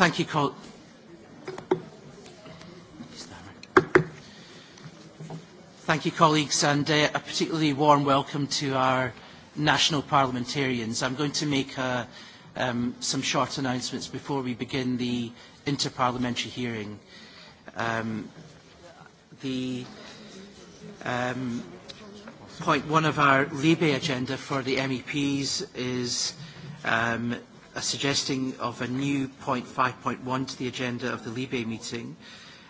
Thank you, Col. Thank you, colleagues, and uh, a particularly warm welcome to our national parliamentarians. I'm going to make a, uh, um, some short announcements before we begin the interparliamentary hearing. Um, the um, point one of our Libe agenda for the MEPs is um, a suggesting of a new point 5.1 to the agenda of the Libe meeting.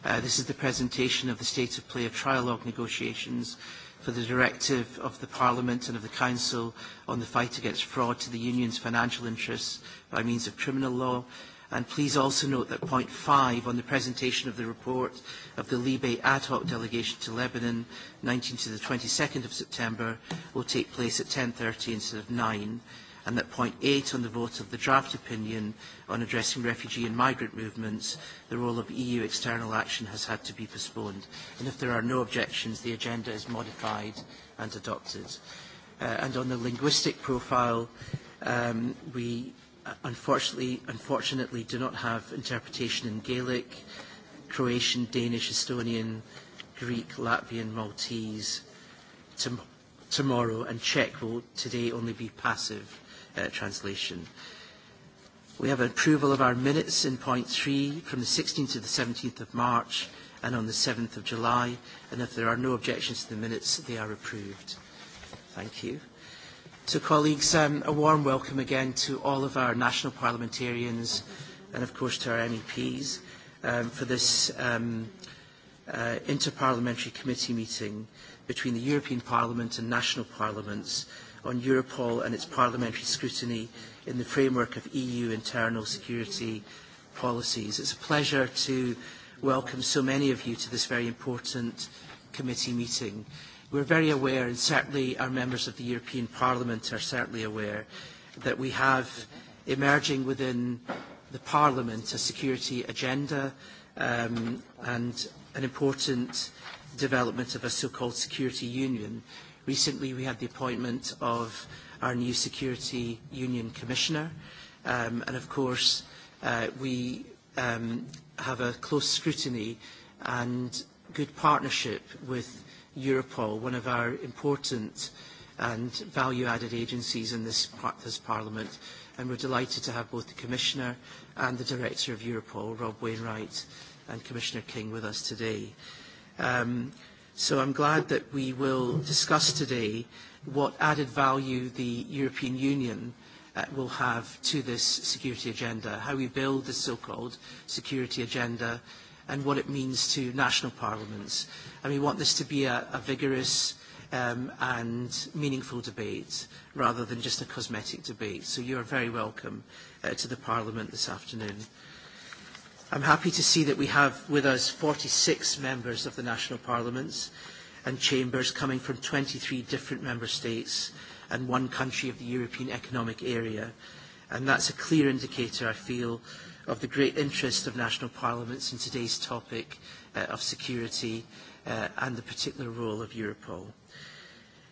Uh, this is the presentation of the state of play of trialogue negotiations for the directive of the Parliament and of the Council on the fight against fraud to the Union's financial interests by means of criminal law. And please also note that point five on the presentation of the report of the Libe ad hoc delegation to Lebanon, 19 to the 22nd of September, will take place at 10.30 instead of 9 and that point eight on the vote of the draft opinion on addressing refugee and migrant movements, the role of EU external action has had to be postponed. And if there are no objections, the agenda is modified and adopted. Uh, and on the linguistic profile, um, we uh, unfortunately, unfortunately do not have interpretation in Gaelic, Croatian, Danish, Estonian, Greek, Latvian, Maltese, tomorrow, and Czech will today only be passive uh, translation. We have approval of our minutes in point three from the 16th to the 17th of March and on the 7th of July, and if there are no objections to the minutes, they are approved. Thank you. So, colleagues, um, a warm welcome again to all of our national parliamentarians and, of course, to our MEPs um, for this um, uh, interparliamentary committee meeting between the European Parliament and national parliaments on Europol and its parliamentary scrutiny in the framework of EU internal security policies. It's a pleasure to welcome so many of you to this very important committee meeting. We're very aware, and certainly our members of the European Parliament are certainly aware, that we have emerging within the Parliament a security agenda um, and an important development of a so-called security union Recently, we had the appointment of our new Security Union Commissioner. Um, and of course, uh, we um, have a close scrutiny and good partnership with Europol, one of our important and value-added agencies in this, par this Parliament. And we're delighted to have both the Commissioner and the Director of Europol, Rob Wainwright, and Commissioner King with us today. Um, So I'm glad that we will discuss today what added value the European Union uh, will have to this security agenda, how we build the so-called security agenda, and what it means to national parliaments. And we want this to be a, a vigorous um, and meaningful debate rather than just a cosmetic debate. So you are very welcome uh, to the Parliament this afternoon. I'm happy to see that we have with us 46 members of the national parliaments and chambers coming from 23 different member states and one country of the European Economic Area. And that's a clear indicator, I feel, of the great interest of national parliaments in today's topic uh, of security uh, and the particular role of Europol.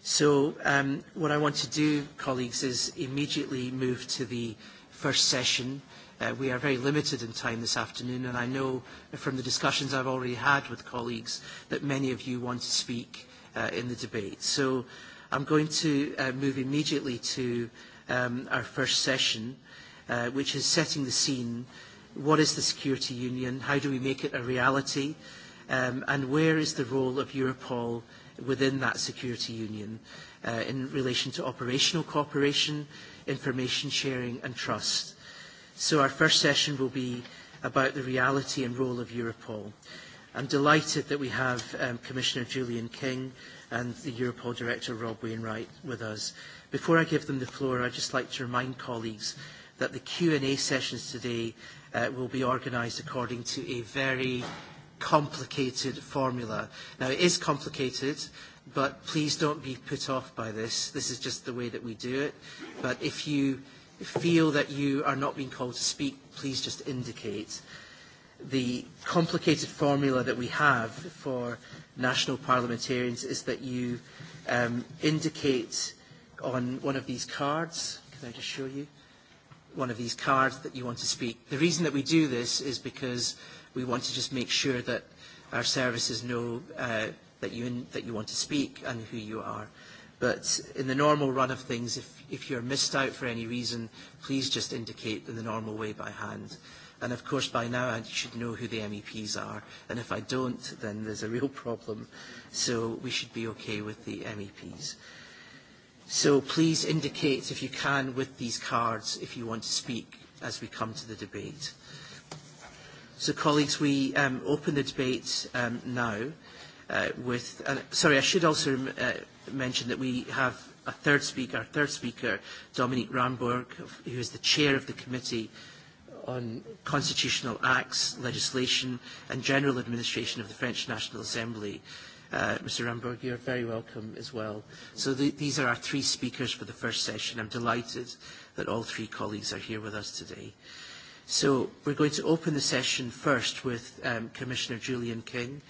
So um, what I want to do, colleagues, is immediately move to the first session Uh, we are very limited in time this afternoon, and I know from the discussions I've already had with colleagues that many of you want to speak uh, in the debate. So I'm going to uh, move immediately to um, our first session, uh, which is setting the scene. What is the security union? How do we make it a reality? Um, and where is the role of Europol within that security union uh, in relation to operational cooperation, information sharing and trust? So our first session will be about the reality and role of Europol. I'm delighted that we have um, Commissioner Julian King and the Europol Director Rob Wainwright with us. Before I give them the floor, I'd just like to remind colleagues that the Q&A sessions today uh, will be organised according to a very complicated formula. Now, it is complicated, but please don't be put off by this. This is just the way that we do it. But if you feel that you are not being called to speak, please just indicate. The complicated formula that we have for national parliamentarians is that you um, indicate on one of these cards, can I just show you, one of these cards that you want to speak. The reason that we do this is because we want to just make sure that our services know uh, that, you in, that you want to speak and who you are. But in the normal run of things, if, if you're missed out for any reason, please just indicate in the normal way by hand. And of course, by now I should know who the MEPs are. And if I don't, then there's a real problem. So we should be okay with the MEPs. So please indicate, if you can, with these cards if you want to speak as we come to the debate. So colleagues, we um, open the debate um, now uh, with... Uh, sorry, I should also... Uh, mention that we have a third speaker, our third speaker, Dominique Ramborg, who is the chair of the Committee on Constitutional Acts, Legislation and General Administration of the French National Assembly. Uh, Mr Ramborg, you're very welcome as well. So the, these are our three speakers for the first session. I'm delighted that all three colleagues are here with us today. So we're going to open the session first with um, Commissioner Julian King,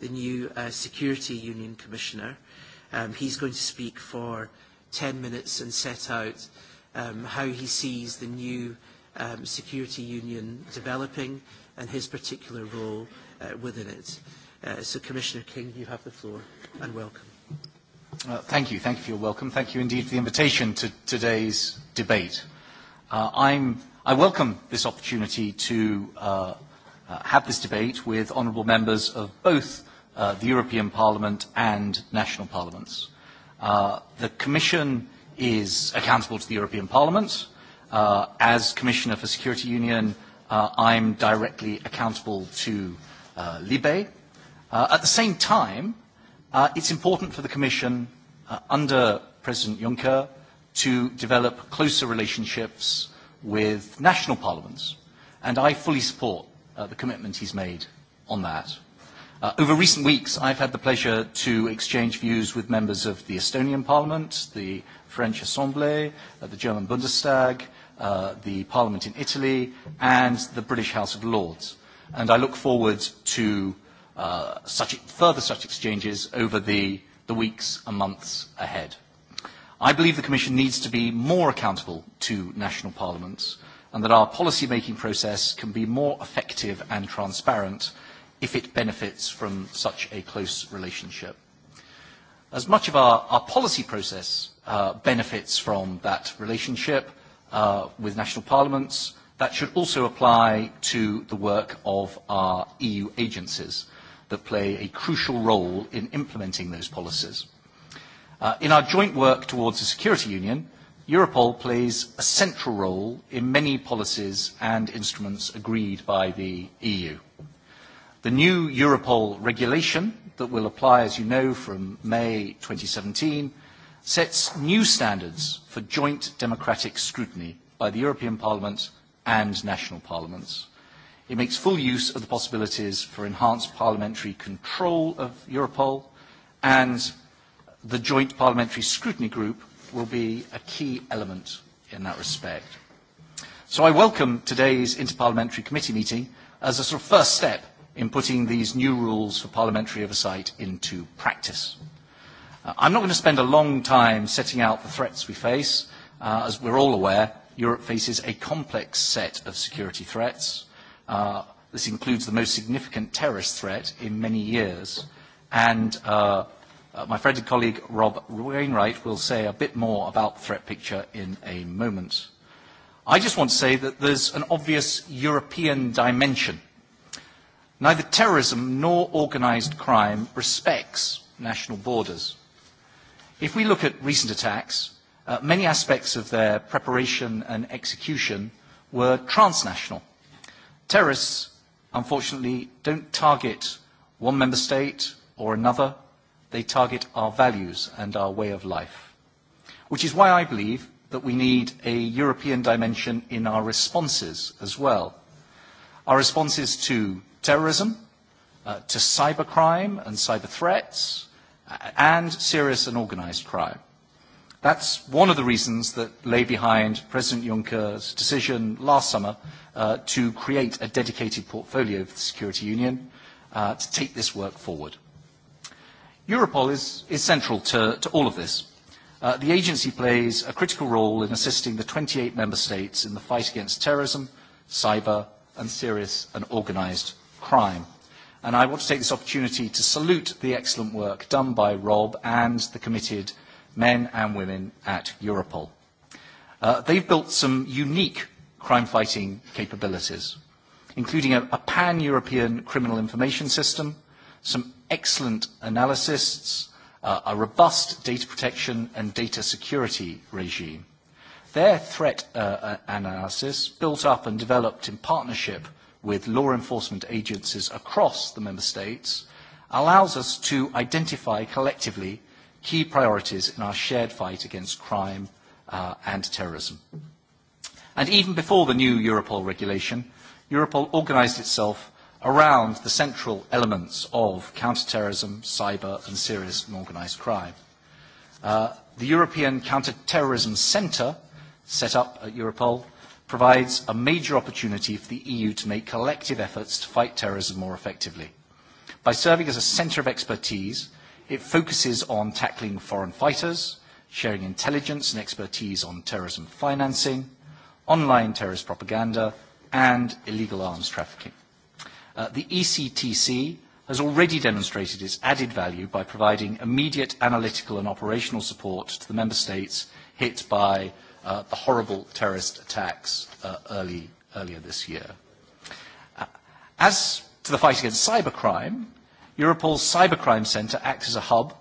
the new uh, Security Union Commissioner. Uh, Um, he's going to speak for 10 minutes and set out um, how he sees the new um, security union developing and his particular role uh, within it. Uh, so, Commissioner King, you have the floor and welcome. Uh, thank you. Thank you for your welcome. Thank you indeed for the invitation to today's debate. Uh, I'm, I welcome this opportunity to uh, uh, have this debate with honourable members of both Uh, the European Parliament and national parliaments. Uh, the Commission is accountable to the European Parliament. Uh, as Commissioner for Security Union, uh, I'm directly accountable to uh, Libe. Uh, at the same time, uh, it's important for the Commission uh, under President Juncker to develop closer relationships with national parliaments. And I fully support uh, the commitment he's made on that. Uh, over recent weeks, I've had the pleasure to exchange views with members of the Estonian Parliament, the French Assemblée, uh, the German Bundestag, uh, the Parliament in Italy, and the British House of Lords. And I look forward to uh, such, further such exchanges over the, the weeks and months ahead. I believe the Commission needs to be more accountable to national parliaments and that our policy-making process can be more effective and transparent – if it benefits from such a close relationship. As much of our, our policy process uh, benefits from that relationship uh, with national parliaments, that should also apply to the work of our EU agencies that play a crucial role in implementing those policies. Uh, in our joint work towards a security union, Europol plays a central role in many policies and instruments agreed by the EU. The new Europol regulation that will apply, as you know, from May 2017 sets new standards for joint democratic scrutiny by the European Parliament and national parliaments. It makes full use of the possibilities for enhanced parliamentary control of Europol, and the joint parliamentary scrutiny group will be a key element in that respect. So I welcome today's interparliamentary committee meeting as a sort of first step in putting these new rules for parliamentary oversight into practice. Uh, I'm not going to spend a long time setting out the threats we face. Uh, as we're all aware, Europe faces a complex set of security threats. Uh, this includes the most significant terrorist threat in many years. And uh, uh, my friend and colleague Rob Wainwright will say a bit more about the threat picture in a moment. I just want to say that there's an obvious European dimension Neither terrorism nor organised crime respects national borders. If we look at recent attacks, uh, many aspects of their preparation and execution were transnational. Terrorists, unfortunately, don't target one member state or another. They target our values and our way of life, which is why I believe that we need a European dimension in our responses as well Our responses to terrorism, uh, to cybercrime and cyber threats, uh, and serious and organized crime. That's one of the reasons that lay behind President Juncker's decision last summer uh, to create a dedicated portfolio for the Security Union uh, to take this work forward. Europol is, is central to, to all of this. Uh, the agency plays a critical role in assisting the 28 member states in the fight against terrorism, cyber, and serious and organised crime. And I want to take this opportunity to salute the excellent work done by Rob and the committed men and women at Europol. Uh, they've built some unique crime-fighting capabilities, including a, a pan-European criminal information system, some excellent analysts, uh, a robust data protection and data security regime their threat uh, analysis built up and developed in partnership with law enforcement agencies across the member states allows us to identify collectively key priorities in our shared fight against crime uh, and terrorism. And even before the new Europol regulation, Europol organized itself around the central elements of counterterrorism, cyber and serious and organized crime. Uh, the European Counterterrorism Centre set up at Europol provides a major opportunity for the EU to make collective efforts to fight terrorism more effectively. By serving as a centre of expertise, it focuses on tackling foreign fighters, sharing intelligence and expertise on terrorism financing, online terrorist propaganda, and illegal arms trafficking. Uh, the ECTC has already demonstrated its added value by providing immediate analytical and operational support to the member states hit by Uh, the horrible terrorist attacks uh, early, earlier this year. Uh, as to the fight against cybercrime, Europol's Cybercrime Centre acts as a hub,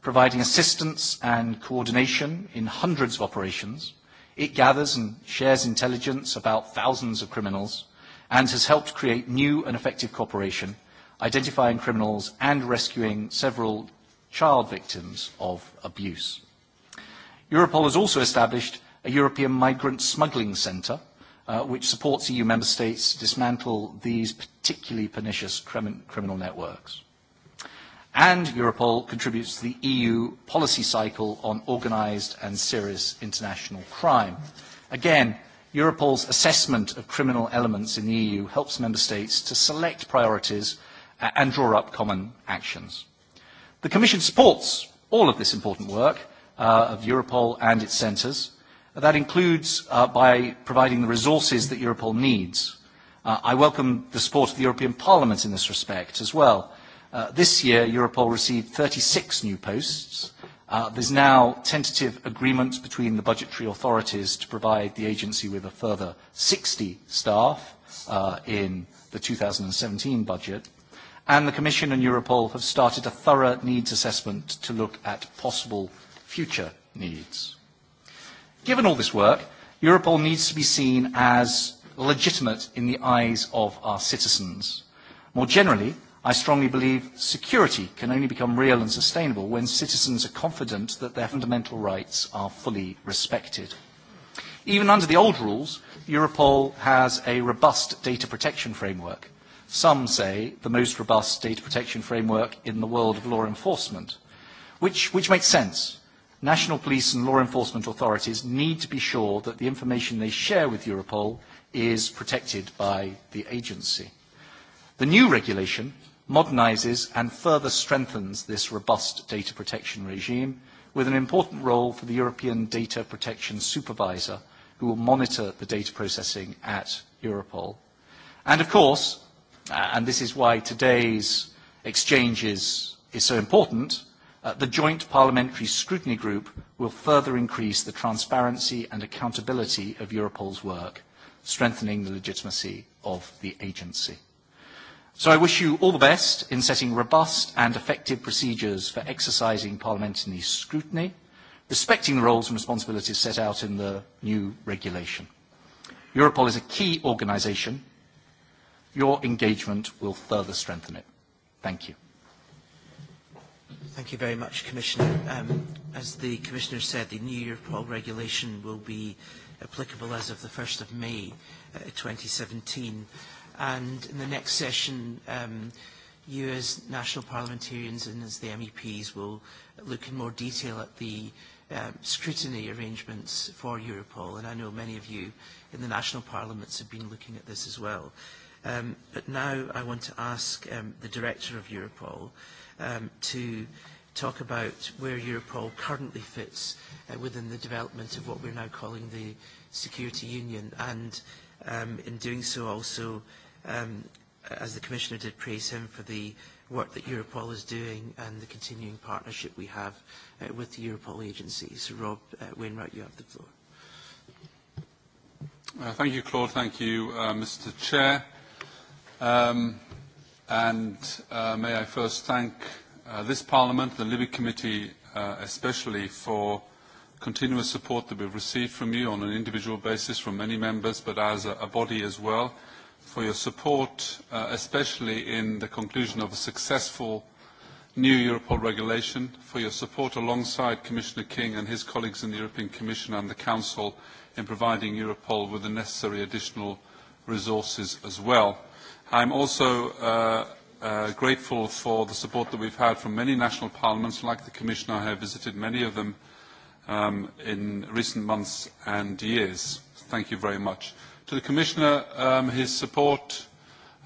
providing assistance and coordination in hundreds of operations. It gathers and shares intelligence about thousands of criminals and has helped create new and effective cooperation, identifying criminals and rescuing several child victims of abuse. Europol has also established a European migrant smuggling centre, uh, which supports EU member states to dismantle these particularly pernicious crim criminal networks. And Europol contributes to the EU policy cycle on organised and serious international crime. Again, Europol's assessment of criminal elements in the EU helps member states to select priorities uh, and draw up common actions. The Commission supports all of this important work uh, of Europol and its centres, That includes uh, by providing the resources that Europol needs. Uh, I welcome the support of the European Parliament in this respect as well. Uh, this year, Europol received 36 new posts. Uh, there's now tentative agreement between the budgetary authorities to provide the agency with a further 60 staff uh, in the 2017 budget. And the Commission and Europol have started a thorough needs assessment to look at possible future needs. Given all this work, Europol needs to be seen as legitimate in the eyes of our citizens. More generally, I strongly believe security can only become real and sustainable when citizens are confident that their fundamental rights are fully respected. Even under the old rules, Europol has a robust data protection framework. Some say the most robust data protection framework in the world of law enforcement, which, which makes sense national police and law enforcement authorities need to be sure that the information they share with Europol is protected by the agency. The new regulation modernises and further strengthens this robust data protection regime with an important role for the European Data Protection Supervisor who will monitor the data processing at Europol. And of course, uh, and this is why today's exchange is, is so important, Uh, the joint parliamentary scrutiny group will further increase the transparency and accountability of Europol's work, strengthening the legitimacy of the agency. So I wish you all the best in setting robust and effective procedures for exercising parliamentary scrutiny, respecting the roles and responsibilities set out in the new regulation. Europol is a key organisation. Your engagement will further strengthen it. Thank you. Thank you very much, Commissioner. Um, as the Commissioner said, the new Europol regulation will be applicable as of the 1st of May uh, 2017. And in the next session, um, you as national parliamentarians and as the MEPs will look in more detail at the um, scrutiny arrangements for Europol. And I know many of you in the national parliaments have been looking at this as well. Um, but now I want to ask um, the Director of Europol, uh, um, to talk about where Europol currently fits uh, within the development of what we're now calling the Security Union, and um, in doing so also, um, as the Commissioner did, praise him for the work that Europol is doing and the continuing partnership we have uh, with the Europol agency. So Rob uh, Wainwright, you have the floor. Uh, thank you, Claude. Thank you, uh, Mr Chair. Um, And uh, may I first thank uh, this Parliament, the Libby Committee uh, especially, for continuous support that we've received from you on an individual basis from many members, but as a, a body as well, for your support, uh, especially in the conclusion of a successful new Europol regulation, for your support alongside Commissioner King and his colleagues in the European Commission and the Council in providing Europol with the necessary additional resources as well. I'm also uh, uh, grateful for the support that we've had from many national parliaments. Like the Commissioner, I have visited many of them um, in recent months and years. Thank you very much. To the Commissioner, um, his support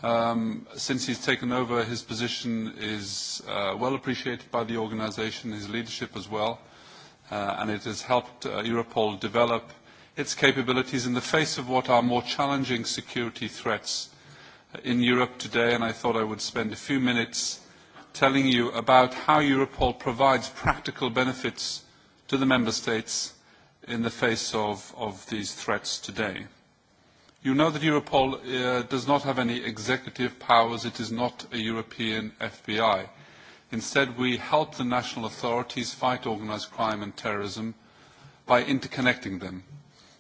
um, since he's taken over his position is uh, well appreciated by the organisation, his leadership as well, uh, and it has helped uh, Europol develop its capabilities in the face of what are more challenging security threats in Europe today, and I thought I would spend a few minutes telling you about how Europol provides practical benefits to the Member States in the face of, of these threats today. You know that Europol uh, does not have any executive powers. It is not a European FBI. Instead, we help the national authorities fight organized crime and terrorism by interconnecting them,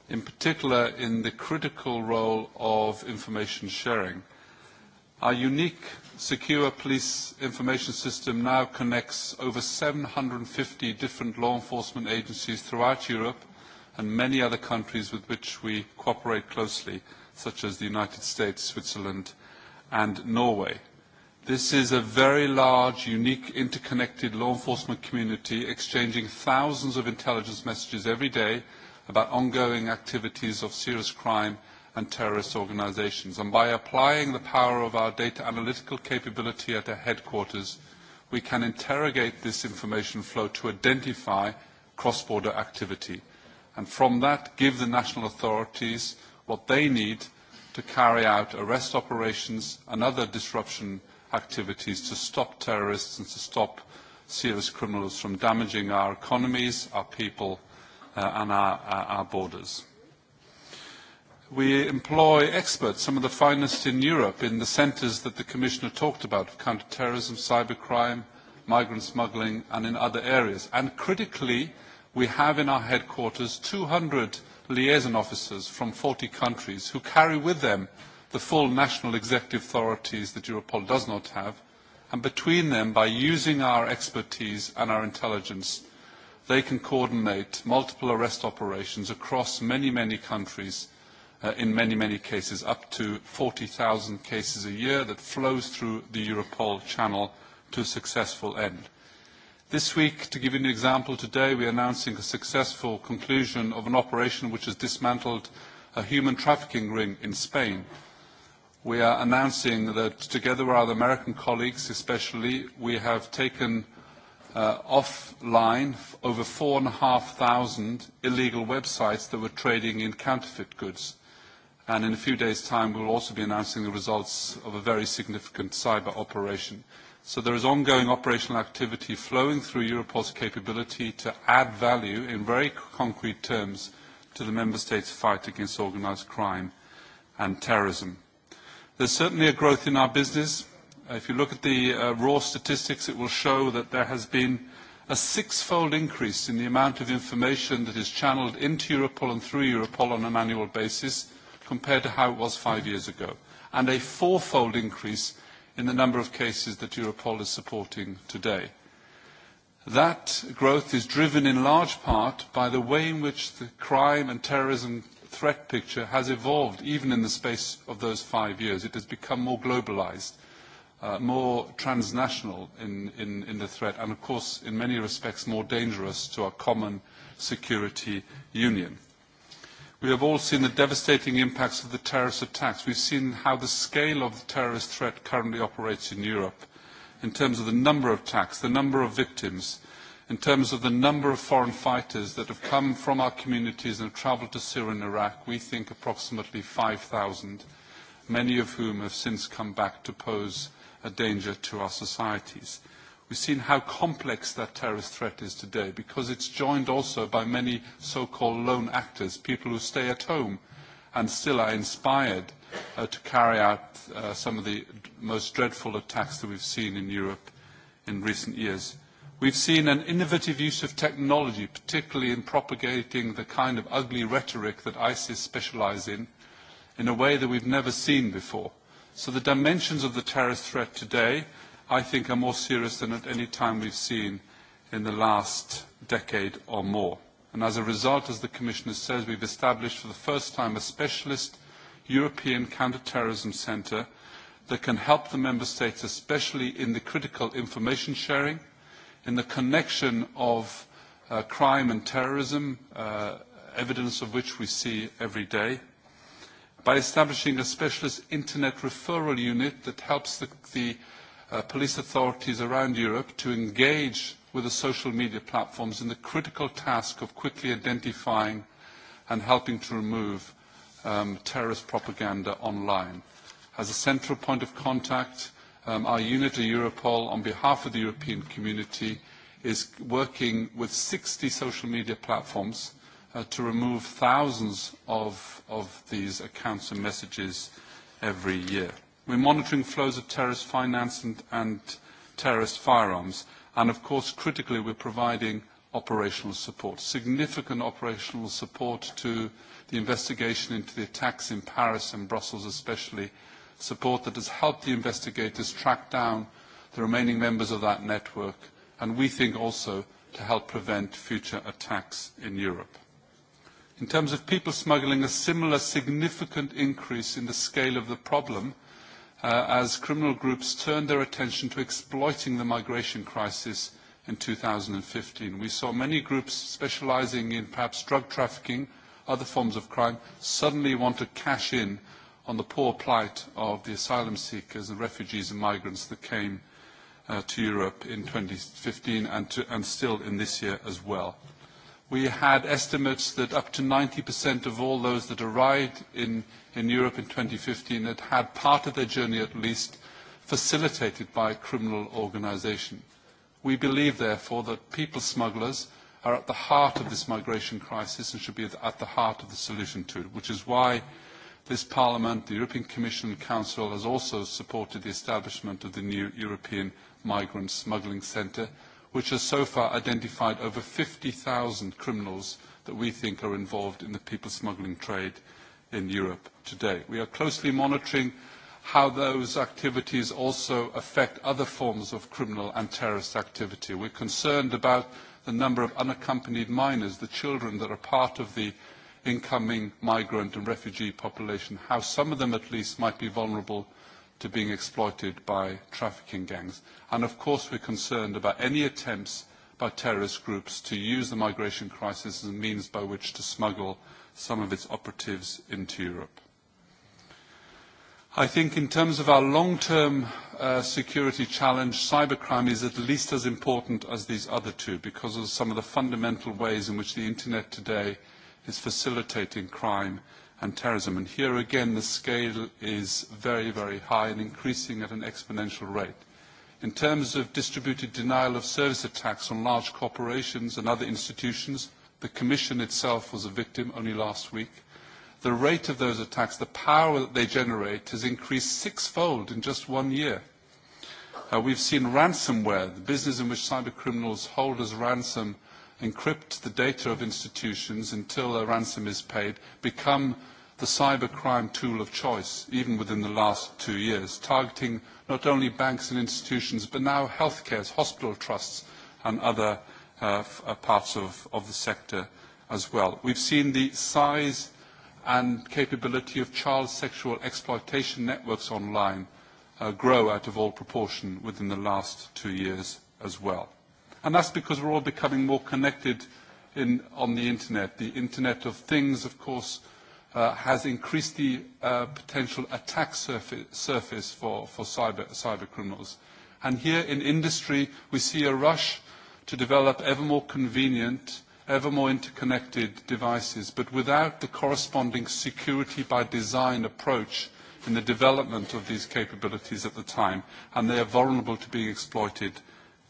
in particular in the critical role of information sharing. Our unique secure police information system now connects over 750 different law enforcement agencies throughout Europe and many other countries with which we cooperate closely, such as the United States, Switzerland and Norway. This is a very large, unique, interconnected law enforcement community exchanging thousands of intelligence messages every day about ongoing activities of serious crime and terrorist organisations. And by applying the power of our data analytical capability at our headquarters, we can interrogate this information flow to identify cross-border activity. And from that, give the national authorities what they need to carry out arrest operations and other disruption activities to stop terrorists and to stop serious criminals from damaging our economies, our people uh, and our, our borders we employ experts, some of the finest in Europe, in the centres that the Commissioner talked about, counter-terrorism, cybercrime, migrant smuggling, and in other areas. And critically, we have in our headquarters 200 liaison officers from 40 countries who carry with them the full national executive authorities that Europol does not have. And between them, by using our expertise and our intelligence, they can coordinate multiple arrest operations across many, many countries uh, in many, many cases, up to 40,000 cases a year that flows through the Europol channel to a successful end. This week, to give you an example, today we are announcing a successful conclusion of an operation which has dismantled a human trafficking ring in Spain. We are announcing that together with our American colleagues especially, we have taken uh, offline over 4,500 illegal websites that were trading in counterfeit goods. And in a few days' time, we'll also be announcing the results of a very significant cyber operation. So there is ongoing operational activity flowing through Europol's capability to add value in very concrete terms to the member states' fight against organized crime and terrorism. There's certainly a growth in our business. If you look at the uh, raw statistics, it will show that there has been a six-fold increase in the amount of information that is channeled into Europol and through Europol on an annual basis compared to how it was five years ago, and a fourfold increase in the number of cases that Europol is supporting today. That growth is driven in large part by the way in which the crime and terrorism threat picture has evolved, even in the space of those five years. It has become more globalized, uh, more transnational in, in, in the threat, and of course, in many respects, more dangerous to our common security union. We have all seen the devastating impacts of the terrorist attacks. We've seen how the scale of the terrorist threat currently operates in Europe in terms of the number of attacks, the number of victims, in terms of the number of foreign fighters that have come from our communities and have travelled to Syria and Iraq, we think approximately 5,000, many of whom have since come back to pose a danger to our societies. We've seen how complex that terrorist threat is today because it's joined also by many so-called lone actors, people who stay at home and still are inspired uh, to carry out uh, some of the most dreadful attacks that we've seen in Europe in recent years. We've seen an innovative use of technology, particularly in propagating the kind of ugly rhetoric that ISIS specialise in, in a way that we've never seen before. So the dimensions of the terrorist threat today i think are more serious than at any time we've seen in the last decade or more. And as a result, as the Commissioner says, we've established for the first time a specialist European counterterrorism centre that can help the Member States, especially in the critical information sharing, in the connection of uh, crime and terrorism, uh, evidence of which we see every day, by establishing a specialist internet referral unit that helps the, the Uh, police authorities around Europe to engage with the social media platforms in the critical task of quickly identifying and helping to remove um, terrorist propaganda online. As a central point of contact, um, our unit at Europol, on behalf of the European community, is working with 60 social media platforms uh, to remove thousands of, of these accounts and messages every year. We're monitoring flows of terrorist finance and, and terrorist firearms. And of course, critically, we're providing operational support, significant operational support to the investigation into the attacks in Paris and Brussels especially, support that has helped the investigators track down the remaining members of that network, and we think also to help prevent future attacks in Europe. In terms of people smuggling, a similar significant increase in the scale of the problem – Uh, as criminal groups turned their attention to exploiting the migration crisis in 2015. We saw many groups specializing in perhaps drug trafficking, other forms of crime, suddenly want to cash in on the poor plight of the asylum seekers and refugees and migrants that came uh, to Europe in 2015 and, to, and still in this year as well we had estimates that up to 90% of all those that arrived in, in Europe in 2015 had had part of their journey at least facilitated by a criminal organisation. We believe, therefore, that people smugglers are at the heart of this migration crisis and should be at the heart of the solution to it, which is why this Parliament, the European Commission and Council has also supported the establishment of the new European Migrant Smuggling Centre, which has so far identified over 50,000 criminals that we think are involved in the people smuggling trade in Europe today. We are closely monitoring how those activities also affect other forms of criminal and terrorist activity. We're concerned about the number of unaccompanied minors, the children that are part of the incoming migrant and refugee population, how some of them at least might be vulnerable to being exploited by trafficking gangs. And of course, we're concerned about any attempts by terrorist groups to use the migration crisis as a means by which to smuggle some of its operatives into Europe. I think in terms of our long-term uh, security challenge, cybercrime is at least as important as these other two because of some of the fundamental ways in which the internet today is facilitating crime and terrorism. And here again, the scale is very, very high and increasing at an exponential rate. In terms of distributed denial of service attacks on large corporations and other institutions, the Commission itself was a victim only last week. The rate of those attacks, the power that they generate, has increased sixfold in just one year. Uh, we've seen ransomware, the business in which cyber criminals hold as ransom encrypt the data of institutions until a ransom is paid, become the cybercrime tool of choice, even within the last two years, targeting not only banks and institutions, but now healthcare, hospital trusts, and other uh, uh, parts of, of the sector as well. We've seen the size and capability of child sexual exploitation networks online uh, grow out of all proportion within the last two years as well. And that's because we're all becoming more connected in, on the internet. The Internet of Things, of course, uh, has increased the uh, potential attack surface, surface for, for cyber, cyber criminals. And here in industry, we see a rush to develop ever more convenient, ever more interconnected devices, but without the corresponding security by design approach in the development of these capabilities at the time, and they are vulnerable to being exploited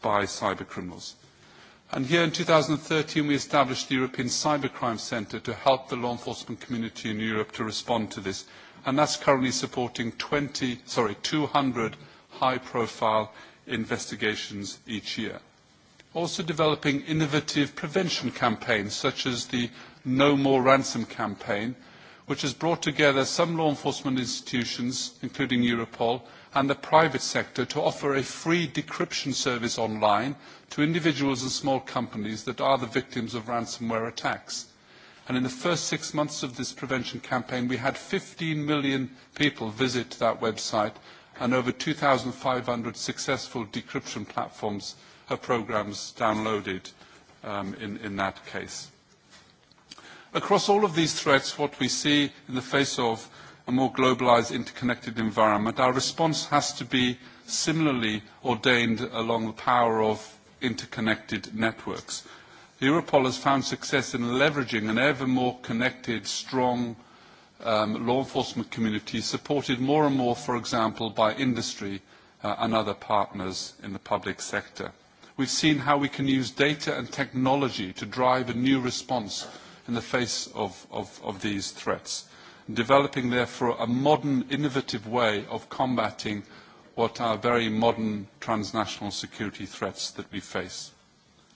by cyber criminals. And here in 2013, we established the European Cybercrime Centre to help the law enforcement community in Europe to respond to this. And that's currently supporting 20, sorry, 200 high-profile investigations each year. Also developing innovative prevention campaigns, such as the No More Ransom campaign, which has brought together some law enforcement institutions, including Europol, and the private sector to offer a free decryption service online to individuals and small companies that are the victims of ransomware attacks. And in the first six months of this prevention campaign, we had 15 million people visit that website and over 2,500 successful decryption platforms or programs downloaded um, in, in that case. Across all of these threats, what we see in the face of a more globalised, interconnected environment, our response has to be similarly ordained along the power of interconnected networks. Europol has found success in leveraging an ever more connected, strong um, law enforcement community, supported more and more, for example, by industry uh, and other partners in the public sector. We've seen how we can use data and technology to drive a new response in the face of, of, of these threats developing, therefore, a modern, innovative way of combating what are very modern transnational security threats that we face.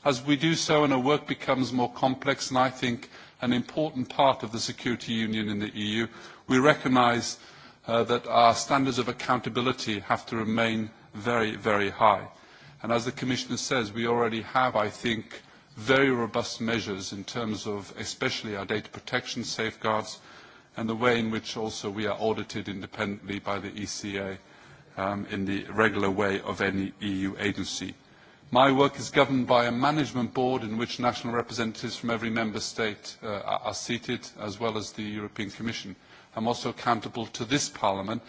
As we do so and our work becomes more complex and I think an important part of the security union in the EU, we recognise uh, that our standards of accountability have to remain very, very high. And as the Commissioner says, we already have, I think, very robust measures in terms of especially our data protection safeguards, and the way in which also we are audited independently by the ECA um, in the regular way of any EU agency. My work is governed by a management board in which national representatives from every member state uh, are seated, as well as the European Commission. I'm also accountable to this Parliament,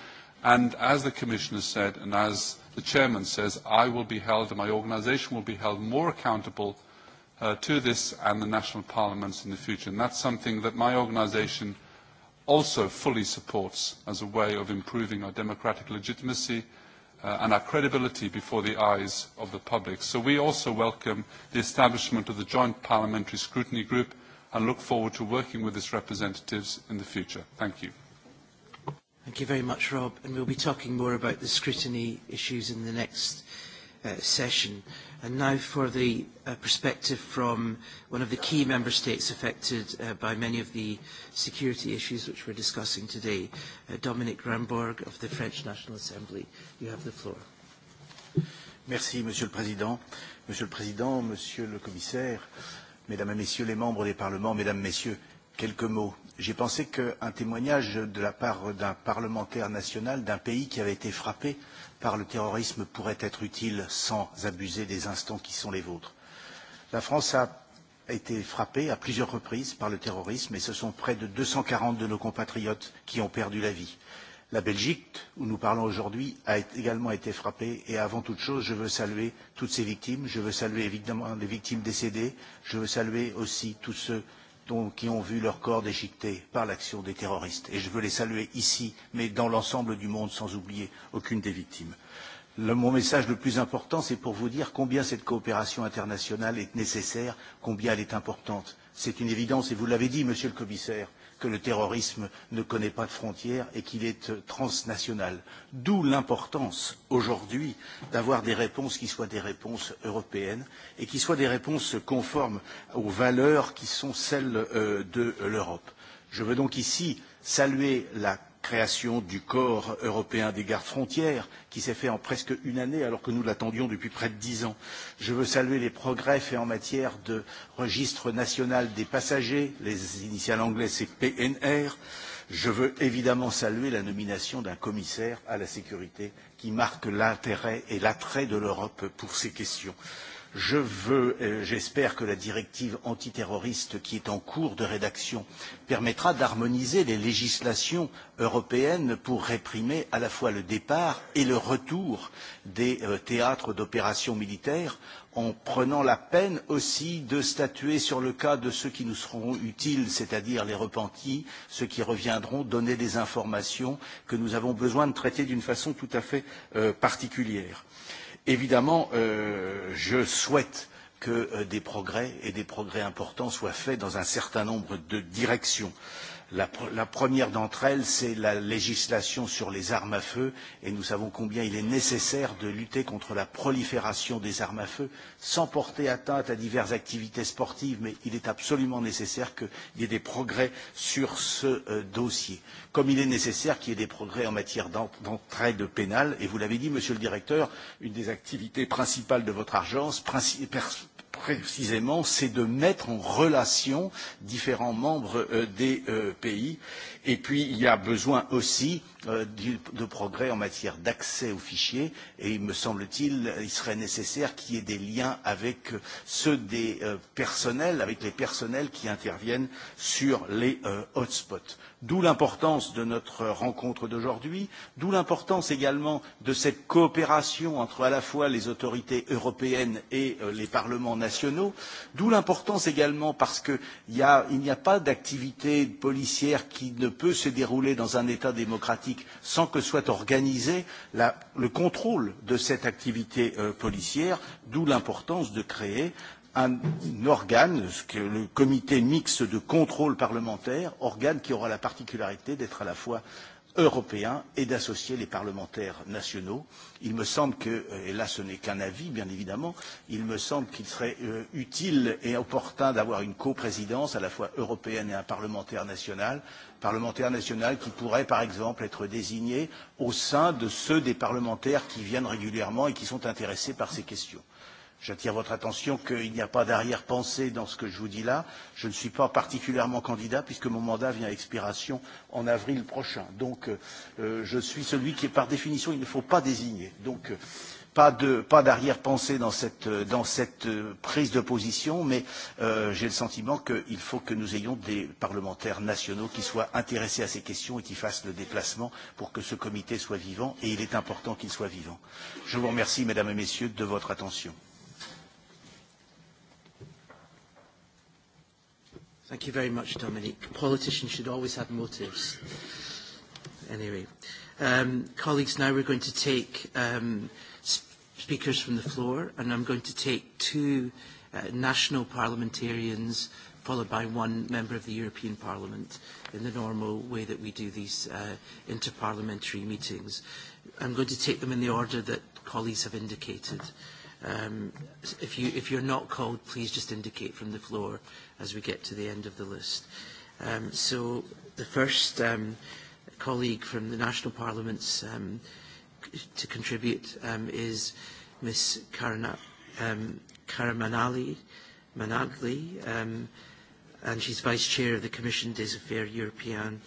and as the Commissioner said, and as the Chairman says, I will be held, and my organisation will be held more accountable uh, to this and the national parliaments in the future. And that's something that my organisation also fully supports as a way of improving our democratic legitimacy uh, and our credibility before the eyes of the public. So we also welcome the establishment of the Joint Parliamentary Scrutiny Group and look forward to working with its representatives in the future. Thank you. Thank you very much, Rob. And we'll be talking more about the scrutiny issues in the next uh, session. And now for the uh, perspective from one of the key member states affected uh, by many of the security issues which we're discussing today, uh, Dominic Ramborg of the French National Assembly. You have the floor. Merci, Monsieur le Président. Monsieur le Président, Monsieur le Commissaire, Mesdames et Messieurs les membres des parlements, Mesdames, Messieurs, quelques mots. J'ai pensé qu'un témoignage de la part d'un parlementaire national d'un pays qui avait été frappé euh, par le terrorisme pourrait être utile sans abuser des instants qui sont les vôtres. La France a été frappée à plusieurs reprises par le terrorisme et ce sont près de 240 de nos compatriotes qui ont perdu la vie. La Belgique, où nous parlons aujourd'hui, a également été frappée. Et avant toute chose, je veux saluer toutes ces victimes. Je veux saluer évidemment les victimes décédées. Je veux saluer aussi tous ceux dont, qui ont vu leur corps déchiqueté par l'action des terroristes. Et je veux les saluer ici, mais dans l'ensemble du monde, sans oublier aucune des victimes. Le, mon message le plus important, c'est pour vous dire combien cette coopération internationale est nécessaire, combien elle est importante. C'est une évidence, et vous l'avez dit, monsieur le commissaire, que le terrorisme ne connaît pas de frontières et qu'il est euh, transnational. D'où l'importance aujourd'hui d'avoir des réponses qui soient des réponses européennes et qui soient des réponses conformes aux valeurs qui sont celles euh, de l'Europe. Je veux donc ici saluer la création du corps européen des gardes frontières, qui s'est fait en presque une année, alors que nous l'attendions depuis près de dix ans. Je veux saluer les progrès faits en matière de registre national des passagers, les initiales anglaises c'est PNR. Je veux évidemment saluer la nomination d'un commissaire à la sécurité qui marque l'intérêt et l'attrait de l'Europe pour ces questions. Je veux, euh, j'espère que la directive antiterroriste qui est en cours de rédaction permettra d'harmoniser les législations européennes pour réprimer à la fois le départ et le retour des euh, théâtres d'opérations militaires en prenant la peine aussi de statuer sur le cas de ceux qui nous seront utiles, c'est-à-dire les repentis, ceux qui reviendront, donner des informations que nous avons besoin de traiter d'une façon tout à fait euh, particulière. Euh, Évidemment, euh, je souhaite que euh, des progrès et des progrès importants soient faits dans un certain nombre de directions. Euh, La, la première d'entre elles, c'est la législation sur les armes à feu, et nous savons combien il est nécessaire de lutter contre la prolifération des armes à feu, sans porter atteinte à diverses activités sportives, mais il est absolument nécessaire qu'il y ait des progrès sur ce euh, dossier, comme il est nécessaire qu'il y ait des progrès en matière d'entraide pénale, et vous l'avez dit, monsieur le directeur, une des activités principales de votre agence, précisément, c'est de mettre en relation différents membres euh, des euh, pays. Et puis, il y a besoin aussi euh, de progrès en matière d'accès aux fichiers et me semble-t-il, il serait nécessaire qu'il y ait des liens avec ceux des euh, personnels, avec les personnels qui interviennent sur les euh, hotspots. D'où l'importance de notre rencontre d'aujourd'hui, d'où l'importance également de cette coopération entre à la fois les autorités européennes et euh, les parlements nationaux, d'où l'importance également parce qu'il n'y a, a pas d'activité policière qui ne peut se dérouler dans un État démocratique pratique, sans que soit organisé la, le contrôle de cette activité euh, policière, d'où l'importance de créer un, organe, ce que le comité mixte de contrôle parlementaire, organe qui aura la particularité d'être à la fois européen et d'associer les parlementaires nationaux. Il me semble que, euh, et là ce n'est qu'un avis bien évidemment, il me semble qu'il serait euh, utile et opportun d'avoir une coprésidence à la fois européenne et un parlementaire national, parlementaire national qui pourrait par exemple être désigné au sein de ceux des parlementaires qui viennent régulièrement et qui sont intéressés par ces questions. J'attire votre attention qu'il n'y a pas d'arrière-pensée dans ce que je vous dis là. Je ne suis pas particulièrement candidat puisque mon mandat vient à expiration en avril prochain. Donc euh, euh je suis celui qui est par définition il ne faut pas désigner. Donc euh, pas d'arrière-pensée dans cette, euh, dans cette euh, prise de position, mais euh, j'ai le sentiment qu'il faut que nous ayons des parlementaires nationaux qui soient intéressés à ces questions et qui fassent le déplacement pour que ce comité soit vivant, et il est important qu'il soit vivant. Je vous remercie, mesdames et messieurs, de votre attention. Thank you very much, Dominique. Politicians should always have motives. Anyway, um, colleagues, now we're going to take um, speakers from the floor, and I'm going to take two uh, national parliamentarians followed by one member of the European Parliament in the normal way that we do these uh, interparliamentary meetings. I'm going to take them in the order that colleagues have indicated. Um, if, you, if you're not called, please just indicate from the floor as we get to the end of the list. Um, so the first um, colleague from the national parliaments um, to contribute um, is Ms. Karana, um, Karamanali Managli, um, and she's vice chair of the Commission des Affaires European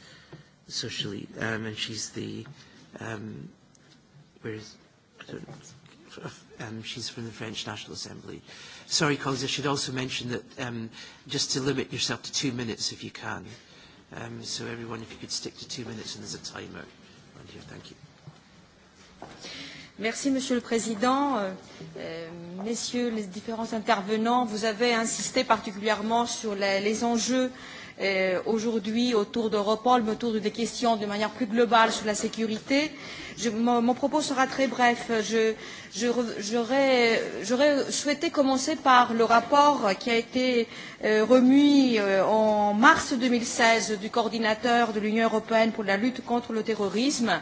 Socially, e, um, and she's the um, where is I don't know, um, she's from the French National Assembly. Uh, Sorry, colleagues, I should also mention that um, just to limit yourself to two minutes if you can. Um, so everyone, if you could stick to two minutes and there's a timer around here. Thank you. Merci, Monsieur le Président. Euh, euh messieurs les différents intervenants, vous avez insisté particulièrement sur la, les enjeux euh, euh, aujourd'hui autour d'Europol, mais autour des questions de manière plus globale sur la sécurité. Je, mon, mon propos sera très bref. J'aurais je, je, souhaité commencer par le rapport qui a été euh, remis euh, en mars 2016 du coordinateur de l'Union européenne pour la lutte contre le terrorisme. Euh,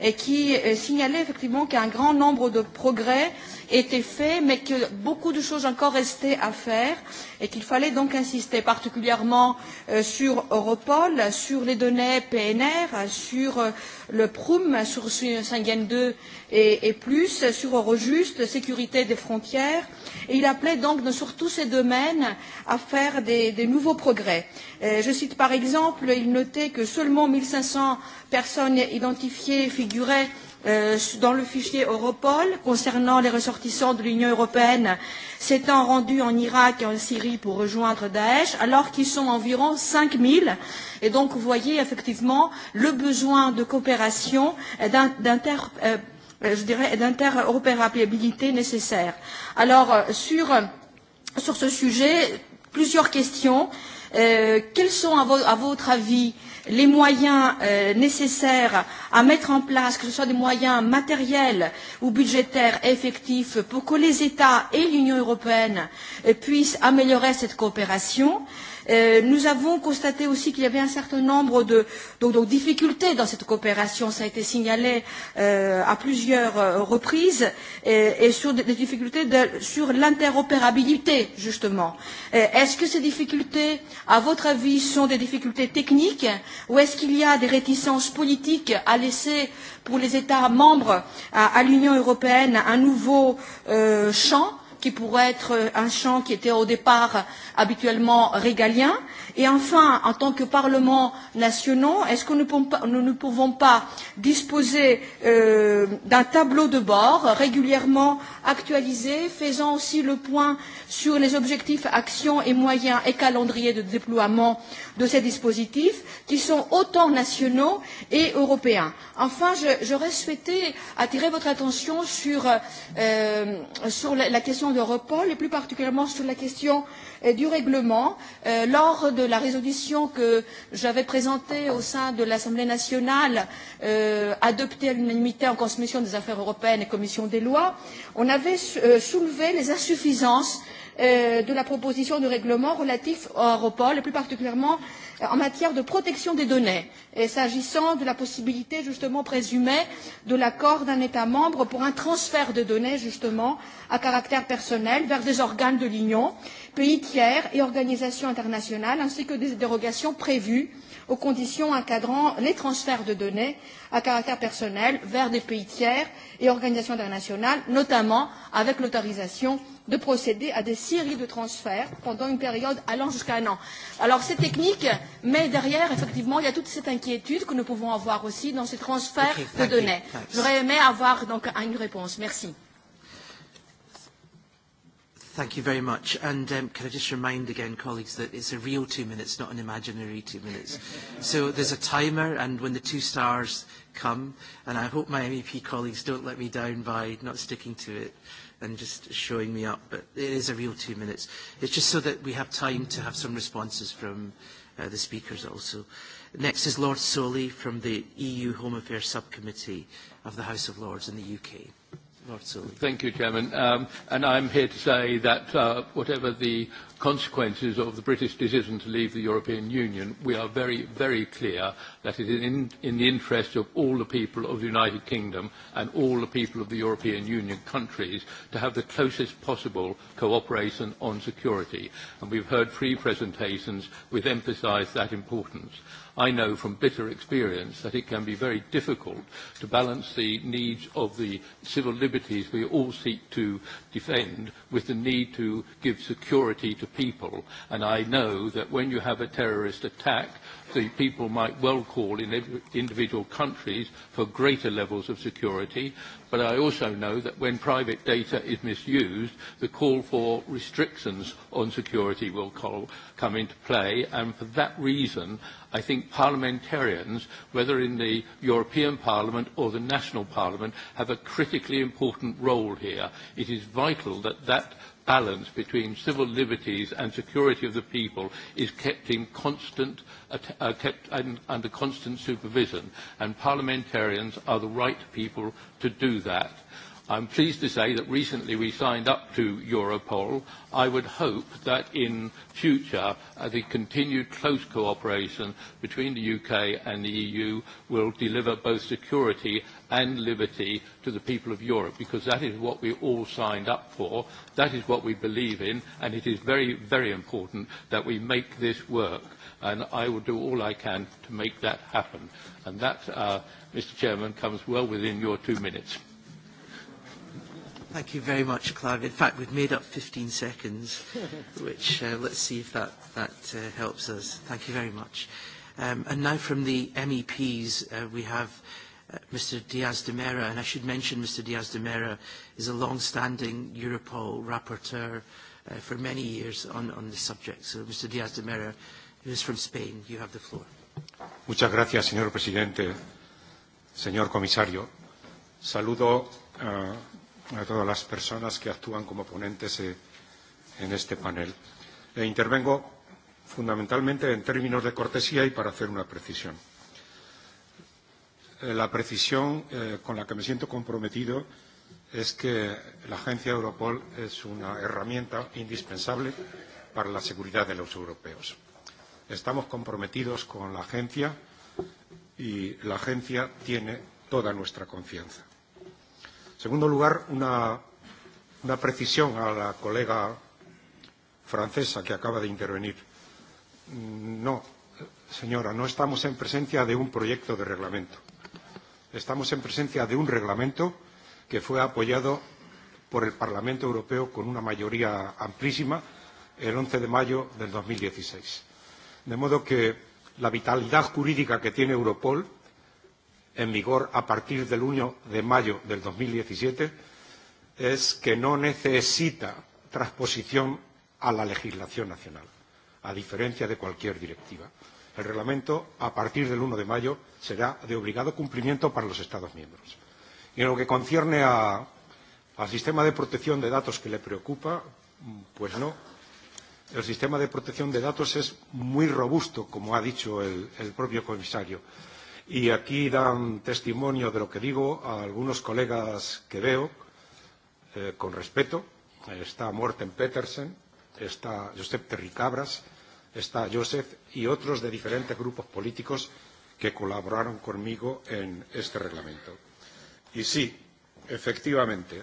et qui euh, signalait effectivement qu'un grand nombre de progrès étaient faits, mais que beaucoup de choses encore restaient à faire et qu'il fallait donc insister particulièrement euh, sur Europol, sur les données PNR, sur euh, le PRUM, sur Schengen 2 et, plus, sur Eurojust, sécurité des frontières, euh, Et il appelait donc sur tous ces domaines à faire des, des nouveaux progrès. Euh, je cite par exemple, il notait que seulement 1500 personnes identifiées figuraient euh, dans le fichier Europol concernant les ressortissants de l'Union européenne s'étant rendus en Irak et en Syrie pour rejoindre Daesh, alors qu'ils sont environ 5 000. Et donc, vous voyez effectivement le besoin de coopération, euh, d'inter. Euh, Euh, je dirais, et d'interopérabilité nécessaire. Alors, euh, sur, euh, sur ce sujet, plusieurs questions. Euh, quels sont, à, vo à votre avis, les moyens euh, nécessaires à mettre en place, que ce soit des moyens matériels ou budgétaires effectifs, pour que les États et l'Union européenne puissent améliorer cette coopération euh, Euh, nous avons constaté aussi qu'il y avait un certain nombre de donc, donc, difficultés dans cette coopération. Ça a été signalé euh, à plusieurs euh, reprises et, euh, et sur des, des difficultés de, sur l'interopérabilité justement. est-ce que ces difficultés, à votre avis, sont des difficultés techniques ou est-ce qu'il y a des réticences politiques à laisser pour les États membres à, à l'Union européenne un nouveau euh, champ qui pourrait être un champ qui était au départ habituellement régalien, Et enfin, en tant que Parlement nationaux, est-ce que nous, nous ne pouvons pas disposer euh, d'un tableau de bord régulièrement actualisé, faisant aussi le point sur les objectifs, actions et moyens et calendrier de déploiement de ces dispositifs, qui sont autant nationaux et européens. Enfin, j'aurais souhaité attirer votre attention sur, euh, sur la, la question d'Europol et plus particulièrement sur la question euh, du règlement euh, lors de la résolution que j'avais présentée au sein de l'Assemblée nationale euh, adoptée à l'unanimité en commission des affaires européennes et commission des lois on avait euh, soulevé les insuffisances Euh, de la proposition de règlement relatif à Europol et plus particulièrement euh, en matière de protection des données et s'agissant de la possibilité justement présumée de l'accord d'un État membre pour un transfert de données justement à caractère personnel vers des organes de l'Union, pays tiers et organisations internationales ainsi que des dérogations prévues aux conditions encadrant les transferts de données à caractère personnel vers des pays tiers et organisations internationales, notamment avec l'autorisation de procéder à des séries de transferts pendant une période allant jusqu'à un an. Alors c'est technique, mais derrière, effectivement, il y a toute cette inquiétude que nous pouvons avoir aussi dans ces transferts okay, de données. J'aurais aimé avoir donc une réponse. Merci. Thank you very much. And um, can I just remind again, colleagues, that it's a real two minutes, not an imaginary two minutes. So there's a timer, and when the two stars come, and I hope my MEP colleagues don't let me down by not sticking to it and just showing me up, but it is a real two minutes. It's just so that we have time to have some responses from uh, the speakers also. Next is Lord Soley from the EU Home Affairs Subcommittee of the House of Lords in the UK. Thank you, Chairman. Um, and I'm here to say that uh, whatever the consequences of the British decision to leave the European Union, we are very, very clear that it is in, in the interest of all the people of the United Kingdom and all the people of the European Union countries to have the closest possible cooperation on security. And we've heard three presentations which emphasise that importance. I know from bitter experience that it can be very difficult to balance the needs of the civil liberties we all seek to defend with the need to give security to people. And I know that when you have a terrorist attack, the people might well call in individual countries for greater levels of security, but I also know that when private data is misused, the call for restrictions on security will call, come into play, and for that reason, I think parliamentarians, whether in the European Parliament or the National Parliament, have a critically important role here. It is vital that that balance between civil liberties and security of the people is kept in constant, uh, kept un, under constant supervision, and parliamentarians are the right people to do that. I'm pleased to say that recently we signed up to Europol. I would hope that in future, uh, the continued close cooperation between the UK and the EU will deliver both security and liberty to the people of Europe, because that is what we all signed up for, that is what we believe in, and it is very, very important that we make this work. And I will do all I can to make that happen. And that, uh, Mr. Chairman, comes well within your two minutes. Thank you very much, Clark. In fact, we've made up 15 seconds, which uh, let's see if that, that uh, helps us. Thank you very much. Um, and now from the MEPs, uh, we have Uh, Mr Diaz de Mera, and I should mention Mr Diaz de Mera is a long-standing Europol rapporteur uh, for many years on, on this subject. So Mr Diaz de Mera, who is from Spain, you have the floor. Muchas gracias, señor presidente. Señor comisario, saludo uh, a todas las personas que actúan como ponentes eh, en este panel. E intervengo fundamentalmente en términos de cortesía y para hacer una precisión. Eh, la precisión eh, con la que me siento comprometido es que la agencia Europol es una herramienta indispensable para la seguridad de los europeos. Estamos comprometidos con la agencia y la agencia tiene toda nuestra confianza. En segundo lugar, una, una precisión a la colega francesa que acaba de intervenir. Mm, no, señora, no estamos en presencia de un proyecto de reglamento. Estamos en presencia de un reglamento que fue apoyado por el Parlamento Europeo con una mayoría amplísima el 11 de mayo del 2016. De modo que la vitalidad jurídica que tiene Europol, en vigor a partir del 1 de mayo del 2017, es que no necesita transposición a la legislación nacional, a diferencia de cualquier directiva el reglamento, a partir del 1 de mayo, será de obligado cumplimiento para los Estados miembros. Y en lo que concierne a, al sistema de protección de datos que le preocupa, pues no. El sistema de protección de datos es muy robusto, como ha dicho el, el propio comisario. Y aquí dan testimonio de lo que digo a algunos colegas que veo, eh, con respeto. Está Morten Petersen, está Josep Terricabras, está Joseph y otros de diferentes grupos políticos que colaboraron conmigo en este reglamento. Y sí, efectivamente,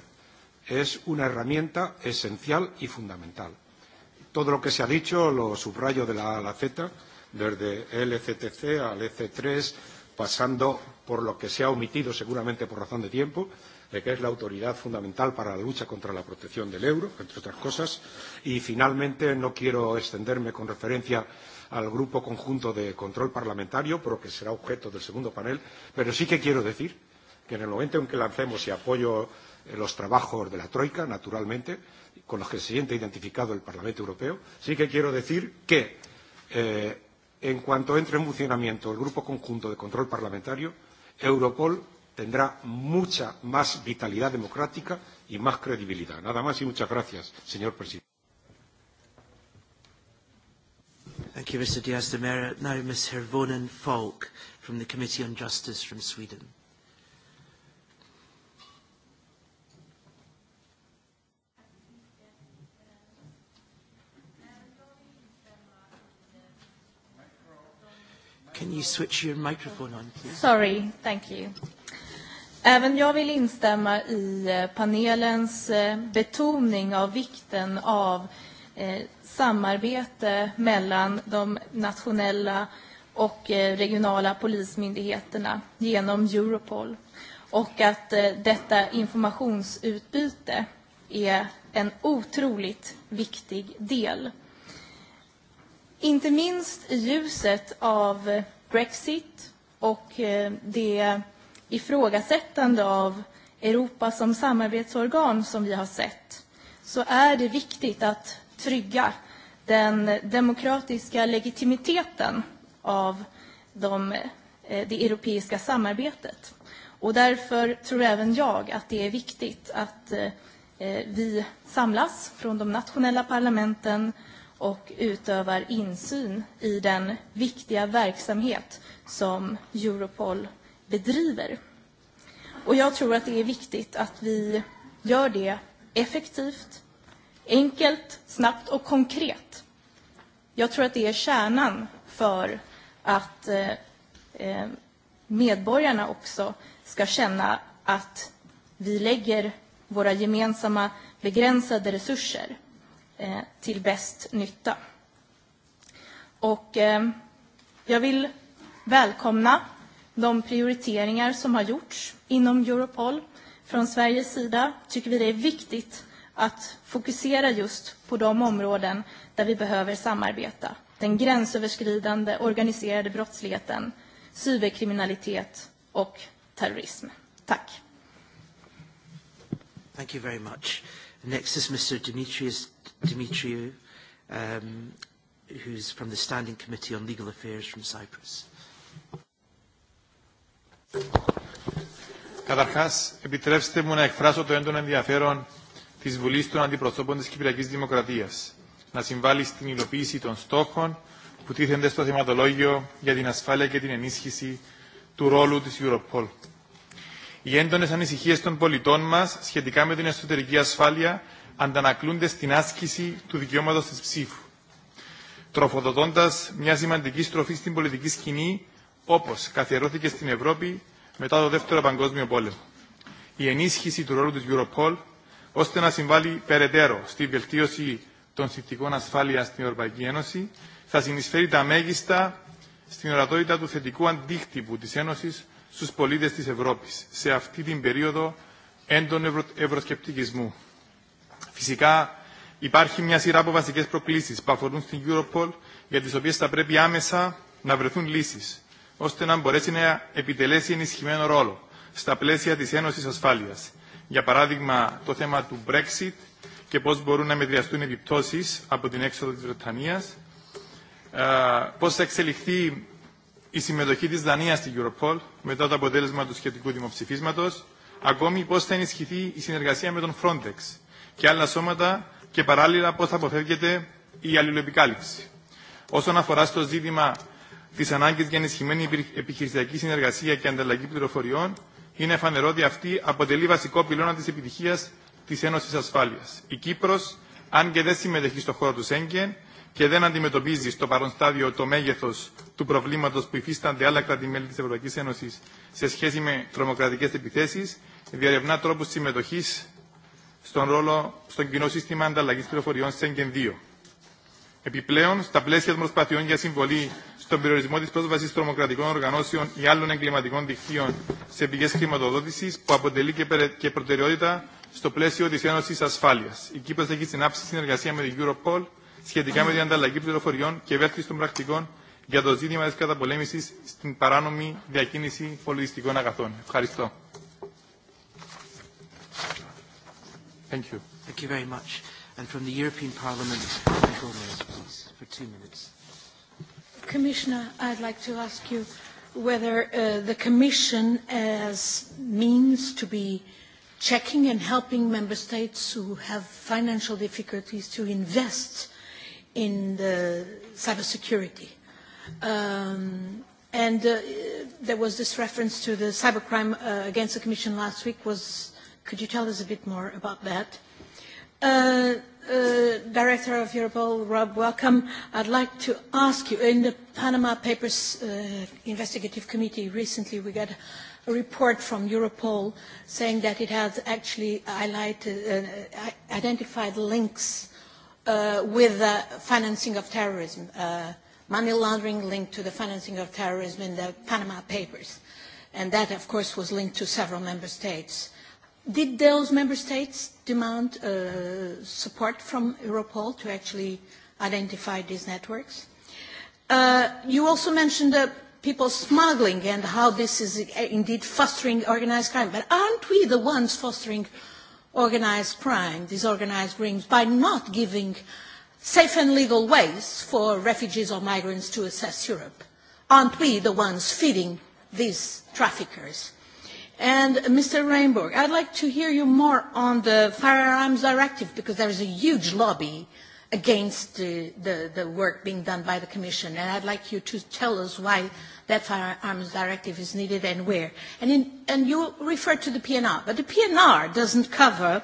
es una herramienta esencial y fundamental. Todo lo que se ha dicho lo subrayo de la A a la Z, desde LCTC al EC3, pasando por lo que se ha omitido seguramente por razón de tiempo, de que es la autoridad fundamental para la lucha contra la protección del euro, entre otras cosas. Y finalmente, no quiero extenderme con referencia al Grupo Conjunto de Control Parlamentario, pero que será objeto del segundo panel, pero sí que quiero decir que en el momento en que lancemos y apoyo eh, los trabajos de la Troika, naturalmente, con los que se siente identificado el Parlamento Europeo, sí que quiero decir que eh, en cuanto entre en funcionamiento el Grupo Conjunto de Control Parlamentario, Europol tendrá mucha más vitalidad democrática y más credibilidad. Nada más y muchas gracias, señor presidente. Thank you, Mr. Diaz de Mera. Now, Ms. Hervonen Falk from the Committee on Justice from Sweden. Can you switch your microphone on, please? Sorry, thank you. Även jag vill instämma i eh, panelens eh, betoning av vikten av eh, samarbete mellan de nationella och regionala polismyndigheterna genom Europol och att detta informationsutbyte är en otroligt viktig del. Inte minst i ljuset av Brexit och det ifrågasättande av Europa som samarbetsorgan som vi har sett så är det viktigt att trygga den demokratiska legitimiteten av de, eh, det europeiska samarbetet. Och därför tror även jag att det är viktigt att eh, eh, vi samlas från de nationella parlamenten och utövar insyn i den viktiga verksamhet som Europol bedriver. Och jag tror att det är viktigt att vi gör det effektivt, enkelt, snabbt och konkret. Jag tror att det är kärnan för att eh, eh medborgarna också ska känna att vi lägger våra gemensamma begränsade resurser eh, till bäst nytta. Och eh, jag vill välkomna de prioriteringar som har gjorts inom Europol. Från Sveriges sida tycker vi det är viktigt att fokusera just på de områden där vi behöver samarbeta. Den gränsöverskridande organiserade brottsligheten, cyberkriminalitet och terrorism. Tack. Thank you very much. Next is Mr. Dimitrios Dimitriou, um, who's from the Standing Committee on Legal Affairs from Cyprus. Καταρχάς, επιτρέψτε μου να εκφράσω το έντονο ενδιαφέρον της Βουλής των Αντιπροσώπων της Κυπριακής Δημοκρατίας να συμβάλλει στην υλοποίηση των στόχων που τίθενται στο θεματολόγιο για την ασφάλεια και την ενίσχυση του ρόλου της Europol. Οι έντονε ανησυχίε των πολιτών μα σχετικά με την εσωτερική ασφάλεια αντανακλούνται στην άσκηση του δικαιώματο τη ψήφου, τροφοδοτώντα μια σημαντική στροφή στην πολιτική σκηνή όπως καθιερώθηκε στην Ευρώπη μετά το Δεύτερο Παγκόσμιο Πόλεμο. Η ενίσχυση του ρόλου της Europol ώστε να συμβάλλει περαιτέρω στη βελτίωση των συνθηκών ασφάλειας στην Ευρωπαϊκή Ένωση θα συνεισφέρει τα μέγιστα στην ορατότητα του θετικού αντίκτυπου της Ένωσης στους πολίτες της Ευρώπης σε αυτή την περίοδο έντονου ευρω... ευρωσκεπτικισμού. Φυσικά υπάρχει μια σειρά από βασικές προκλήσεις που αφορούν στην Europol για τις οποίες θα πρέπει άμεσα να βρεθούν λύσεις ώστε να μπορέσει να επιτελέσει ενισχυμένο ρόλο στα πλαίσια της Ένωσης Ασφάλειας. Για παράδειγμα, το θέμα του Brexit και πώς μπορούν να μετριαστούν επιπτώσεις από την έξοδο της Βρετανίας, πώς θα εξελιχθεί η συμμετοχή της Δανίας στην Europol μετά το αποτέλεσμα του σχετικού δημοψηφίσματος, ακόμη πώς θα ενισχυθεί η συνεργασία με τον Frontex και άλλα σώματα και παράλληλα πώς θα αποφεύγεται η αλληλοεπικάλυψη. Όσον αφορά στο ζήτημα τη ανάγκη για ενισχυμένη επιχειρησιακή συνεργασία και ανταλλαγή πληροφοριών, είναι φανερό ότι αυτή αποτελεί βασικό πυλώνα τη επιτυχία τη Ένωση Ασφάλεια. Η Κύπρο, αν και δεν συμμετέχει στον χώρο του Σέγγεν και δεν αντιμετωπίζει στο παρόν στάδιο το μέγεθο του προβλήματο που υφίστανται άλλα κράτη-μέλη τη Ευρωπαϊκή Ένωση σε σχέση με τρομοκρατικέ επιθέσει, διαρευνά τρόπου συμμετοχή στον ρόλο στον κοινό σύστημα ανταλλαγή πληροφοριών Σέγγεν 2. Επιπλέον, στα πλαίσια των προσπαθειών για συμβολή τον περιορισμό τη πρόσβαση τρομοκρατικών οργανώσεων ή άλλων εγκληματικών δικτύων σε πηγέ χρηματοδότηση, που αποτελεί και προτεραιότητα στο πλαίσιο τη Ένωση Ασφάλεια. Η Κύπρο έχει συνάψει συνεργασία με την Europol σχετικά με την ανταλλαγή πληροφοριών και των πρακτικών για το ζήτημα τη καταπολέμηση στην παράνομη διακίνηση πολιτιστικών αγαθών. Ευχαριστώ. Thank you. Thank you very much. And from the European Parliament, Michael Gomez, please, for two minutes. Commissioner, I'd like to ask you whether uh, the Commission has means to be checking and helping member states who have financial difficulties to invest in the cybersecurity. Um, and uh, there was this reference to the cybercrime uh, against the Commission last week. Was could you tell us a bit more about that? Uh, Uh, Director of Europol, Rob, welcome. I'd like to ask you, in the Panama Papers uh, Investigative Committee recently we got a report from Europol saying that it has actually highlighted, uh, uh identified links uh, with the financing of terrorism, uh, money laundering linked to the financing of terrorism in the Panama Papers. And that, of course, was linked to several member states. Did those member states demand uh, support from Europol to actually identify these networks. Uh, you also mentioned the people smuggling and how this is uh, indeed fostering organized crime. But aren't we the ones fostering organized crime, these organized rings, by not giving safe and legal ways for refugees or migrants to assess Europe? Aren't we the ones feeding these traffickers? And uh, Mr. Rainborg, I'd like to hear you more on the Firearms Directive because there is a huge lobby against the, uh, the, the work being done by the Commission. And I'd like you to tell us why that firearms directive is needed and where. And, in, and you refer to the PNR, but the PNR doesn't cover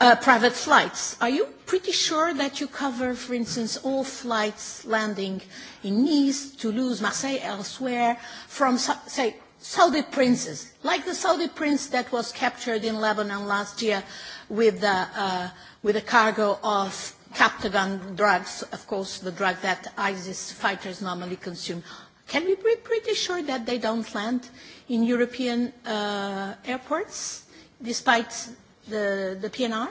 uh, private flights. Are you pretty sure that you cover, for instance, all flights landing in Nice, Toulouse, Marseille, elsewhere, from, say, Saudi princes, like the Saudi prince that was captured in Lebanon last year with, the, uh, with a cargo of Captagon drugs, of course, the drug that ISIS fighters normally consume. Can we be pretty sure that they don't land in European uh, airports, despite the, the PNR?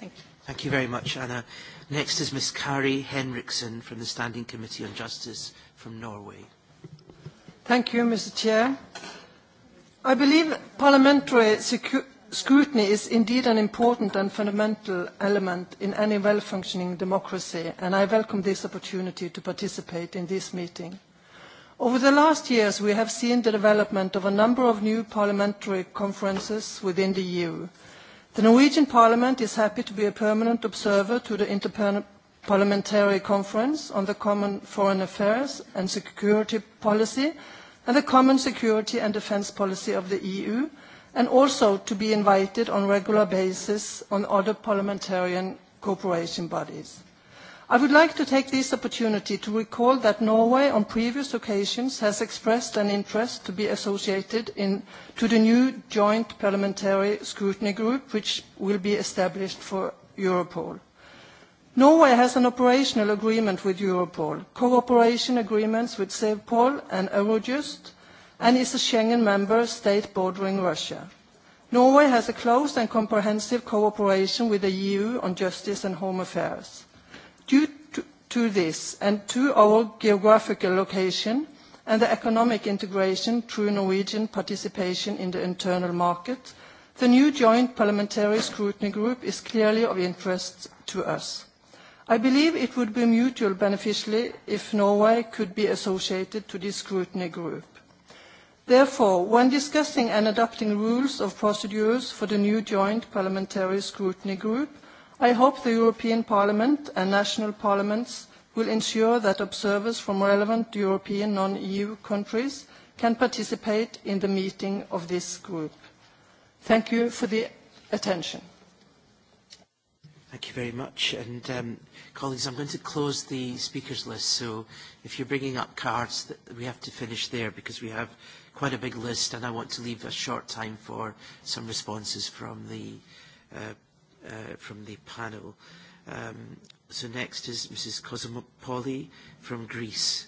Thank you. Thank you very much, Anna. Next is Ms. Kari Henriksen from the Standing Committee on Justice from Norway. Mr. Chair. I believe parliamentary scrutiny is indeed an important and fundamental element in any well-functioning democracy, and I welcome this opportunity to participate in this meeting. Over the last years, we have seen the development of a number of new parliamentary conferences within the EU. The Norwegian Parliament is happy to be a permanent observer to the Interparliamentary Conference on the Common Foreign Affairs and Security Policy – and the common security and defence policy of the EU, and also to be invited on a regular basis on other parliamentarian cooperation bodies. I would like to take this opportunity to recall that Norway on previous occasions has expressed an interest to be associated in, to the new joint parliamentary scrutiny group which will be established for Europol. Norway has an operational agreement with Europol, cooperation agreements with Sevpol and Eurojust, and is a Schengen member state bordering Russia. Norway has a close and comprehensive cooperation with the EU on justice and home affairs. Due to, to this and to our geographical location and the economic integration through Norwegian participation in the internal market, the new joint parliamentary scrutiny group is clearly of interest to us. I believe it would be mutually beneficial if Norway could be associated to this scrutiny group. Therefore, when discussing and adopting rules of procedures for the new joint parliamentary scrutiny group, I hope the European Parliament and national parliaments will ensure that observers from relevant European non-EU countries can participate in the meeting of this group. Thank you for the attention. Thank you very much. And um, colleagues, I'm going to close the speakers list. So if you're bringing up cards, we have to finish there because we have quite a big list and I want to leave a short time for some responses from the, uh, uh, from the panel. Um, so next is Mrs. Cosmopoli from Greece.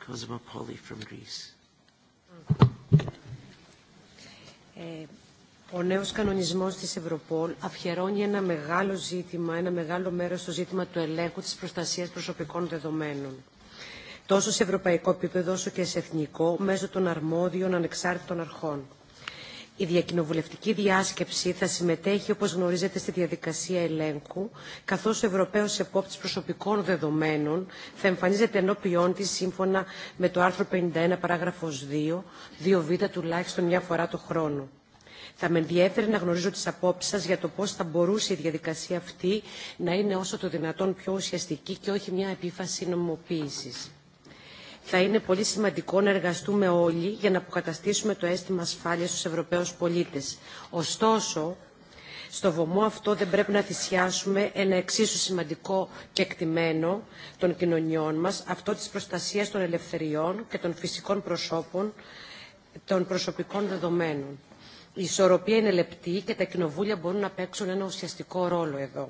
Cosmopoli from Greece. Mm. Uh, ο νέος κανονισμός της Ευρωπόλ αφιερώνει ένα μεγάλο ζήτημα, ένα μεγάλο μέρος στο ζήτημα του ελέγχου της προστασίας προσωπικών δεδομένων τόσο σε ευρωπαϊκό επίπεδο όσο και σε εθνικό, μέσω των αρμόδιων ανεξάρτητων αρχών. Η διακοινοβουλευτική διάσκεψη θα συμμετέχει, όπως γνωρίζετε, στη διαδικασία ελέγχου, καθώς ο Ευρωπαίος Επόπτης Προσωπικών Δεδομένων θα εμφανίζεται ενώπιόν της σύμφωνα με το άρθρο 51 παράγραφος 2, 2β τουλάχιστον μια φορά το χρόνο. Θα με ενδιαφέρει να γνωρίζω τι απόψει σα για το πώ θα μπορούσε η διαδικασία αυτή να είναι όσο το δυνατόν πιο ουσιαστική και όχι μια επίφαση νομοποίησης. Θα είναι πολύ σημαντικό να εργαστούμε όλοι για να αποκαταστήσουμε το αίσθημα ασφάλεια στου Ευρωπαίου πολίτε. Ωστόσο, στο βωμό αυτό δεν πρέπει να θυσιάσουμε ένα εξίσου σημαντικό κεκτημένο των κοινωνιών μας, αυτό της προστασίας των ελευθεριών και των φυσικών προσώπων των προσωπικών δεδομένων η ισορροπία είναι λεπτή και τα κοινοβούλια μπορούν να παίξουν ένα ουσιαστικό ρόλο εδώ.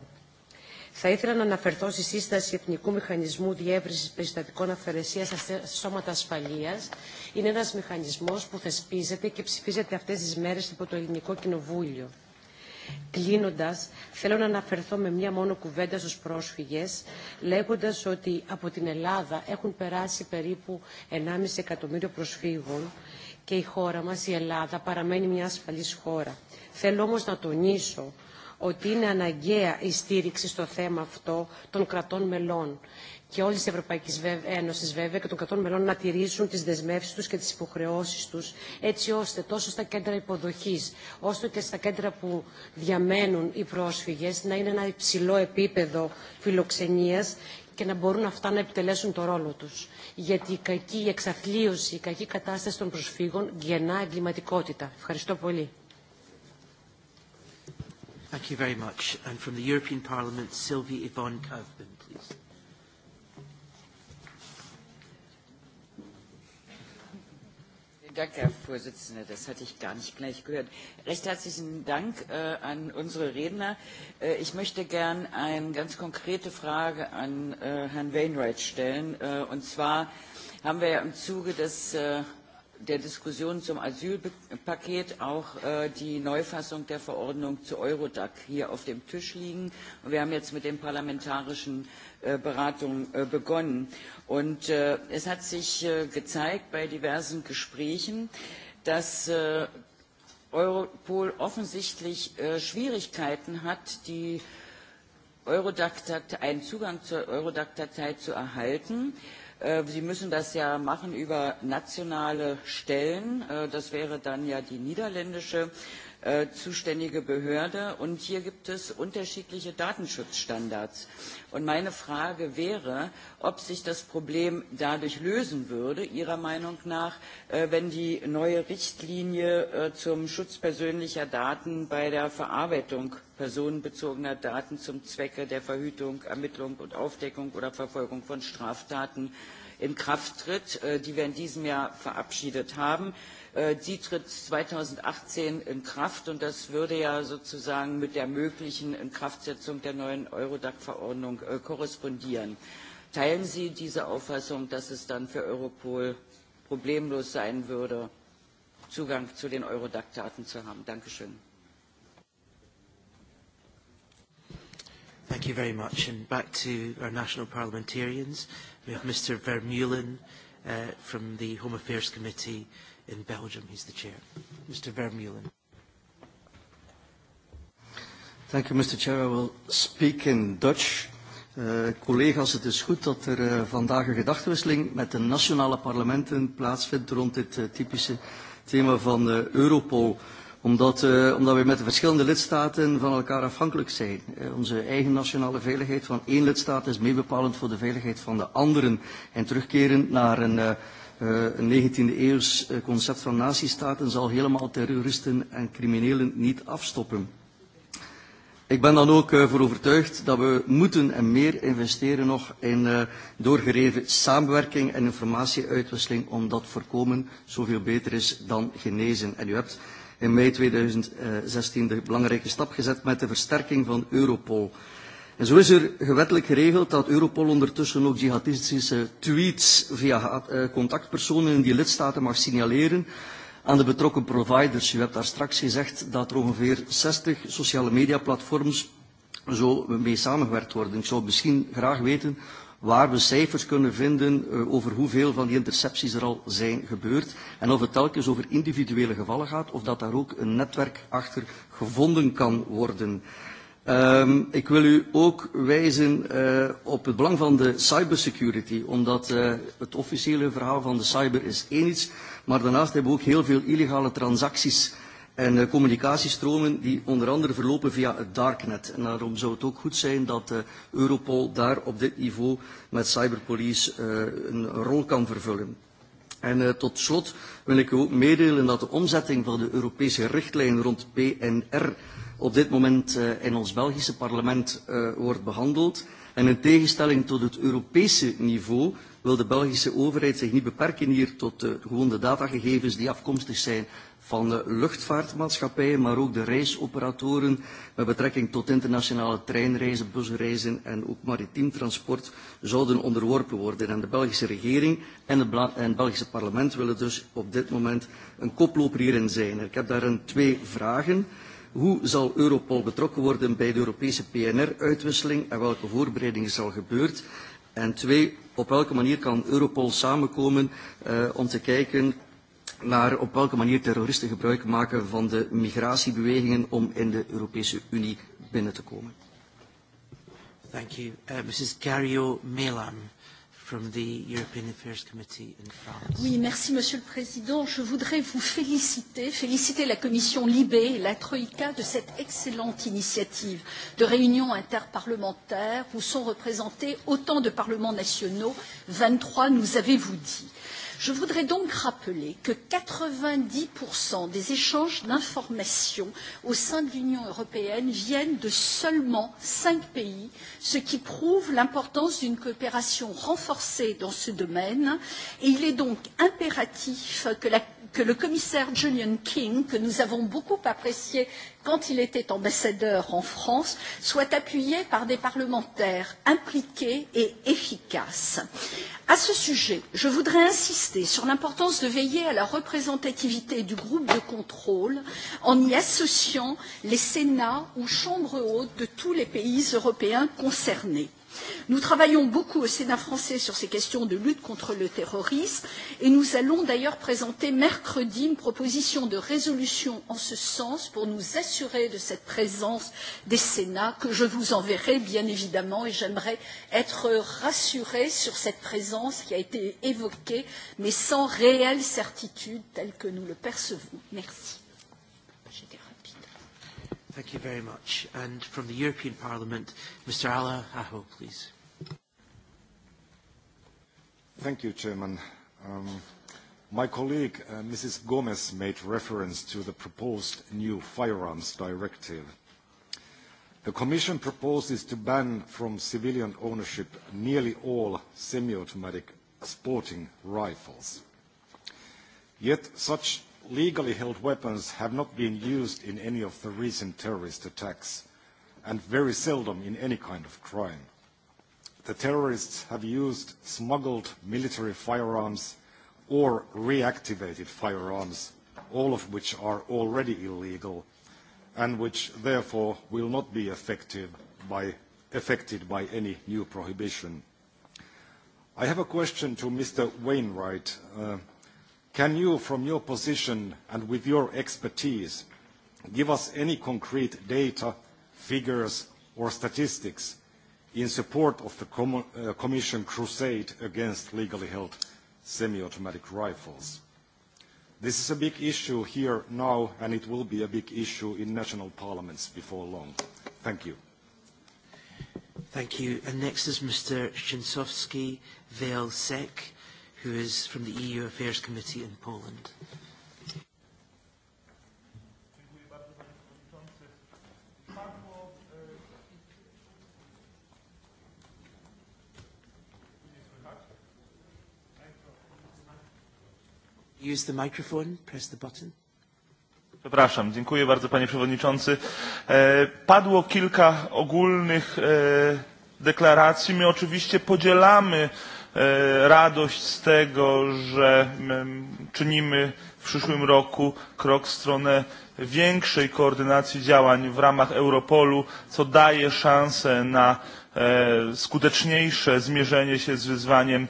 Θα ήθελα να αναφερθώ στη σύσταση Εθνικού Μηχανισμού Διεύρυνση Περιστατικών Αυθαιρεσίας στα σώματα Ασφαλεία. Είναι ένα μηχανισμό που θεσπίζεται και ψηφίζεται αυτέ τι μέρε υπό το Ελληνικό Κοινοβούλιο. Κλείνοντα, θέλω να αναφερθώ με μία μόνο κουβέντα στου πρόσφυγε, λέγοντα ότι από την Ελλάδα έχουν περάσει περίπου 1,5 εκατομμύριο προσφύγων και η χώρα μας, η Ελλάδα, παραμένει μια ασφαλής χώρα. Θέλω όμως να τονίσω ότι είναι αναγκαία η στήριξη στο θέμα αυτό των κρατών μελών και όλη τη Ευρωπαϊκή Ένωση βέβαια και των κρατών μελών να τηρήσουν τι δεσμεύσει του και τι υποχρεώσει του, έτσι ώστε τόσο στα κέντρα υποδοχή, όσο και στα κέντρα που διαμένουν οι πρόσφυγε, να είναι ένα υψηλό επίπεδο φιλοξενία και να μπορούν αυτά να επιτελέσουν το ρόλο τους. Γιατί η κακή εξαθλίωση, η κακή κατάσταση των προσφύγων γεννά εγκληματικότητα. Ευχαριστώ πολύ. Thank you very much. And from the European Parliament, Sylvie Yvonne Kaufman, please. Danke, Herr Vorsitzender. Das hatte ich gar nicht gleich gehört. Recht herzlichen Dank äh, an unsere Redner. Äh, ich möchte gern eine ganz konkrete Frage an äh, Herrn Wainwright stellen. Äh, und zwar haben wir ja im Zuge des, äh, der Diskussion zum Asylpaket auch äh, die Neufassung der Verordnung zu Eurodac hier auf dem Tisch liegen. Und wir haben jetzt mit dem parlamentarischen äh, Äh, Beratung äh, begonnen. Und äh, es hat sich gezeigt bei diversen Gesprächen, dass Europol offensichtlich Schwierigkeiten hat, die einen Zugang zur Eurodac-Datei zu erhalten. Sie müssen das ja machen über nationale Stellen. Das wäre dann ja die niederländische Äh, zuständige Behörde. Und hier gibt es unterschiedliche Datenschutzstandards. Und meine Frage wäre, ob sich das Problem dadurch lösen würde, Ihrer Meinung nach, äh, wenn die neue Richtlinie äh, zum Schutz persönlicher Daten bei der Verarbeitung personenbezogener Daten zum Zwecke der Verhütung, Ermittlung und Aufdeckung oder Verfolgung von Straftaten in Kraft tritt, die wir in diesem Jahr verabschiedet haben Äh, die tritt 2018 in Kraft und das würde ja sozusagen mit der möglichen Inkraftsetzung der neuen Eurodac-Verordnung äh, korrespondieren. Teilen Sie diese Auffassung, dass es dann für Europol problemlos sein würde, Zugang zu den Eurodac-Daten zu haben? Dankeschön. Thank you very much. And back to our national parliamentarians. We have Mr. Vermeulen uh, from the Home Affairs Committee in Belgium. He's the chair. Mr. Vermeulen. Thank you, Mr. Chair. I will speak in Dutch. Uh, collega's, het is goed dat er uh, vandaag een gedachtenwisseling met de nationale parlementen plaatsvindt rond dit uh, typische thema van uh, Europol. Omdat, uh, omdat we met de verschillende lidstaten van elkaar afhankelijk zijn. Uh, onze eigen nationale veiligheid van één lidstaat is meebepalend voor de veiligheid van de anderen. En terugkeren naar een... Uh, Uh, eh, een 19e-eeuws eh, concept van nazistaten zal helemaal terroristen en criminelen niet afstoppen. Ik ben dan ook uh, voor overtuigd dat we moeten en meer investeren nog in uh, doorgereven samenwerking en informatieuitwisseling, omdat voorkomen zoveel beter is dan genezen. En u hebt in mei 2016 de belangrijke stap gezet met de versterking van Europol. En zo is er gewettelijk geregeld dat Europol ondertussen ook jihadistische tweets via eh, contactpersonen in die lidstaten mag signaleren aan de betrokken providers. U hebt daar straks gezegd dat er ongeveer 60 sociale media platforms zo mee samengewerkt worden. Ik zou misschien graag weten waar we cijfers kunnen vinden eh, over hoeveel van die intercepties er al zijn gebeurd en of het telkens over individuele gevallen gaat of dat daar ook een netwerk achter gevonden kan worden. Um, ik wil u ook wijzen uh, op het belang van de cybersecurity, omdat uh, het officiële verhaal van de cyber is één iets, maar daarnaast hebben we ook heel veel illegale transacties en uh, communicatiestromen die onder andere verlopen via het darknet. En daarom zou het ook goed zijn dat uh, Europol daar op dit niveau met cyberpolice uh, een rol kan vervullen. En uh, tot slot wil ik u ook meedelen dat de omzetting van de Europese richtlijn rond PNR op dit moment uh, in ons Belgische parlement uh, wordt behandeld. En in tegenstelling tot het Europese niveau wil de Belgische overheid zich niet beperken hier tot uh, gewoon de datagegevens die afkomstig zijn van de luchtvaartmaatschappijen, maar ook de reisoperatoren met betrekking tot internationale treinreizen, busreizen en ook maritiem transport zouden onderworpen worden. En de Belgische regering en, de en het Belgische parlement willen dus op dit moment een koploper hierin zijn. Ik heb daarin twee vragen. Hoe zal Europol betrokken worden bij de Europese PNR-uitwisseling en welke voorbereiding is al gebeurd? En twee, op welke manier kan Europol samenkomen uh, om te kijken naar op welke manier terroristen gebruik maken van de migratiebewegingen om in de Europese Unie binnen te komen? Thank you. Uh, Mrs. Gario Melan from the European Affairs Committee in France. Oui, merci Monsieur le Président. Je voudrais vous féliciter, féliciter la Commission Libé et la Troïka de cette excellente initiative de réunion interparlementaire où sont représentés autant de parlements nationaux, 23 nous avez-vous dit. Je voudrais donc rappeler que 90% des échanges d'informations au sein de l'Union européenne viennent de seulement cinq pays, ce qui prouve l'importance d'une coopération renforcée dans ce domaine. Et il est donc impératif que la que le commissaire Julian King, que nous avons beaucoup apprécié quand il était ambassadeur en France, soit appuyé par des parlementaires impliqués et efficaces. À ce sujet, je voudrais insister sur l'importance de veiller à la représentativité du groupe de contrôle en y associant les sénats ou chambres hautes de tous les pays européens concernés. Nous travaillons beaucoup au Sénat français sur ces questions de lutte contre le terrorisme et nous allons d'ailleurs présenter mercredi une proposition de résolution en ce sens pour nous assurer de cette présence des Sénats que je vous enverrai bien évidemment et j'aimerais être rassurée sur cette présence qui a été évoquée mais sans réelle certitude telle que nous le percevons. Merci. Thank you very much. And from the European Parliament, Mr. Ala Aho, please. Thank you, Chairman. Um, my colleague, uh, Mrs. Gomez, made reference to the proposed new firearms directive. The Commission proposes to ban from civilian ownership nearly all semi-automatic sporting rifles. Yet such legally held weapons have not been used in any of the recent terrorist attacks, and very seldom in any kind of crime. The terrorists have used smuggled military firearms or reactivated firearms, all of which are already illegal and which therefore will not be affected by, affected by any new prohibition. I have a question to Mr. Wainwright. Uh, Can you, from your position and with your expertise, give us any concrete data, figures, or statistics in support of the uh, Commission crusade against legally held semi-automatic rifles? This is a big issue here now, and it will be a big issue in national parliaments before long. Thank you. Thank you. And next is Mr. Shinsovsky Veil-Sek who is from the EU Affairs Committee in Poland. Use the microphone, press the button. Przepraszam, dziękuję bardzo panie przewodniczący. E, padło kilka ogólnych e, deklaracji. My oczywiście podzielamy E, radość z tego, że czynimy w przyszłym roku krok w stronę większej koordynacji działań w ramach Europolu, co daje szansę na e, skuteczniejsze zmierzenie się z wyzwaniem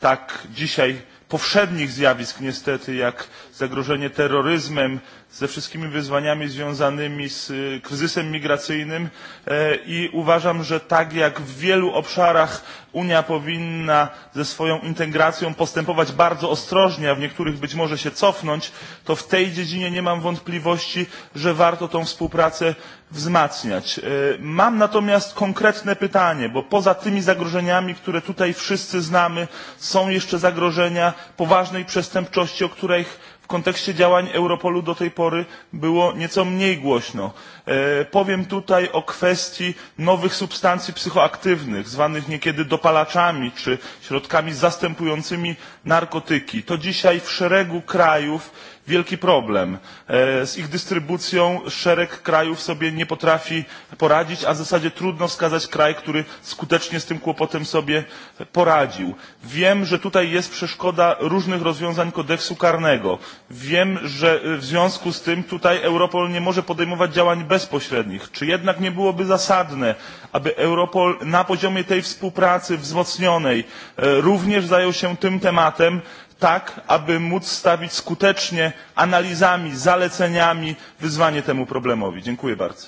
tak dzisiaj powszednich zjawisk niestety jak zagrożenie terroryzmem, ze wszystkimi wyzwaniami związanymi z kryzysem migracyjnym e, i uważam, że tak jak w wielu obszarach Unia powinna ze swoją integracją postępować bardzo ostrożnie, a w niektórych być może się cofnąć, to w tej dziedzinie nie mam wątpliwości, że warto tą współpracę wzmacniać. E, mam natomiast konkretne pytanie, bo poza tymi zagrożeniami, które tutaj wszyscy znamy, są jeszcze zagrożenia poważnej przestępczości, o których w kontekście działań Europolu do tej pory było nieco mniej głośno. E, powiem tutaj o kwestii nowych substancji psychoaktywnych, zwanych niekiedy dopalaczami czy środkami zastępującymi narkotyki. To dzisiaj w szeregu krajów wielki problem. E, z ich dystrybucją szereg krajów sobie nie potrafi poradzić, a w zasadzie trudno wskazać kraj, który skutecznie z tym kłopotem sobie poradził. Wiem, że tutaj jest przeszkoda różnych rozwiązań kodeksu karnego. Wiem, że e, w związku z tym tutaj Europol nie może podejmować działań bezpośrednich. Czy jednak nie byłoby zasadne, aby Europol na poziomie tej współpracy wzmocnionej e, również zajął się tym tematem, tak aby móc stawić skutecznie analizami zaleceniami wyzwanie temu problemowi. dziękuję bardzo.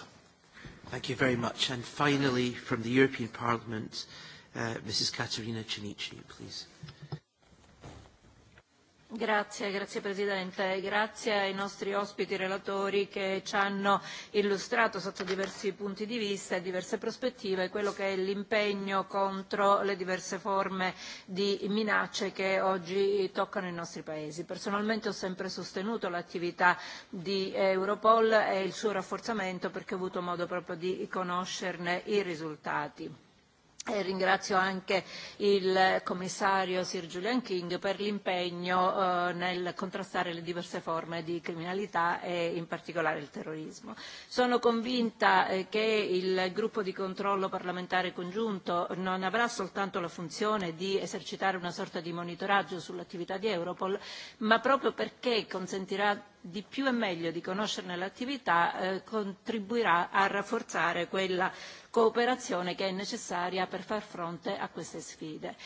Thank you very much. And finally, from the European Parliament, uh, Mrs. Cinici, please. Grazie, grazie Presidente. Grazie ai nostri ospiti relatori che ci hanno illustrato sotto diversi punti di vista e diverse prospettive quello che è l'impegno contro le diverse forme di minacce che oggi toccano i nostri Paesi. Personalmente ho sempre sostenuto l'attività di Europol e il suo rafforzamento perché ho avuto modo proprio di conoscerne i risultati E ringrazio anche il commissario Sir Julian King per l'impegno eh, nel contrastare le diverse forme di criminalità e in particolare il terrorismo. Sono convinta eh, che il gruppo di controllo parlamentare congiunto non avrà soltanto la funzione di esercitare una sorta di monitoraggio sull'attività di Europol, ma proprio perché consentirà di più e meglio di conoscerne l'attività eh, contribuirà a rafforzare quella cooperazione che è necessaria per far fronte a queste sfide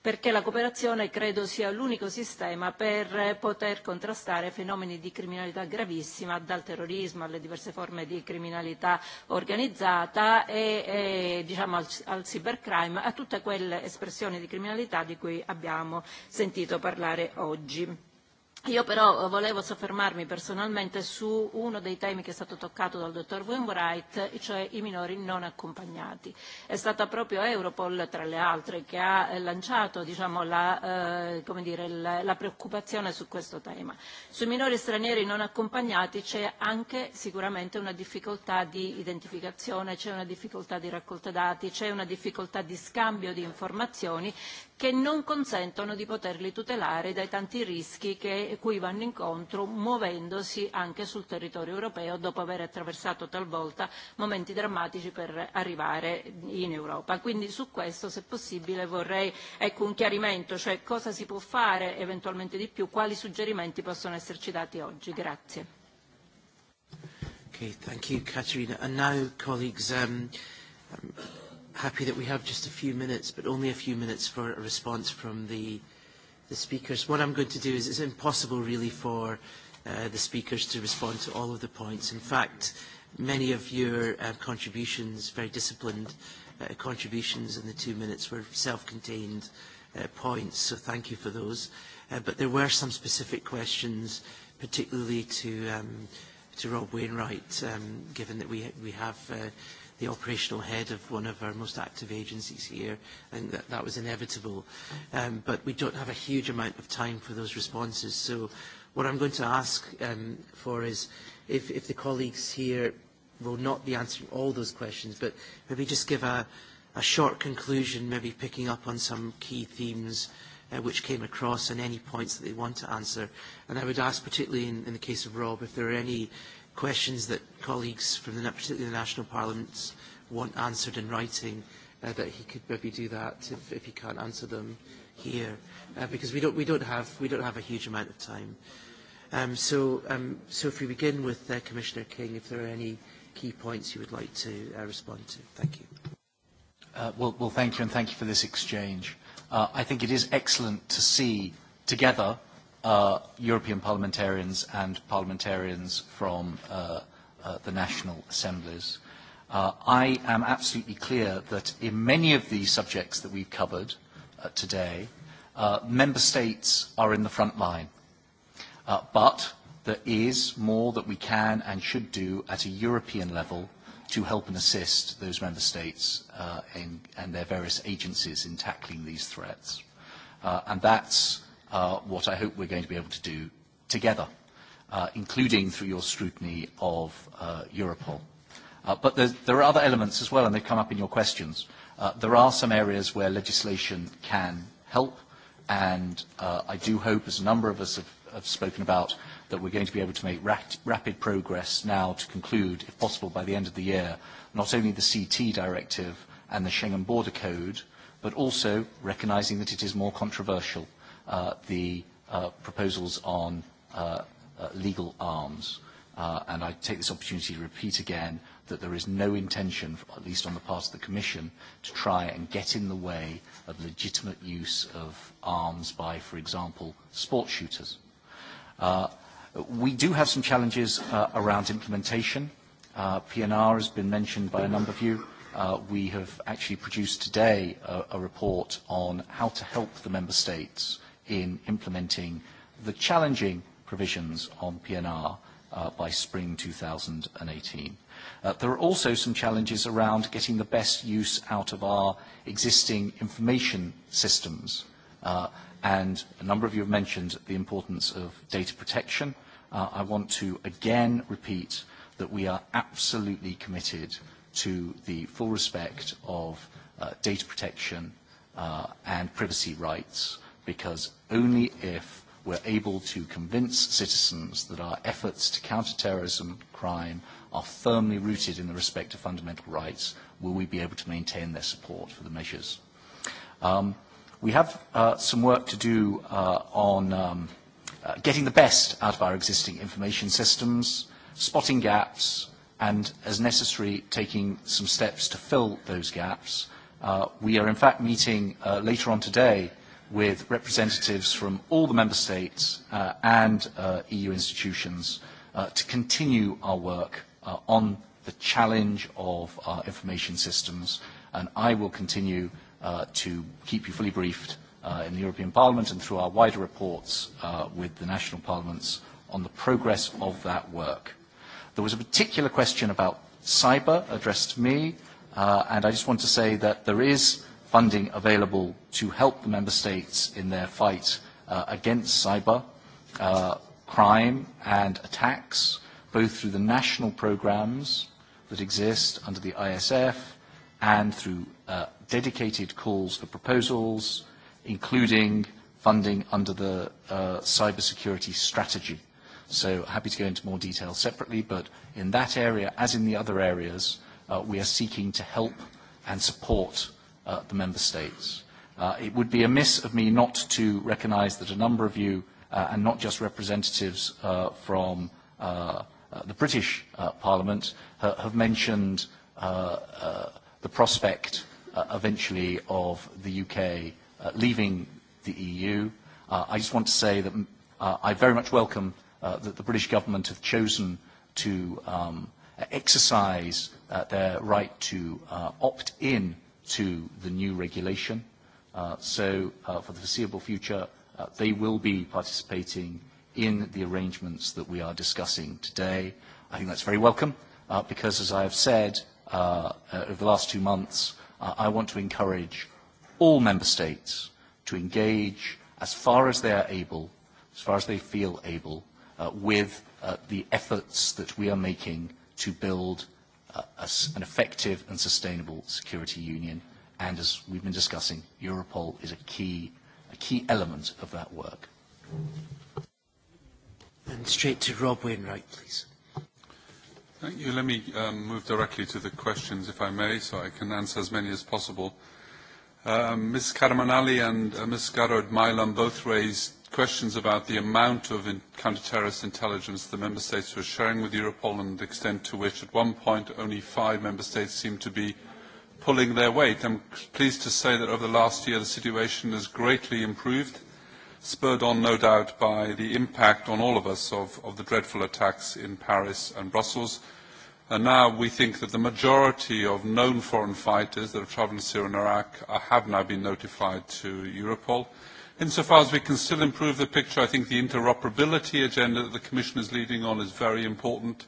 perché la cooperazione credo sia l'unico sistema per eh, poter contrastare fenomeni di criminalità gravissima, dal terrorismo alle diverse forme di criminalità organizzata e, e diciamo, al, al cybercrime, a tutte quelle espressioni di criminalità di cui abbiamo sentito parlare oggi Io però eh, volevo soffermarmi personalmente su uno dei temi che è stato toccato dal dottor Wainwright, e cioè i minori non accompagnati. È stata proprio Europol, tra le altre, che ha eh, lanciato diciamo, la, eh, come dire, la, la preoccupazione su questo tema. Sui minori stranieri non accompagnati c'è anche sicuramente una difficoltà di identificazione, c'è una difficoltà di raccolta dati, c'è una difficoltà di scambio di informazioni che non consentono di poterli tutelare dai tanti rischi che, cui vanno incontro muovendosi anche sul territorio europeo dopo aver attraversato talvolta momenti drammatici per arrivare in Europa. Quindi su questo, se possibile, vorrei ecco, un chiarimento, cioè cosa si può fare eventualmente di più, quali suggerimenti possono esserci dati oggi. Grazie. Okay, thank you, Katerina. And now, colleagues, um, um, happy that we have just a few minutes, but only a few minutes for a response from the, the speakers. What I'm going to do is it's impossible really for uh, the speakers to respond to all of the points. In fact, many of your uh, contributions, very disciplined uh, contributions in the two minutes were self-contained uh, points, so thank you for those. Uh, but there were some specific questions, particularly to, um, to Rob Wainwright, um, given that we, we have uh, the operational head of one of our most active agencies here. I think that, that was inevitable. Um, but we don't have a huge amount of time for those responses. So what I'm going to ask um, for is if, if the colleagues here will not be answering all those questions, but maybe just give a, a short conclusion, maybe picking up on some key themes uh, which came across and any points that they want to answer. And I would ask, particularly in, in the case of Rob, if there are any questions that colleagues from the, particularly the national parliaments want answered in writing, uh, that he could maybe do that if, if he can't answer them here, uh, because we don't, we, don't have, we don't have a huge amount of time. Um, so, um, so if we begin with uh, Commissioner King, if there are any key points you would like to uh, respond to. Thank you. Uh, well, well, thank you, and thank you for this exchange. Uh, I think it is excellent to see together uh, European parliamentarians and parliamentarians from uh, uh, the national assemblies. Uh, I am absolutely clear that in many of the subjects that we've covered uh, today, uh, member states are in the front line. Uh, but there is more that we can and should do at a European level to help and assist those member states uh, in, and their various agencies in tackling these threats. Uh, and that's Uh, what I hope we're going to be able to do together, uh, including through your scrutiny of uh, Europol. but there are other elements as well, and they've come up in your questions. there are some areas where legislation can help, and I do hope, as a number of us have, spoken about, that we're going to be able to make rapid progress now to conclude, if possible, by the end of the year, not only the CT directive and the Schengen Border Code, but also recognizing that it is more controversial Uh, the uh, proposals on uh, uh, legal arms. Uh, and I take this opportunity to repeat again that there is no intention, at least on the part of the Commission, to try and get in the way of legitimate use of arms by, for example, sport shooters. Uh, we do have some challenges uh, around implementation. Uh, PNR has been mentioned by a number of you. Uh, we have actually produced today a, a report on how to help the member states in implementing the challenging provisions on PNR uh, by spring 2018. Uh, there are also some challenges around getting the best use out of our existing information systems. Uh, and a number of you have mentioned the importance of data protection. Uh, I want to again repeat that we are absolutely committed to the full respect of uh, data protection uh, and privacy rights because only if we're able to convince citizens that our efforts to counter terrorism crime are firmly rooted in the respect of fundamental rights will we be able to maintain their support for the measures. Um, we have uh, some work to do uh, on um, uh, getting the best out of our existing information systems, spotting gaps, and, as necessary, taking some steps to fill those gaps. Uh, we are, in fact, meeting uh, later on today with representatives from all the member states uh, and uh, EU institutions uh, to continue our work uh, on the challenge of our information systems. And I will continue uh, to keep you fully briefed uh, in the European Parliament and through our wider reports uh, with the national parliaments on the progress of that work. There was a particular question about cyber addressed to me, uh, and I just want to say that there is funding available to help the member states in their fight uh, against cyber uh, crime and attacks, both through the national programs that exist under the ISF and through uh, dedicated calls for proposals, including funding under the uh, cybersecurity strategy. So happy to go into more detail separately, but in that area, as in the other areas, uh, we are seeking to help and support uh, uh, the member states. Uh, it would be amiss of me not to recognise that a number of you, uh, and not just representatives uh, from uh, uh, the British uh, Parliament, uh, have mentioned uh, uh, the prospect uh, eventually of the UK uh, leaving the EU. Uh, I just want to say that uh, I very much welcome uh, that the British government have chosen to um, exercise uh, their right to uh, opt in to the new regulation. Uh, so uh, for the foreseeable future, uh, they will be participating in the arrangements that we are discussing today. I think that's very welcome because, as I have said over the last two months, I want to encourage all member states to engage as far as they are able, as far as they feel able, with the efforts that we are making to build a, an effective and sustainable security union. And as we've been discussing, Europol is a key, a key element of that work. And straight to Rob Wainwright, please. Thank you. Let me um, move directly to the questions, if I may, so I can answer as many as possible. Uh, Ms. Karamanali and uh, Ms. Garod Milam both raised questions about the amount of in counter-terrorist intelligence the member states were sharing with Europol and the extent to which at one point only five member states seemed to be pulling their weight. I'm pleased to say that over the last year the situation has greatly improved, spurred on no doubt by the impact on all of us of, of the dreadful attacks in Paris and Brussels. And now we think that the majority of known foreign fighters that have travelled to Syria and Iraq have now been notified to Europol Insofar as we can still improve the picture, I think the interoperability agenda that the Commission is leading on is very important,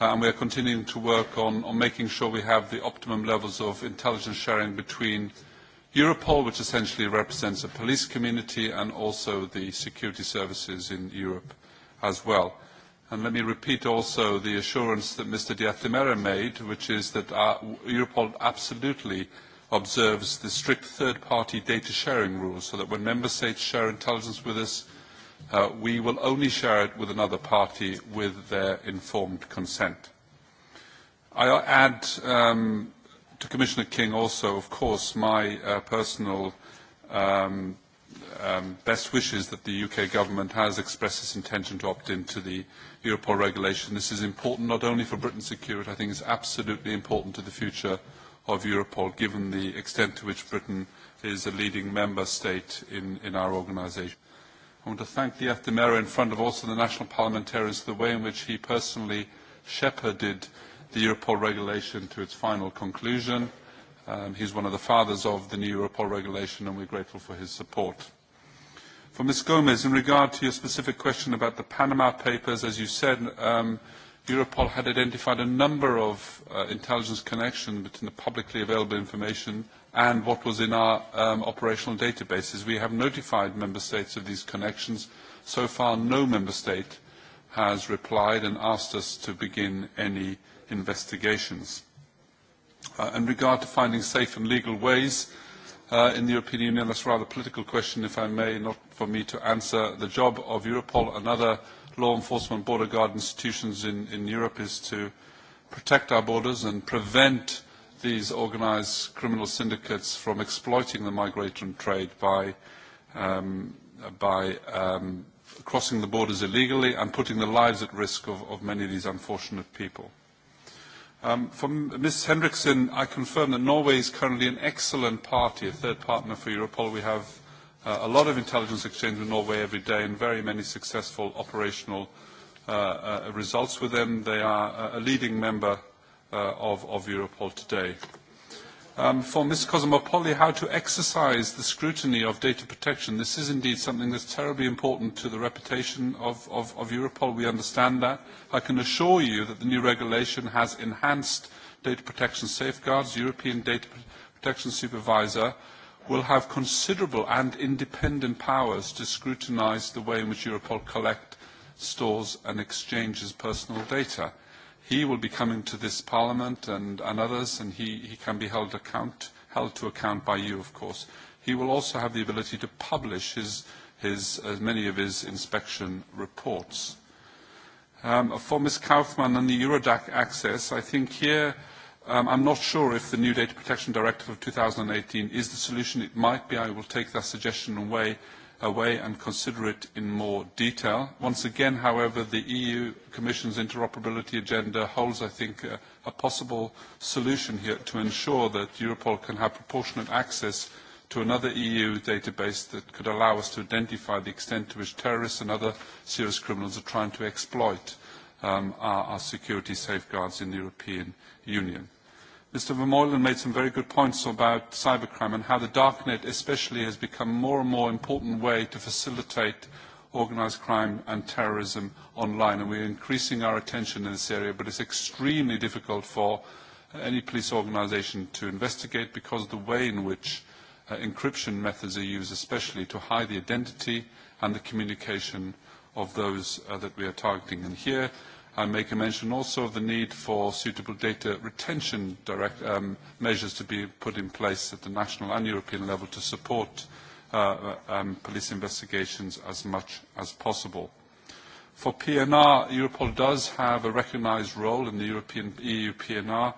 uh, and we are continuing to work on, on making sure we have the optimum levels of intelligence sharing between Europol, which essentially represents a police community, and also the security services in Europe as well. And let me repeat also the assurance that Mr. Diatimera made, which is that our, uh, Europol absolutely observes the strict third-party data sharing rules so that when member states share intelligence with us, uh, we will only share it with another party with their informed consent. I add um, to Commissioner King also, of course, my uh, personal um, um, best wishes that the UK government has expressed its intention to opt into the Europol regulation. This is important not only for Britain's security, I think it's absolutely important to the future of Europol, given the extent to which Britain is a leading member state in, in our organisation. I want to thank the Demera in front of also the national parliamentarians for the way in which he personally shepherded the Europol regulation to its final conclusion. Um, he's one of the fathers of the new Europol regulation, and we're grateful for his support. For Ms. Gomez, in regard to your specific question about the Panama Papers, as you said, um, Europol had identified a number of uh, intelligence connections between the publicly available information and what was in our um, operational databases. We have notified member states of these connections. So far, no member state has replied and asked us to begin any investigations. Uh, in regard to finding safe and legal ways uh, in the European Union, that's rather a political question, if I may, not for me to answer. The job of Europol and other law enforcement border guard institutions in, in Europe is to protect our borders and prevent these organised criminal syndicates from exploiting the migration trade by, um, by um, crossing the borders illegally and putting the lives at risk of, of many of these unfortunate people. Um, from Ms. Hendrickson, I confirm that Norway is currently an excellent party, a third partner for Europol. We have Uh, a lot of intelligence exchange with Norway every day and very many successful operational uh, uh, results with them. They are a leading member uh, of, of Europol today. Um, for Ms. Cosmopoli, how to exercise the scrutiny of data protection. This is indeed something that's terribly important to the reputation of, of, of Europol. We understand that. I can assure you that the new regulation has enhanced data protection safeguards. European Data Protection Supervisor will have considerable and independent powers to scrutinise the way in which Europol collects, stores and exchanges personal data. He will be coming to this Parliament and, and others, and he, he can be held, account, held to account by you, of course. He will also have the ability to publish his, his, uh, many of his inspection reports. Um, for Ms. Kaufmann and the Eurodac access, I think here Um, I'm not sure if the new Data Protection Directive of 2018 is the solution. It might be. I will take that suggestion away, away and consider it in more detail. Once again, however, the EU Commission's interoperability agenda holds, I think, a, a possible solution here to ensure that Europol can have proportionate access to another EU database that could allow us to identify the extent to which terrorists and other serious criminals are trying to exploit um, our, our security safeguards in the European Union. Mr. Vermeulen made some very good points about cybercrime and how the darknet especially has become more and more important way to facilitate organized crime and terrorism online. And we're increasing our attention in this area, but it's extremely difficult for any police organization to investigate because of the way in which uh, encryption methods are used, especially to hide the identity and the communication of those uh, that we are targeting. And here, i make a mention also of the need for suitable data retention direct, um, measures to be put in place at the national and European level to support uh, uh um, police investigations as much as possible. For PNR, Europol does have a recognised role in the European EU PNR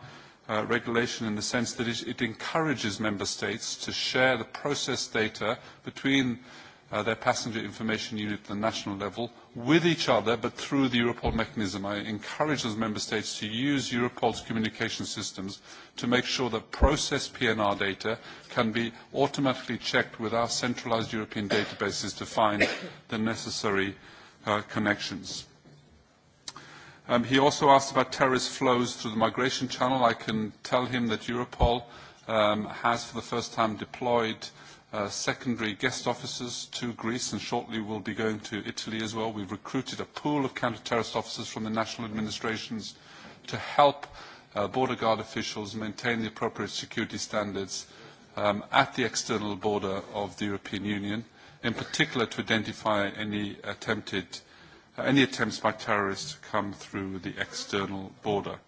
uh, regulation in the sense that it, it encourages member states to share the process data between uh, their passenger information unit at the national level with each other, but through the Europol mechanism. I encourage those member states to use Europol's communication systems to make sure that processed PNR data can be automatically checked with our centralized European databases to find the necessary uh, connections. Um, he also asked about terrorist flows through the migration channel. I can tell him that Europol um, has for the first time deployed uh, Uh, secondary guest officers to Greece and shortly we'll be going to Italy as well. We've recruited a pool of counter-terrorist officers from the national administrations to help uh, border guard officials maintain the appropriate security standards um, at the external border of the European Union, in particular to identify any attempted uh, any attempts by terrorists to come through the external border.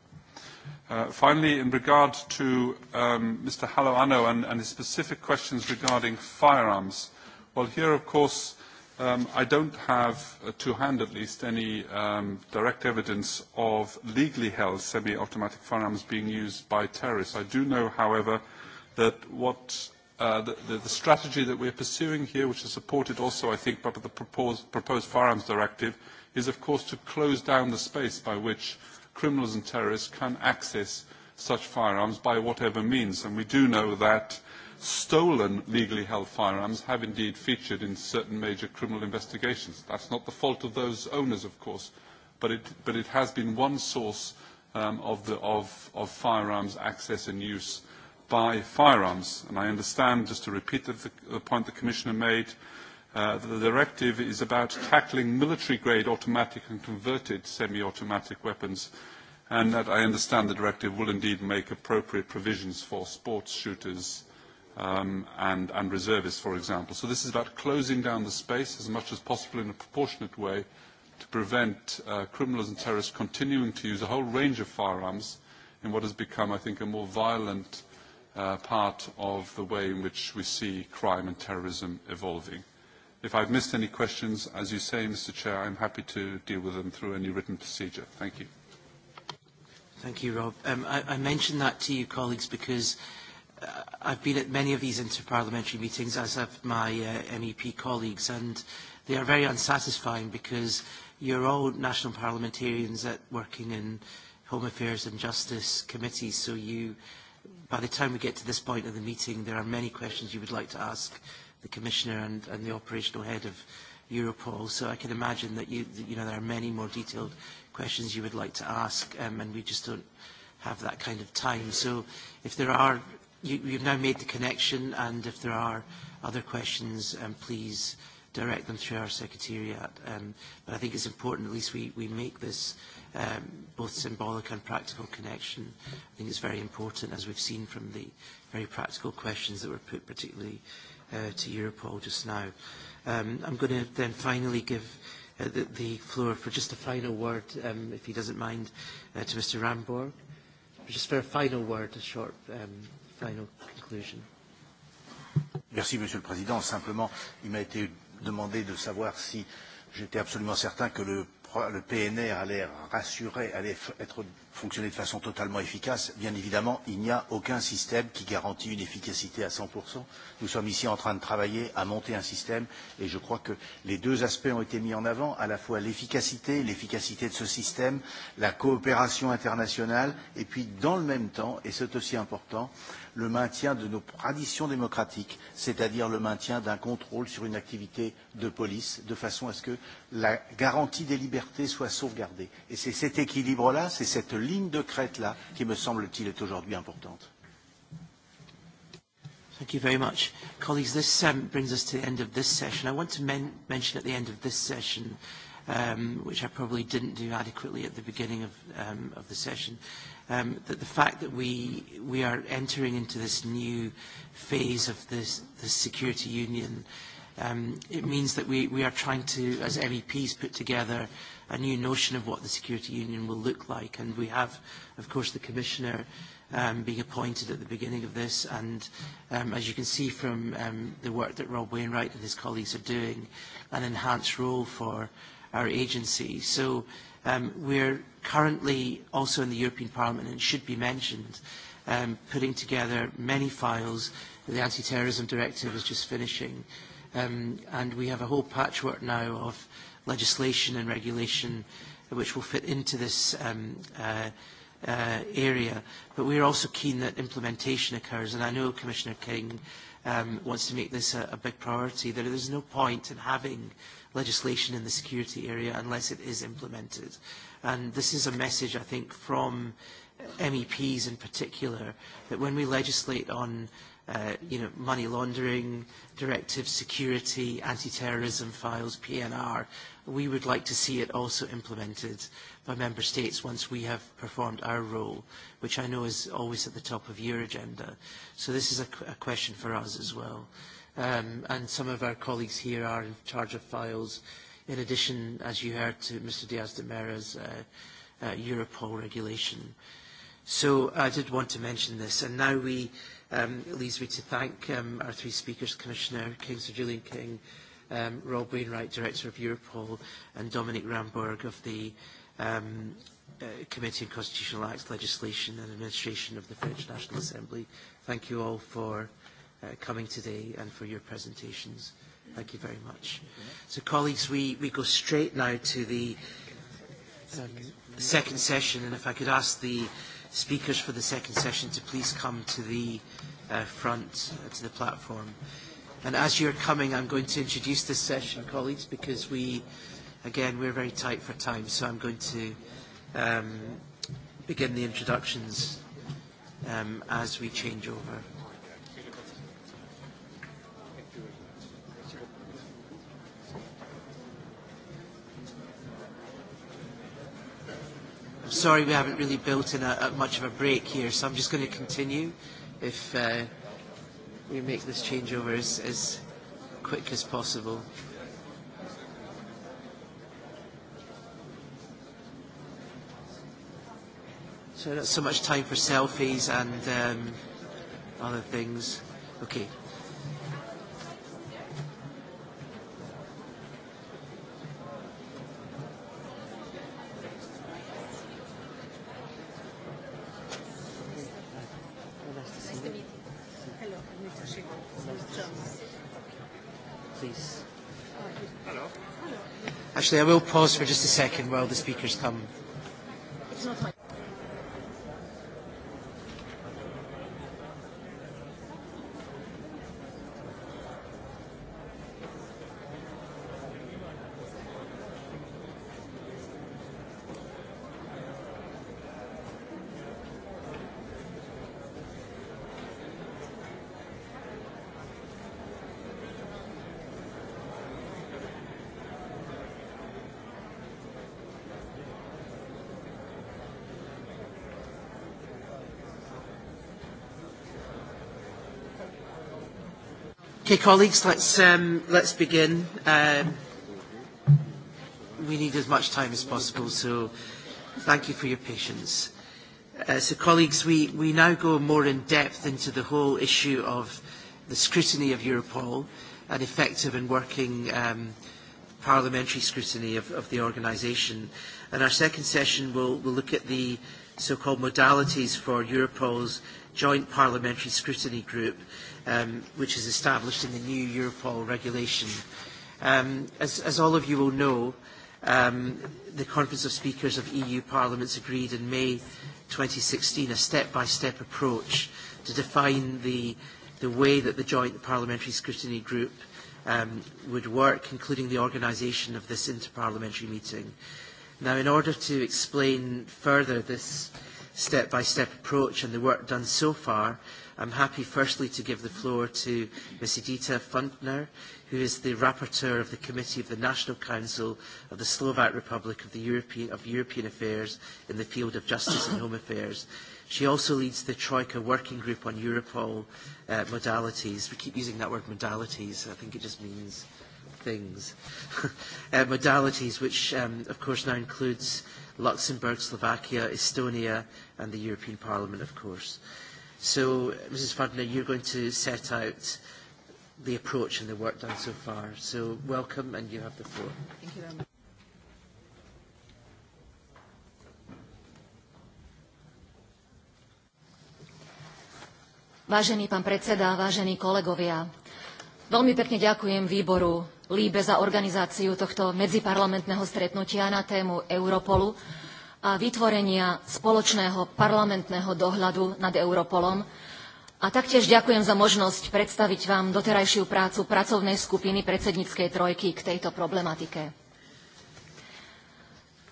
Uh, finally, in regard to um, Mr. Haloano and, and his specific questions regarding firearms, well, here, of course, um, I don't have, uh, to hand at least, any um, direct evidence of legally held semi-automatic firearms being used by terrorists. I do know, however, that what uh, the, the, the strategy that we're pursuing here, which is supported also, I think, by the proposed, proposed firearms directive, is, of course, to close down the space by which criminals and terrorists can access such firearms by whatever means. And we do know that stolen legally held firearms have indeed featured in certain major criminal investigations. That's not the fault of those owners, of course, but it, but it has been one source um, of, the, of, of firearms access and use by firearms. And I understand, just to repeat the, the point the Commissioner made, Uh, the directive is about tackling military-grade automatic and converted semi-automatic weapons, and that I understand the directive will indeed make appropriate provisions for sports shooters um, and, and reservists, for example. So this is about closing down the space as much as possible in a proportionate way to prevent uh, criminals and terrorists continuing to use a whole range of firearms in what has become, I think, a more violent uh, part of the way in which we see crime and terrorism evolving. If I've missed any questions, as you say, Mr. Chair, I'm happy to deal with them through any written procedure. Thank you. Thank you, Rob. Um, I, I mentioned that to you, colleagues, because uh, I've been at many of these interparliamentary meetings, as have my uh, MEP colleagues, and they are very unsatisfying because you're all national parliamentarians at working in Home Affairs and Justice committees, so you, by the time we get to this point of the meeting, there are many questions you would like to ask the Commissioner and, and the operational head of Europol. So I can imagine that you, you know, there are many more detailed questions you would like to ask, um, and we just don't have that kind of time. So if there are, you, you've now made the connection, and if there are other questions, um, please direct them through our secretariat. Um, but I think it's important at least we, we make this um, both symbolic and practical connection. I think it's very important, as we've seen from the very practical questions that were put, particularly uh, to Europol just now. Um, I'm going to then finally give uh, the, the floor for just a final word, um, if he doesn't mind, uh, to Mr. Ramborg. Just for a final word, a short um, final conclusion. Merci, Monsieur le Président. Simplement, il m'a été demandé de savoir si j'étais absolument certain que le, le PNR allait rassurer, allait être fonctionner de façon totalement efficace, bien évidemment, il n'y a aucun système qui garantit une efficacité à 100%. Nous sommes ici en train de travailler à monter un système et je crois que les deux aspects ont été mis en avant, à la fois l'efficacité, l'efficacité de ce système, la coopération internationale et puis dans le même temps, et c'est aussi important, le maintien de nos traditions démocratiques, c'est-à-dire le maintien d'un contrôle sur une activité de police, de façon à ce que la garantie des libertés soit sauvegardée. Et c'est cet équilibre-là, c'est cette ligne de crête-là qui, me semble-t-il, est aujourd'hui importante. Thank you very much. Colleagues, this um, brings us to the end of this session. I want to men mention at the end of this session, um, which I probably didn't do adequately at the beginning of, um, of the session, um, that the fact that we, we are entering into this new phase of this, this security union, um, it means that we, we are trying to, as MEPs, put together a new notion of what the security union will look like. And we have, of course, the commissioner um, being appointed at the beginning of this. And um, as you can see from um, the work that Rob Wainwright and his colleagues are doing, an enhanced role for our agency. So um, we're currently also in the European Parliament, and it should be mentioned, um, putting together many files. The anti-terrorism directive is just finishing. Um, and we have a whole patchwork now of legislation and regulation which will fit into this um, uh, uh, area. But we are also keen that implementation occurs, and I know Commissioner King um, wants to make this a, a big priority. That There is no point in having legislation in the security area unless it is implemented. And this is a message, I think, from MEPs in particular, that when we legislate on uh, you know, money laundering, directive security, anti-terrorism files, PNR, we would like to see it also implemented by member states once we have performed our role, which I know is always at the top of your agenda. So this is a, qu a question for us as well. Um, and some of our colleagues here are in charge of files in addition, as you heard, to Mr. Diaz de Mera's uh, uh, Europol regulation. So I did want to mention this. And now we, um, it leads me to thank um, our three speakers, Commissioner King, Sir Julian King, um, Rob Wainwright, Director of Europol, and Dominic Ramberg of the um, uh, Committee on Constitutional Acts, Legislation and Administration of the French National Assembly. Thank you all for uh, coming today and for your presentations. Thank you very much. So, colleagues, we, we go straight now to the um, second session, and if I could ask the speakers for the second session to please come to the uh, front, uh, to the platform. And as you're coming, I'm going to introduce this session, colleagues, because we, again, we're very tight for time, so I'm going to um, begin the introductions um, as we change over. sorry we haven't really built in a, a much of a break here, so I'm just going to continue if uh, we make this changeover as, as quick as possible. So not so much time for selfies and um, other things. Okay. actually. I will pause for just a second while the speakers come. Okay, colleagues, let's, um, let's begin. Um, we need as much time as possible, so thank you for your patience. Uh, so, colleagues, we, we now go more in depth into the whole issue of the scrutiny of Europol and effective and working um, parliamentary scrutiny of, of the organisation. And our second session will will look at the so-called modalities for Europol's joint parliamentary scrutiny group, um, which is established in the new Europol regulation. Um, as, as all of you will know, um, the Conference of Speakers of EU Parliaments agreed in May 2016 a step-by-step -step approach to define the, the way that the Joint Parliamentary Scrutiny Group um, would work, including the organisation of this interparliamentary meeting. Now, in order to explain further this step-by-step approach and the work done so far, I'm happy firstly to give the floor to Ms Edita Funtner, who is the rapporteur of the Committee of the National Council of the Slovak Republic of, the European, of European Affairs in the field of justice and home affairs. She also leads the Troika Working Group on Europol uh, modalities. We keep using that word modalities. I think it just means things. uh, modalities, which um, of course now includes Luxembourg, Slovakia, Estonia, and the European Parliament, of course. So, Mrs. Ferdner, you're going to set out the approach and the work done so far. So, welcome, and you have the floor. Thank you very much. Vážený pán predseda, vážení kolegovia, veľmi pekne ďakujem výboru líbe za organizáciu tohto medziparlamentného stretnutia na tému Europolu a vytvorenia spoločného parlamentného dohľadu nad Europolom. A taktiež ďakujem za možnosť predstaviť vám doterajšiu prácu pracovnej skupiny predsedníckej trojky k tejto problematike.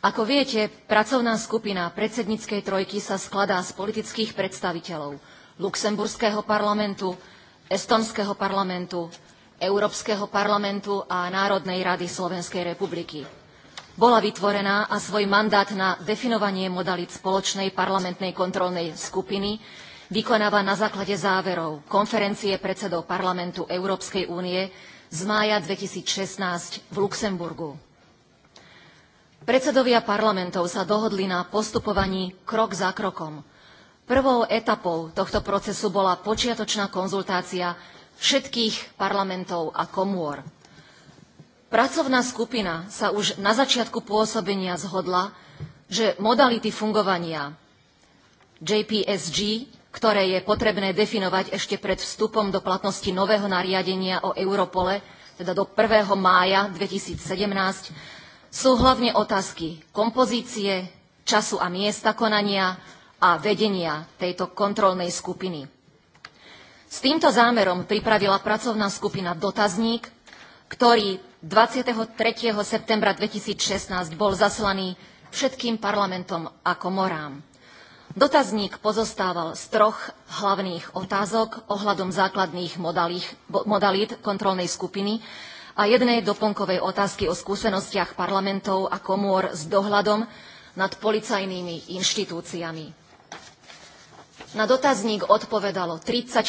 Ako viete, pracovná skupina predsedníckej trojky sa skladá z politických predstaviteľov Luxemburského parlamentu, Estonského parlamentu, Európskeho parlamentu a Národnej rady Slovenskej republiky. Bola vytvorená a svoj mandát na definovanie modalit spoločnej parlamentnej kontrolnej skupiny vykonáva na základe záverov konferencie predsedov parlamentu Európskej únie z mája 2016 v Luxemburgu. Predsedovia parlamentov sa dohodli na postupovaní krok za krokom. Prvou etapou tohto procesu bola počiatočná konzultácia všetkých parlamentov a komôr. Pracovná skupina sa už na začiatku pôsobenia zhodla, že modality fungovania JPSG, ktoré je potrebné definovať ešte pred vstupom do platnosti nového nariadenia o Europole, teda do 1. mája 2017, sú hlavne otázky kompozície, času a miesta konania a vedenia tejto kontrolnej skupiny. S týmto zámerom pripravila pracovná skupina dotazník, ktorý 23. septembra 2016 bol zaslaný všetkým parlamentom a komorám. Dotazník pozostával z troch hlavných otázok ohľadom základných modalít kontrolnej skupiny a jednej doplnkovej otázky o skúsenostiach parlamentov a komôr s dohľadom nad policajnými inštitúciami. Na dotazník odpovedalo 34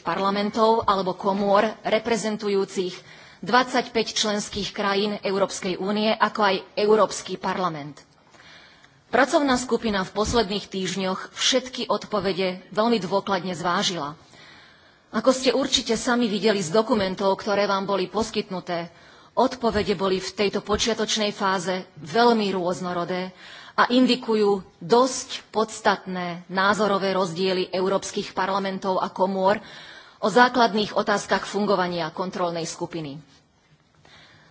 parlamentov alebo komôr reprezentujúcich 25 členských krajín Európskej únie, ako aj Európsky parlament. Pracovná skupina v posledných týždňoch všetky odpovede veľmi dôkladne zvážila. Ako ste určite sami videli z dokumentov, ktoré vám boli poskytnuté, odpovede boli v tejto počiatočnej fáze veľmi rôznorodé a indikujú dosť podstatné názorové rozdiely európskych parlamentov a komôr o základných otázkach fungovania kontrolnej skupiny.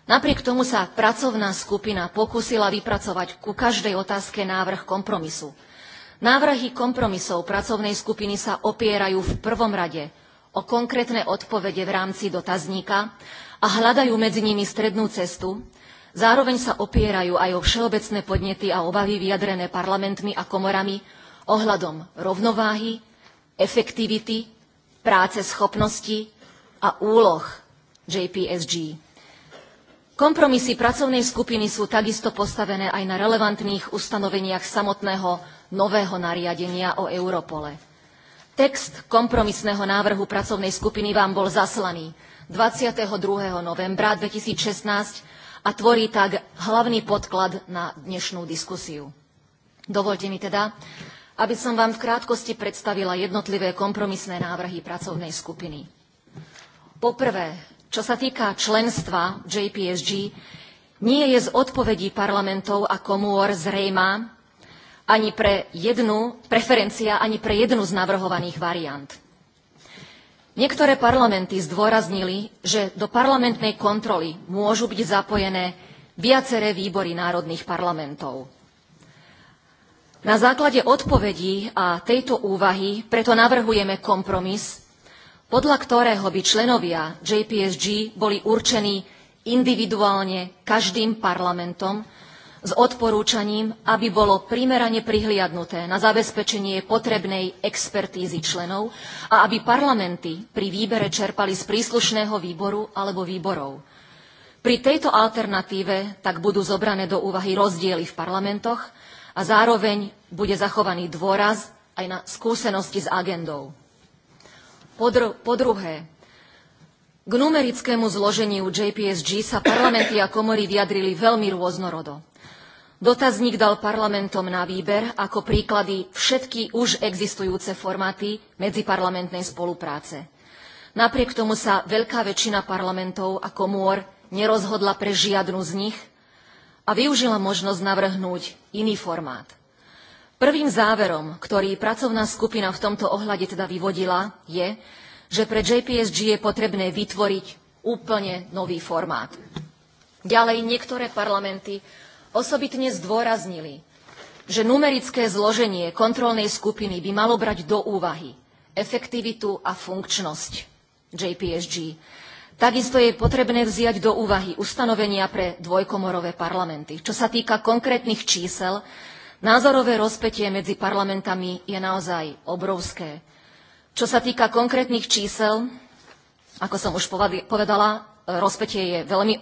Napriek tomu sa pracovná skupina pokusila vypracovať ku každej otázke návrh kompromisu. Návrhy kompromisov pracovnej skupiny sa opierajú v prvom rade o konkrétne odpovede v rámci dotazníka a hľadajú medzi nimi strednú cestu, Zároveň sa opierajú aj o všeobecné podnety a obavy vyjadrené parlamentmi a komorami ohľadom rovnováhy, efektivity, práce schopnosti a úloh JPSG. Kompromisy pracovnej skupiny sú takisto postavené aj na relevantných ustanoveniach samotného nového nariadenia o Europole. Text kompromisného návrhu pracovnej skupiny vám bol zaslaný 22. novembra 2016 a tvorí tak hlavný podklad na dnešnú diskusiu. Dovolte mi teda, aby som vám v krátkosti predstavila jednotlivé kompromisné návrhy pracovnej skupiny. Poprvé, čo sa týka členstva JPSG, nie je z odpovedí parlamentov a komôr zrejma ani pre jednu preferencia, ani pre jednu z navrhovaných variant. Niektoré parlamenty zdôraznili, že do parlamentnej kontroly môžu byť zapojené viaceré výbory národných parlamentov. Na základe odpovedí a tejto úvahy preto navrhujeme kompromis, podľa ktorého by členovia JPSG boli určení individuálne každým parlamentom, s odporúčaním, aby bolo primerane prihliadnuté na zabezpečenie potrebnej expertízy členov a aby parlamenty pri výbere čerpali z príslušného výboru alebo výborov. Pri tejto alternatíve tak budú zobrané do úvahy rozdiely v parlamentoch a zároveň bude zachovaný dôraz aj na skúsenosti s agendou. Po, dru po druhé, k numerickému zloženiu JPSG sa parlamenty a komory vyjadrili veľmi rôznorodo. Dotazník dal parlamentom na výber ako príklady všetky už existujúce formáty medziparlamentnej spolupráce. Napriek tomu sa veľká väčšina parlamentov a komôr nerozhodla pre žiadnu z nich a využila možnosť navrhnúť iný formát. Prvým záverom, ktorý pracovná skupina v tomto ohľade teda vyvodila, je, že pre JPSG je potrebné vytvoriť úplne nový formát. Ďalej niektoré parlamenty osobitne zdôraznili, že numerické zloženie kontrolnej skupiny by malo brať do úvahy efektivitu a funkčnosť JPSG. Takisto je potrebné vziať do úvahy ustanovenia pre dvojkomorové parlamenty. Čo sa týka konkrétnych čísel, názorové rozpetie medzi parlamentami je naozaj obrovské. Čo sa týka konkrétnych čísel, ako som už povedala, eh, rozpetie je veľmi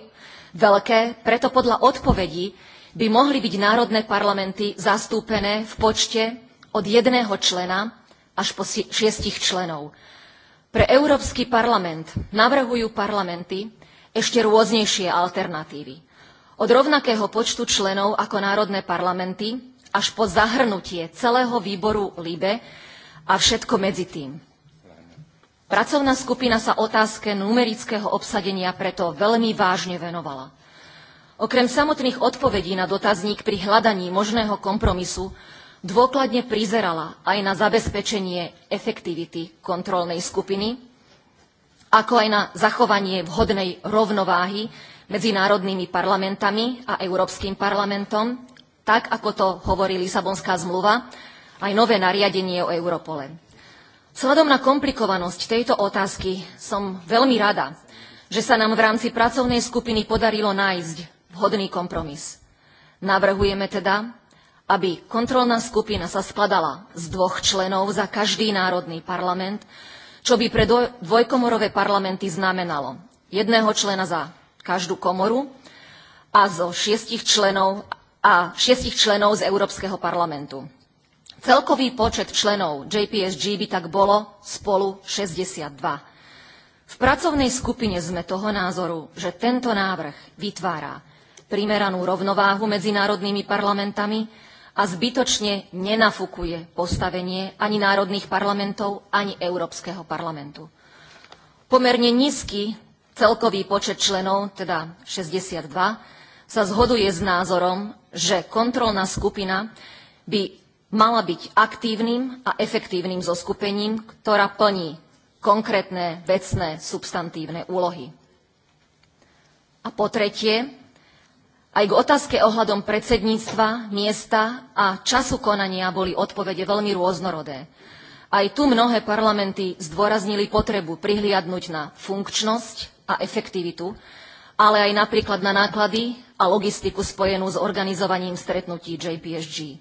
veľké, preto podľa odpovedí by mohli byť národné parlamenty zastúpené v počte od jedného člena až po šiestich členov. Pre Európsky parlament navrhujú parlamenty ešte rôznejšie alternatívy. Od rovnakého počtu členov ako národné parlamenty až po zahrnutie celého výboru LIBE a všetko medzi tým. Pracovná skupina sa otázke numerického obsadenia preto veľmi vážne venovala. Okrem samotných odpovedí na dotazník pri hľadaní možného kompromisu dôkladne prizerala aj na zabezpečenie efektivity kontrolnej skupiny, ako aj na zachovanie vhodnej rovnováhy medzi národnými parlamentami a Európskym parlamentom, tak ako to hovorí Lisabonská zmluva, aj nové nariadenie o Europole. Vzhľadom na komplikovanosť tejto otázky som veľmi rada, že sa nám v rámci pracovnej skupiny podarilo nájsť vhodný kompromis. Navrhujeme teda, aby kontrolná skupina sa skladala z dvoch členov za každý národný parlament, čo by pre dvojkomorové parlamenty znamenalo jedného člena za každú komoru a zo šiestich členov a šiestich členov z Európskeho parlamentu. Celkový počet členov JPSG by tak bolo spolu 62. V pracovnej skupine sme toho názoru, že tento návrh vytvára primeranú rovnováhu medzi národnými parlamentami a zbytočne nenafukuje postavenie ani národných parlamentov, ani Európskeho parlamentu. Pomerne nízky celkový počet členov, teda 62, sa zhoduje s názorom, že kontrolná skupina by mala byť aktívnym a efektívnym zoskupením, ktorá plní konkrétne vecné substantívne úlohy. A po tretie, aj k otázke ohľadom predsedníctva, miesta a času konania boli odpovede veľmi rôznorodé. Aj tu mnohé parlamenty zdôraznili potrebu prihliadnúť na funkčnosť a efektivitu, ale aj napríklad na náklady a logistiku spojenú s organizovaním stretnutí JPSG.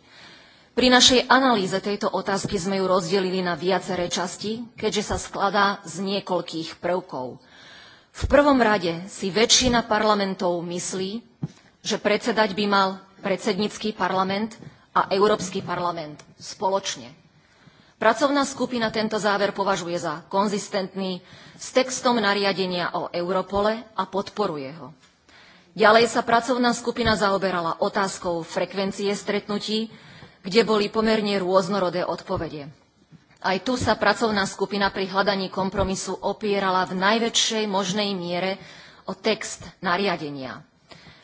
Pri našej analýze tejto otázky sme ju rozdelili na viaceré časti, keďže sa skladá z niekoľkých prvkov. V prvom rade si väčšina parlamentov myslí, že predsedať by mal predsednický parlament a Európsky parlament spoločne. Pracovná skupina tento záver považuje za konzistentný s textom nariadenia o Europole a podporuje ho. Ďalej sa pracovná skupina zaoberala otázkou frekvencie stretnutí, kde boli pomerne rôznorodé odpovede. Aj tu sa pracovná skupina pri hľadaní kompromisu opierala v najväčšej možnej miere o text nariadenia.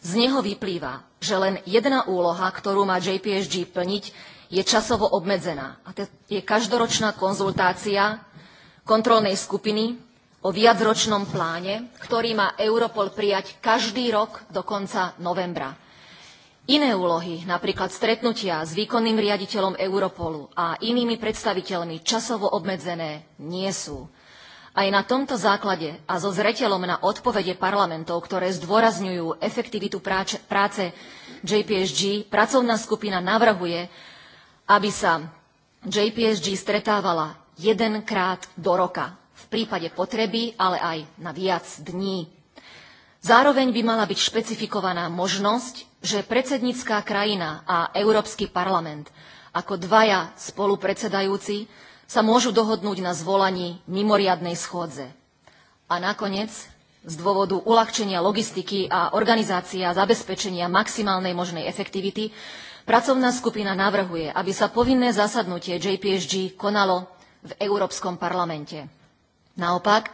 Z neho vyplýva, že len jedna úloha, ktorú má JPSG plniť, je časovo obmedzená. A to je každoročná konzultácia kontrolnej skupiny o viacročnom pláne, ktorý má Europol prijať každý rok do konca novembra. Iné úlohy, napríklad stretnutia s výkonným riaditeľom Europolu a inými predstaviteľmi časovo obmedzené, nie sú. Aj na tomto základe a so zreteľom na odpovede parlamentov, ktoré zdôrazňujú efektivitu práce, práce JPSG, pracovná skupina navrhuje, aby sa JPSG stretávala jedenkrát do roka, v prípade potreby, ale aj na viac dní. Zároveň by mala byť špecifikovaná možnosť že predsednícká krajina a Európsky parlament ako dvaja spolupredsedajúci sa môžu dohodnúť na zvolaní mimoriadnej schôdze. A nakoniec, z dôvodu uľahčenia logistiky a organizácia zabezpečenia maximálnej možnej efektivity, pracovná skupina navrhuje, aby sa povinné zasadnutie JPSG konalo v Európskom parlamente. Naopak,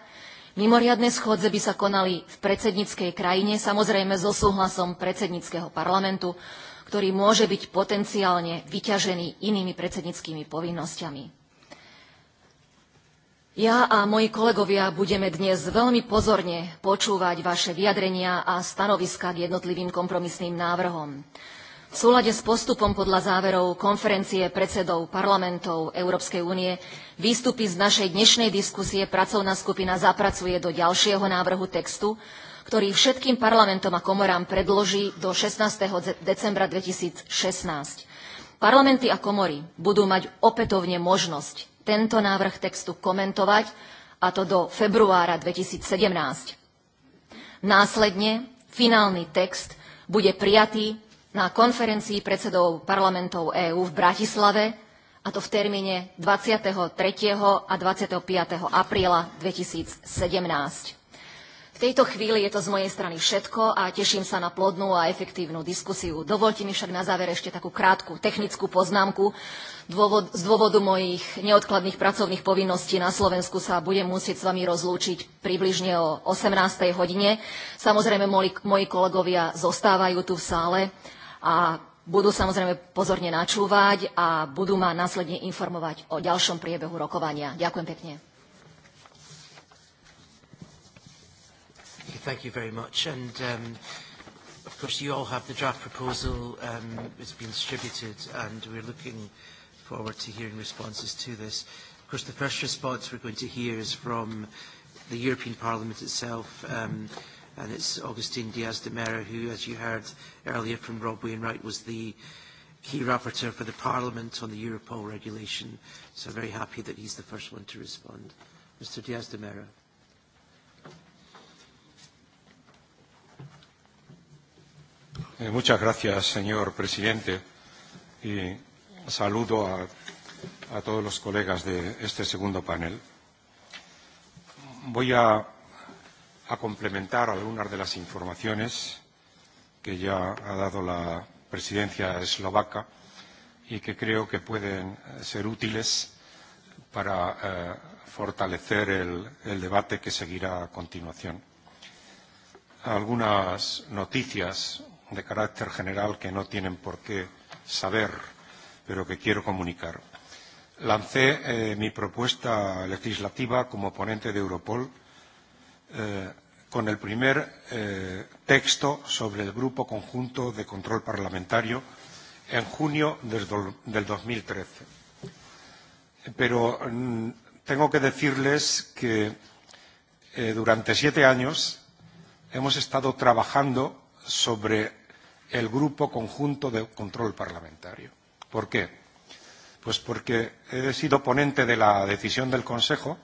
Mimoriadne schôdze by sa konali v predsedníckej krajine, samozrejme so súhlasom predsedníckého parlamentu, ktorý môže byť potenciálne vyťažený inými predsedníckými povinnosťami. Ja a moji kolegovia budeme dnes veľmi pozorne počúvať vaše vyjadrenia a stanoviska k jednotlivým kompromisným návrhom. V súlade s postupom podľa záverov konferencie predsedov parlamentov Európskej únie výstupy z našej dnešnej diskusie pracovná skupina zapracuje do ďalšieho návrhu textu, ktorý všetkým parlamentom a komorám predloží do 16. decembra 2016. Parlamenty a komory budú mať opätovne možnosť tento návrh textu komentovať, a to do februára 2017. Následne finálny text bude prijatý na konferencii predsedov parlamentov EÚ v Bratislave, a to v termíne 23. a 25. apríla 2017. V tejto chvíli je to z mojej strany všetko a teším sa na plodnú a efektívnu diskusiu. Dovolte mi však na záver ešte takú krátku technickú poznámku. Dôvod, z dôvodu mojich neodkladných pracovných povinností na Slovensku sa budem musieť s vami rozlúčiť približne o 18. hodine. Samozrejme, moji kolegovia zostávajú tu v sále a budú samozrejme pozorne načúvať a budú ma následne informovať o ďalšom priebehu rokovania. Ďakujem pekne. Thank you very much. And um, of course, you all have the draft proposal. Um, it's been distributed, and we're looking forward to hearing responses to this. Of course, the first response we're going to hear is from the European Parliament itself. Um, mm -hmm and it's Augustine Diaz de Mera, who, as you heard earlier from Rob Wainwright, was the key rapporteur for the Parliament on the Europol regulation. So I'm very happy that he's the first one to respond. Mr. Diaz de Mera. Eh, muchas gracias, señor presidente, y saludo a, a todos los colegas de este segundo panel. Voy a a complementar algunas de las informaciones que ya ha dado la presidencia eslovaca y que creo que pueden eh, ser útiles para eh, fortalecer el, el debate que seguirá a continuación. Algunas noticias de carácter general que no tienen por qué saber, pero que quiero comunicar. Lancé eh, mi propuesta legislativa como ponente de Europol Eh, con el primer eh, texto sobre el Grupo Conjunto de Control Parlamentario en junio del, del 2013. Pero mm, tengo que decirles que eh, durante siete años hemos estado trabajando sobre el Grupo Conjunto de Control Parlamentario. ¿Por qué? Pues porque he sido ponente de la decisión del Consejo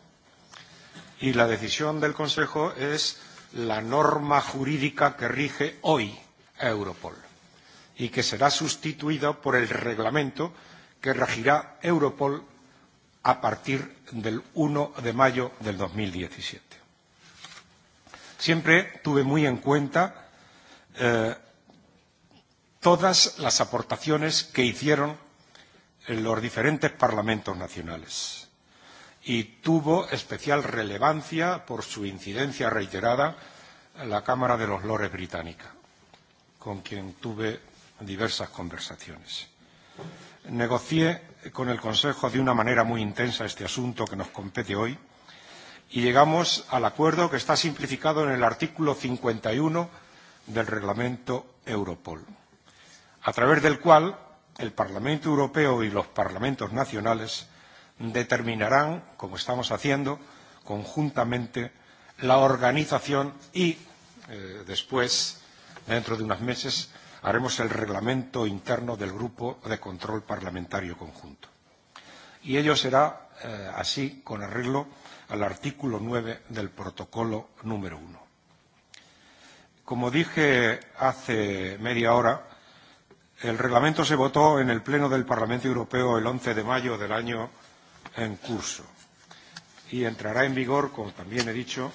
y la decisión del Consejo es la norma jurídica que rige hoy a Europol y que será sustituida por el reglamento que regirá Europol a partir del 1 de mayo del 2017. Siempre tuve muy en cuenta eh, todas las aportaciones que hicieron los diferentes parlamentos nacionales y tuvo especial relevancia por su incidencia reiterada en la Cámara de los Lores británica, con quien tuve diversas conversaciones. Negocié con el Consejo de una manera muy intensa este asunto que nos compete hoy y llegamos al acuerdo que está simplificado en el artículo 51 del reglamento Europol, a través del cual el Parlamento Europeo y los parlamentos nacionales determinarán, como estamos haciendo, conjuntamente la organización y eh, después, dentro de unos meses, haremos el reglamento interno del Grupo de Control Parlamentario Conjunto. Y ello será eh, así con arreglo al artículo 9 del protocolo número 1. Como dije hace media hora, el reglamento se votó en el Pleno del Parlamento Europeo el 11 de mayo del año en curso y entrará en vigor, como también he dicho,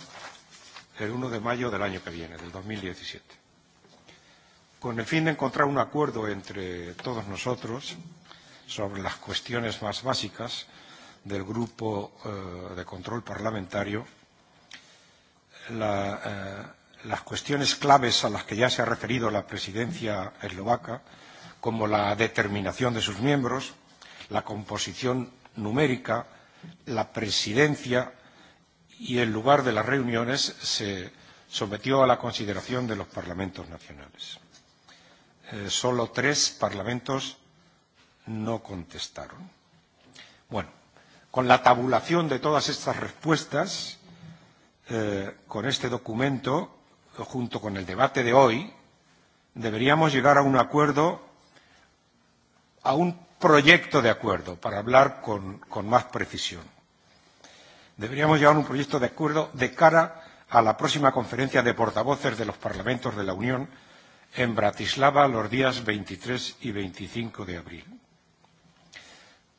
el 1 de mayo del año que viene, del 2017. Con el fin de encontrar un acuerdo entre todos nosotros sobre las cuestiones más básicas del grupo eh, de control parlamentario, la, eh, las cuestiones claves a las que ya se ha referido la presidencia eslovaca, como la determinación de sus miembros, la composición numérica, la presidencia y el lugar de las reuniones se sometió a la consideración de los parlamentos nacionales. Eh, solo tres parlamentos no contestaron. Bueno, con la tabulación de todas estas respuestas, eh, con este documento, junto con el debate de hoy, deberíamos llegar a un acuerdo a un proyecto de acuerdo, para hablar con, con más precisión. Deberíamos llevar un proyecto de acuerdo de cara a la próxima conferencia de portavoces de los parlamentos de la Unión en Bratislava los días 23 y 25 de abril.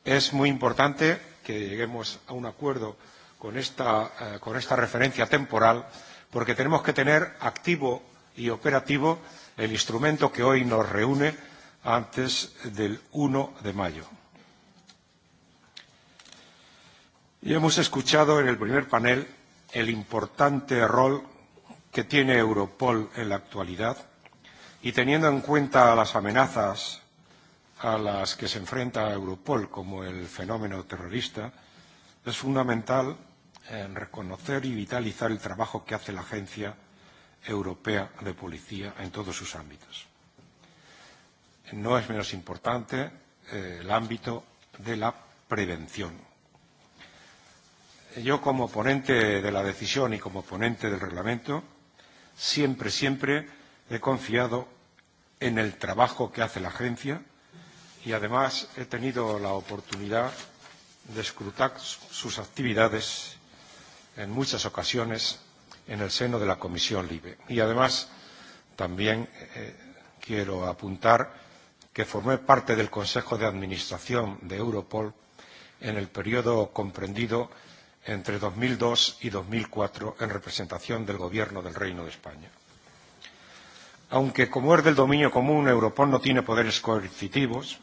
Es muy importante que lleguemos a un acuerdo con esta, eh, con esta referencia temporal porque tenemos que tener activo y operativo el instrumento que hoy nos reúne antes del 1 de mayo. Y hemos escuchado en el primer panel el importante rol que tiene Europol en la actualidad y teniendo en cuenta las amenazas a las que se enfrenta Europol, como el fenómeno terrorista, es fundamental en eh, reconocer y vitalizar el trabajo que hace la Agencia Europea de Policía en todos sus ámbitos no es menos importante eh, el ámbito de la prevención. Yo, como ponente de la decisión y como ponente del reglamento, siempre, siempre he confiado en el trabajo que hace la agencia y, además, he tenido la oportunidad de escrutar sus actividades en muchas ocasiones en el seno de la Comisión Libre. Y, además, también eh, quiero apuntar que formé parte del Consejo de Administración de Europol en el periodo comprendido entre 2002 y 2004 en representación del Gobierno del Reino de España. Aunque, como es del dominio común, Europol no tiene poderes coercitivos,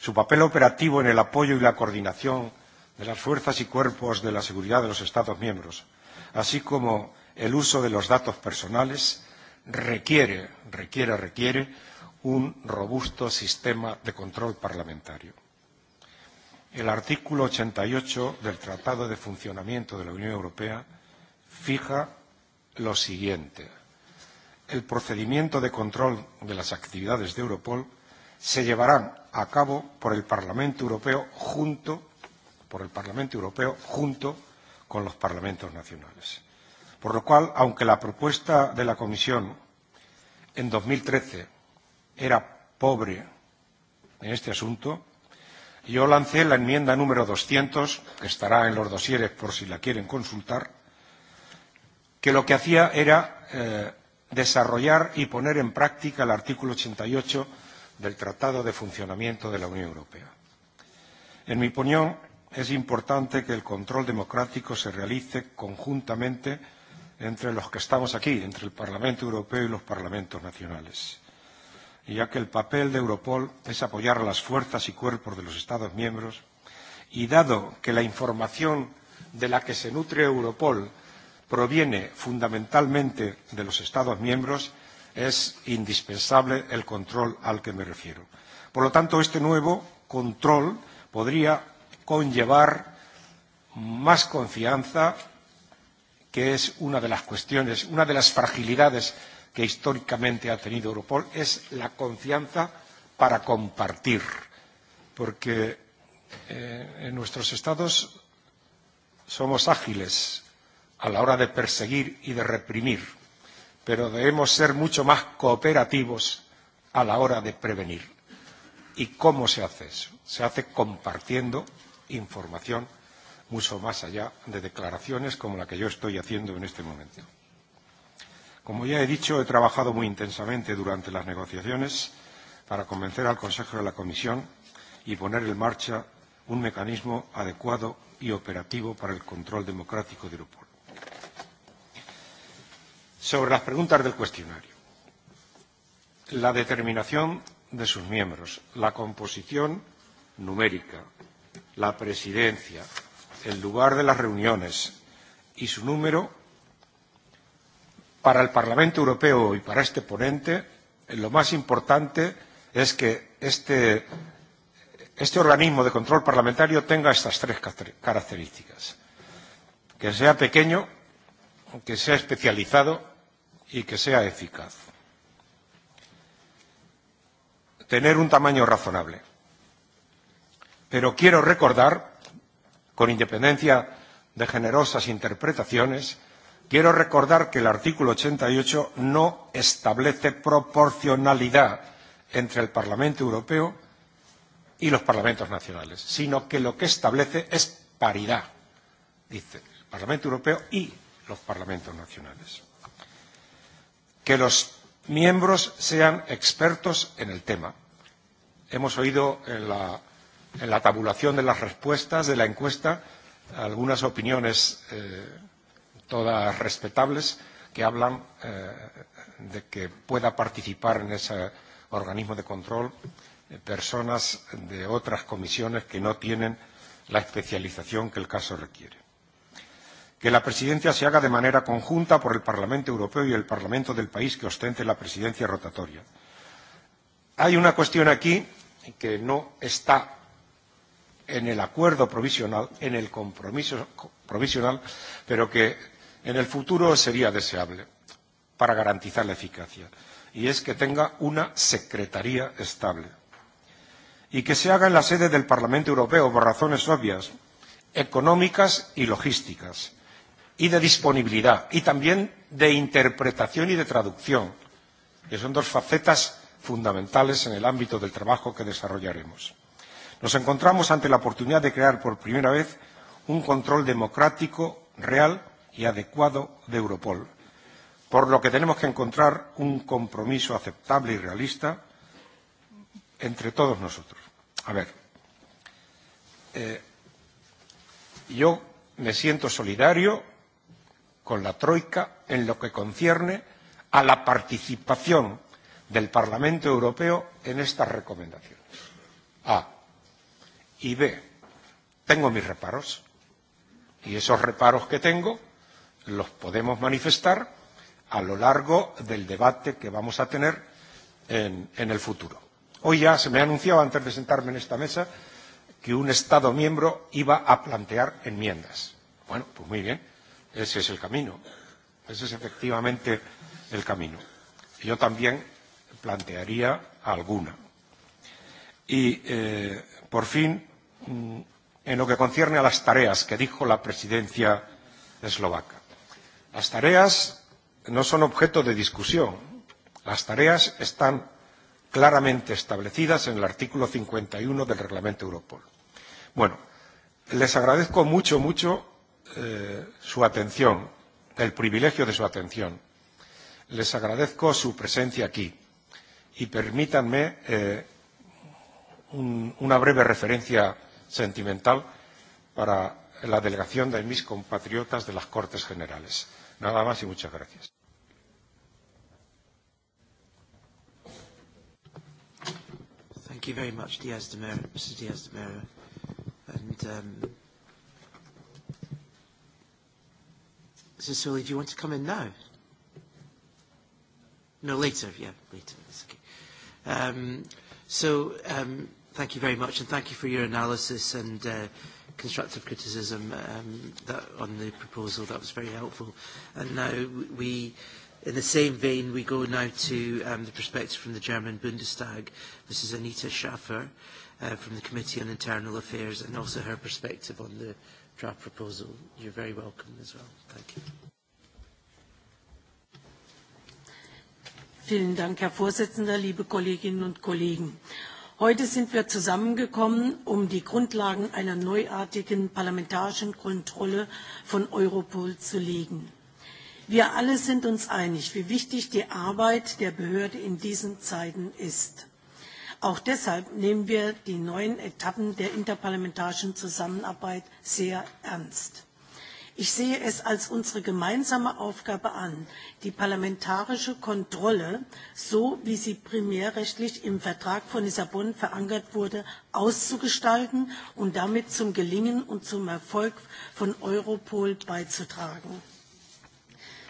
su papel operativo en el apoyo y la coordinación de las fuerzas y cuerpos de la seguridad de los Estados miembros, así como el uso de los datos personales, requiere, requiere, requiere un robusto sistema de control parlamentario. El artículo 88 del Tratado de Funcionamiento de la Unión Europea fija lo siguiente. El procedimiento de control de las actividades de Europol se llevarán a cabo por el Parlamento Europeo junto por el Parlamento Europeo junto con los parlamentos nacionales. Por lo cual, aunque la propuesta de la Comisión en 2013 era pobre en este asunto, yo lancé la enmienda número 200, que estará en los dosieres por si la quieren consultar, que lo que hacía era eh, desarrollar y poner en práctica el artículo 88 del Tratado de Funcionamiento de la Unión Europea. En mi opinión, es importante que el control democrático se realice conjuntamente entre los que estamos aquí, entre el Parlamento Europeo y los parlamentos nacionales ya que el papel de Europol es apoyar a las fuerzas y cuerpos de los Estados miembros y dado que la información de la que se nutre Europol proviene fundamentalmente de los Estados miembros, es indispensable el control al que me refiero. Por lo tanto, este nuevo control podría conllevar más confianza, que es una de las cuestiones, una de las fragilidades que históricamente ha tenido Europol es la confianza para compartir, porque eh, en nuestros estados somos ágiles a la hora de perseguir y de reprimir, pero debemos ser mucho más cooperativos a la hora de prevenir. ¿Y cómo se hace eso? Se hace compartiendo información mucho más allá de declaraciones como la que yo estoy haciendo en este momento. Como ya he dicho, he trabajado muy intensamente durante las negociaciones para convencer al Consejo y a la Comisión y poner en marcha un mecanismo adecuado y operativo para el control democrático de Europol. Sobre las preguntas del cuestionario. La determinación de sus miembros, la composición numérica, la presidencia, el lugar de las reuniones y su número Para el Parlamento Europeo y para este ponente, eh, lo más importante es que este, este organismo de control parlamentario tenga estas tres características. Que sea pequeño, que sea especializado y que sea eficaz. Tener un tamaño razonable. Pero quiero recordar, con independencia de generosas interpretaciones, Quiero recordar que el artículo 88 no establece proporcionalidad entre el Parlamento Europeo y los parlamentos nacionales, sino que lo que establece es paridad, dice el Parlamento Europeo y los parlamentos nacionales. Que los miembros sean expertos en el tema. Hemos oído en la, en la tabulación de las respuestas de la encuesta algunas opiniones eh, todas respetables, que hablan eh, de que pueda participar en ese organismo de control eh, personas de otras comisiones que no tienen la especialización que el caso requiere. Que la presidencia se haga de manera conjunta por el Parlamento Europeo y el Parlamento del país que ostente la presidencia rotatoria. Hay una cuestión aquí que no está en el acuerdo provisional, en el compromiso provisional, pero que en el futuro sería deseable para garantizar la eficacia, y es que tenga una secretaría estable y que se haga en la sede del Parlamento Europeo por razones obvias, económicas y logísticas, y de disponibilidad, y también de interpretación y de traducción, que son dos facetas fundamentales en el ámbito del trabajo que desarrollaremos. Nos encontramos ante la oportunidad de crear por primera vez un control democrático real y adecuado de Europol, por lo que tenemos que encontrar un compromiso aceptable y realista entre todos nosotros. A ver, eh, yo me siento solidario con la Troika en lo que concierne a la participación del Parlamento Europeo en estas recomendaciones. A. Y B. Tengo mis reparos. Y esos reparos que tengo los podemos manifestar a lo largo del debate que vamos a tener en, en el futuro. Hoy ya se me ha anunciado, antes de sentarme en esta mesa, que un Estado miembro iba a plantear enmiendas. Bueno, pues muy bien, ese es el camino. Ese es efectivamente el camino. Yo también plantearía alguna. Y, eh, por fin, mm, en lo que concierne a las tareas que dijo la presidencia eslovaca. Las tareas no son objeto de discusión. Las tareas están claramente establecidas en el artículo 51 del reglamento Europol. Bueno, les agradezco mucho, mucho eh, su atención, el privilegio de su atención. Les agradezco su presencia aquí y permítanme eh, un, una breve referencia sentimental para la delegación de mis compatriotas de las Cortes Generales. Nada no, más y muchas gracias. Thank you very much, Diaz de Mera, Mr. Diaz de Mera. And um, Cecilia, do you want to come in now? No, later. Yeah, later. That's okay. Um, so um, thank you very much, and thank you for your analysis and. Uh, constructive criticism um, that, on the proposal. That was very helpful. And now we, in the same vein, we go now to um, the perspective from the German Bundestag, Mrs. Anita Schaffer uh, from the Committee on Internal Affairs, and also her perspective on the draft proposal. You're very welcome as well. Thank you. Vielen Dank, Herr Vorsitzender, liebe Kolleginnen und Kollegen. Heute sind wir zusammengekommen, um die Grundlagen einer neuartigen parlamentarischen Kontrolle von Europol zu legen. Wir alle sind uns einig, wie wichtig die Arbeit der Behörde in diesen Zeiten ist. Auch deshalb nehmen wir die neuen Etappen der interparlamentarischen Zusammenarbeit sehr ernst. Ich sehe es als unsere gemeinsame Aufgabe an, die parlamentarische Kontrolle, so wie sie primärrechtlich im Vertrag von Lissabon verankert wurde, auszugestalten und damit zum Gelingen und zum Erfolg von Europol beizutragen.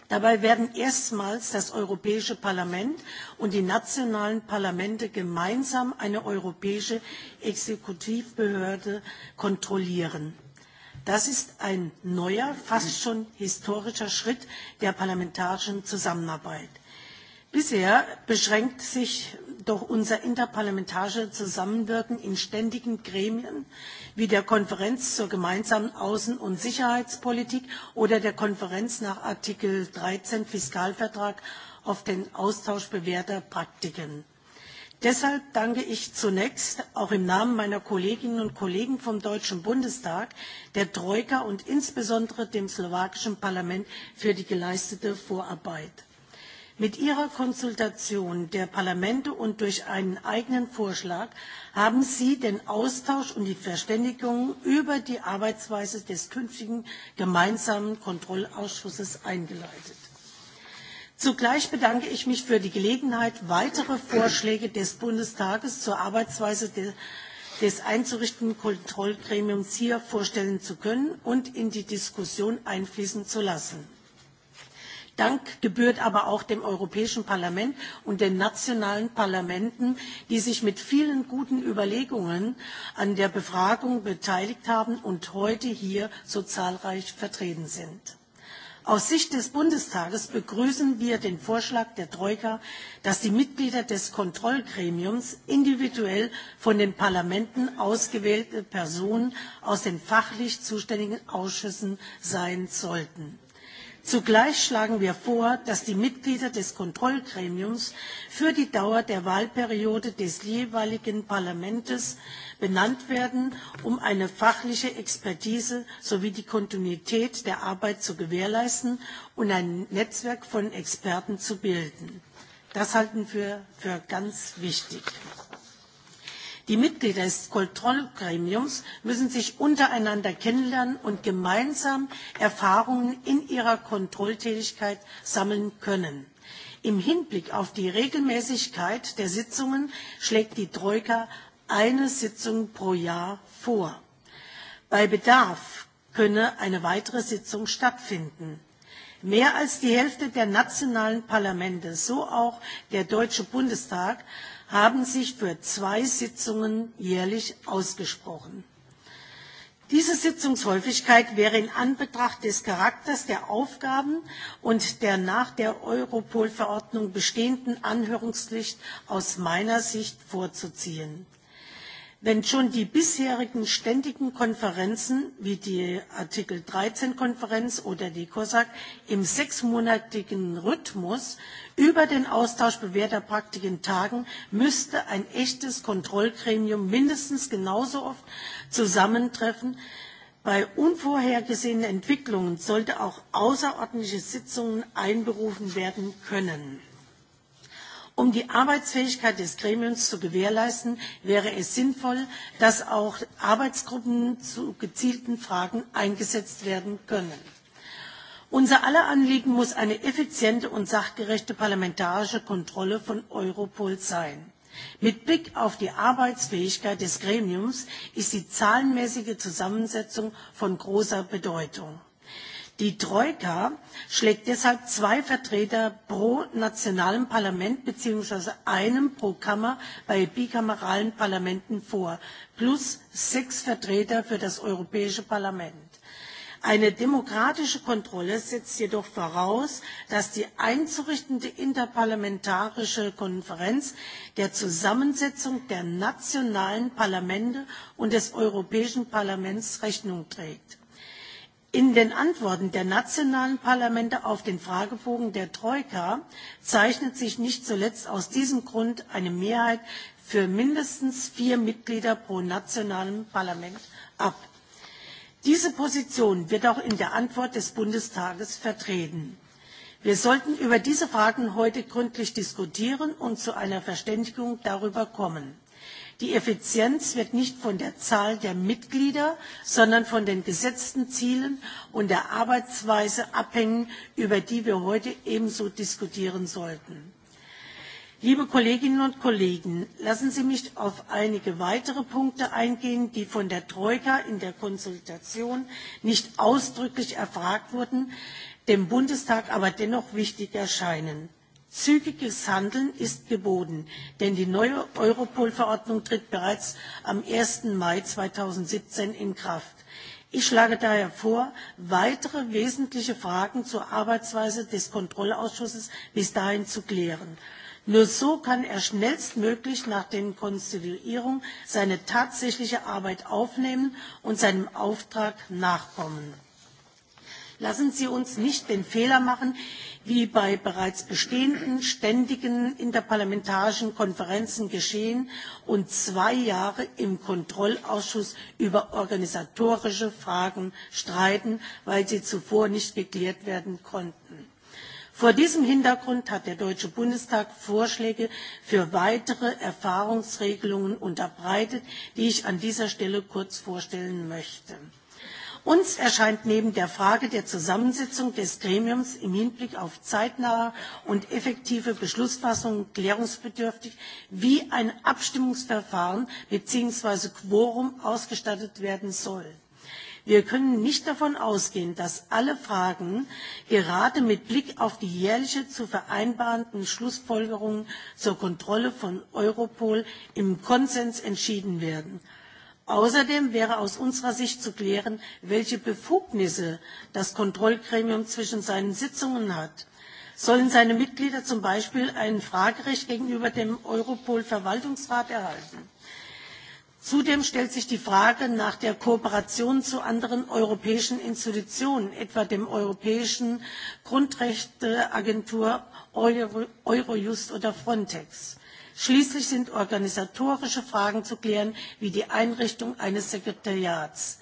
Dabei werden erstmals das Europäische Parlament und die nationalen Parlamente gemeinsam eine europäische Exekutivbehörde kontrollieren. Das ist ein neuer, fast schon historischer Schritt der parlamentarischen Zusammenarbeit. Bisher beschränkt sich doch unser interparlamentarisches Zusammenwirken in ständigen Gremien wie der Konferenz zur gemeinsamen Außen- und Sicherheitspolitik oder der Konferenz nach Artikel 13 Fiskalvertrag auf den Austausch bewährter Praktiken. Deshalb danke ich zunächst auch im Namen meiner Kolleginnen und Kollegen vom Deutschen Bundestag, der Troika und insbesondere dem slowakischen Parlament für die geleistete Vorarbeit. Mit ihrer Konsultation der Parlamente und durch einen eigenen Vorschlag haben Sie den Austausch und die Verständigung über die Arbeitsweise des künftigen gemeinsamen Kontrollausschusses eingeleitet. Zugleich bedanke ich mich für die Gelegenheit, weitere Vorschläge des Bundestages zur Arbeitsweise der des einzurichtenden Kontrollgremiums hier vorstellen zu können und in die Diskussion einfließen zu lassen. Dank gebührt aber auch dem Europäischen Parlament und den nationalen Parlamenten, die sich mit vielen guten Überlegungen an der Befragung beteiligt haben und heute hier so zahlreich vertreten sind. Aus Sicht des Bundestages begrüßen wir den Vorschlag der Troika, dass die Mitglieder des Kontrollgremiums individuell von den Parlamenten ausgewählte Personen aus den fachlich zuständigen Ausschüssen sein sollten. Zugleich schlagen wir vor, dass die Mitglieder des Kontrollgremiums für die Dauer der Wahlperiode des jeweiligen Parlaments benannt werden, um eine fachliche Expertise sowie die Kontinuität der Arbeit zu gewährleisten und ein Netzwerk von Experten zu bilden. Das halten wir für ganz wichtig. Die Mitglieder des Kontrollgremiums müssen sich untereinander kennenlernen und gemeinsam Erfahrungen in ihrer Kontrolltätigkeit sammeln können. Im Hinblick auf die Regelmäßigkeit der Sitzungen schlägt die Troika eine Sitzung pro Jahr vor. Bei Bedarf könne eine weitere Sitzung stattfinden. Mehr als die Hälfte der nationalen Parlamente, so auch der Deutsche Bundestag, haben sich für zwei Sitzungen jährlich ausgesprochen. Diese Sitzungshäufigkeit wäre in Anbetracht des Charakters der Aufgaben und der nach der Europol-Verordnung bestehenden Anhörungspflicht aus meiner Sicht vorzuziehen. Wenn schon die bisherigen ständigen Konferenzen wie die Artikel 13 Konferenz oder die COSAC im sechsmonatigen Rhythmus über den Austausch bewährter Praktiken tagen, müsste ein echtes Kontrollgremium mindestens genauso oft zusammentreffen. Bei unvorhergesehenen Entwicklungen sollte auch außerordentliche Sitzungen einberufen werden können. Um die Arbeitsfähigkeit des Gremiums zu gewährleisten, wäre es sinnvoll, dass auch Arbeitsgruppen zu gezielten Fragen eingesetzt werden können. Unser aller Anliegen muss eine effiziente und sachgerechte parlamentarische Kontrolle von Europol sein. Mit Blick auf die Arbeitsfähigkeit des Gremiums ist die zahlenmäßige Zusammensetzung von großer Bedeutung. Die Troika schlägt deshalb zwei Vertreter pro nationalem Parlament bzw. einem pro Kammer bei bikameralen Parlamenten vor, plus sechs Vertreter für das Europäische Parlament. Eine demokratische Kontrolle setzt jedoch voraus, dass die einzurichtende interparlamentarische Konferenz der Zusammensetzung der nationalen Parlamente und des Europäischen Parlaments Rechnung trägt. In den Antworten der nationalen Parlamente auf den Fragebogen der Troika zeichnet sich nicht zuletzt aus diesem Grund eine Mehrheit für mindestens vier Mitglieder pro nationalem Parlament ab. Diese Position wird auch in der Antwort des Bundestages vertreten. Wir sollten über diese Fragen heute gründlich diskutieren und zu einer Verständigung darüber kommen. Die Effizienz wird nicht von der Zahl der Mitglieder, sondern von den gesetzten Zielen und der Arbeitsweise abhängen, über die wir heute ebenso diskutieren sollten. Liebe Kolleginnen und Kollegen, lassen Sie mich auf einige weitere Punkte eingehen, die von der Troika in der Konsultation nicht ausdrücklich erfragt wurden, dem Bundestag aber dennoch wichtig erscheinen. Zügiges Handeln ist geboten, denn die neue Europol-Verordnung tritt bereits am 1. Mai 2017 in Kraft. Ich schlage daher vor, weitere wesentliche Fragen zur Arbeitsweise des Kontrollausschusses bis dahin zu klären. Nur so kann er schnellstmöglich nach den Konstituierung seine tatsächliche Arbeit aufnehmen und seinem Auftrag nachkommen. Lassen Sie uns nicht den Fehler machen, wie bei bereits bestehenden ständigen interparlamentarischen Konferenzen geschehen und zwei Jahre im Kontrollausschuss über organisatorische Fragen streiten, weil sie zuvor nicht geklärt werden konnten. Vor diesem Hintergrund hat der Deutsche Bundestag Vorschläge für weitere Erfahrungsregelungen unterbreitet, die ich an dieser Stelle kurz vorstellen möchte. Uns erscheint neben der Frage der Zusammensetzung des Gremiums im Hinblick auf zeitnahe und effektive Beschlussfassung klärungsbedürftig, wie ein Abstimmungsverfahren bzw. Quorum ausgestattet werden soll. Wir können nicht davon ausgehen, dass alle Fragen gerade mit Blick auf die jährliche zu vereinbarenden Schlussfolgerungen zur Kontrolle von Europol im Konsens entschieden werden. Außerdem wäre aus unserer Sicht zu klären, welche Befugnisse das Kontrollgremium zwischen seinen Sitzungen hat. Sollen seine Mitglieder zum Beispiel ein Fragerecht gegenüber dem Europol-Verwaltungsrat erhalten? Zudem stellt sich die Frage nach der Kooperation zu anderen europäischen Institutionen, etwa dem Europäischen Grundrechteagentur Eurojust oder Frontex. Schließlich sind organisatorische Fragen zu klären, wie die Einrichtung eines Sekretariats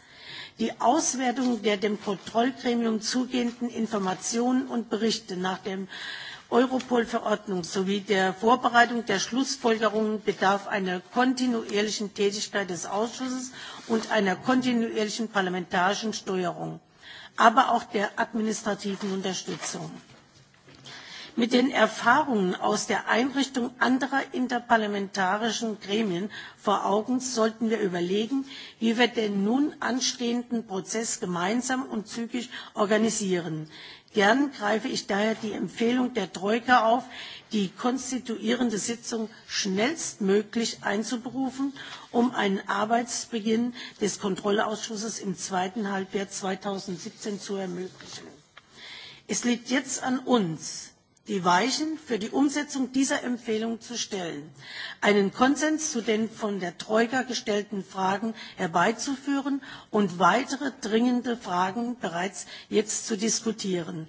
die Auswertung der dem Kontrollgremium zugehenden Informationen und Berichte nach der Europol-Verordnung sowie der Vorbereitung der Schlussfolgerungen bedarf einer kontinuierlichen Tätigkeit des Ausschusses und einer kontinuierlichen parlamentarischen Steuerung, aber auch der administrativen Unterstützung mit den Erfahrungen aus der Einrichtung anderer interparlamentarischen Gremien vor Augen sollten wir überlegen, wie wir den nun anstehenden Prozess gemeinsam und zügig organisieren. Gern greife ich daher die Empfehlung der Troika auf, die konstituierende Sitzung schnellstmöglich einzuberufen, um einen Arbeitsbeginn des Kontrollausschusses im zweiten Halbjahr 2017 zu ermöglichen. Es liegt jetzt an uns, die Weichen für die Umsetzung dieser Empfehlung zu stellen, einen Konsens zu den von der Troika gestellten Fragen herbeizuführen und weitere dringende Fragen bereits jetzt zu diskutieren.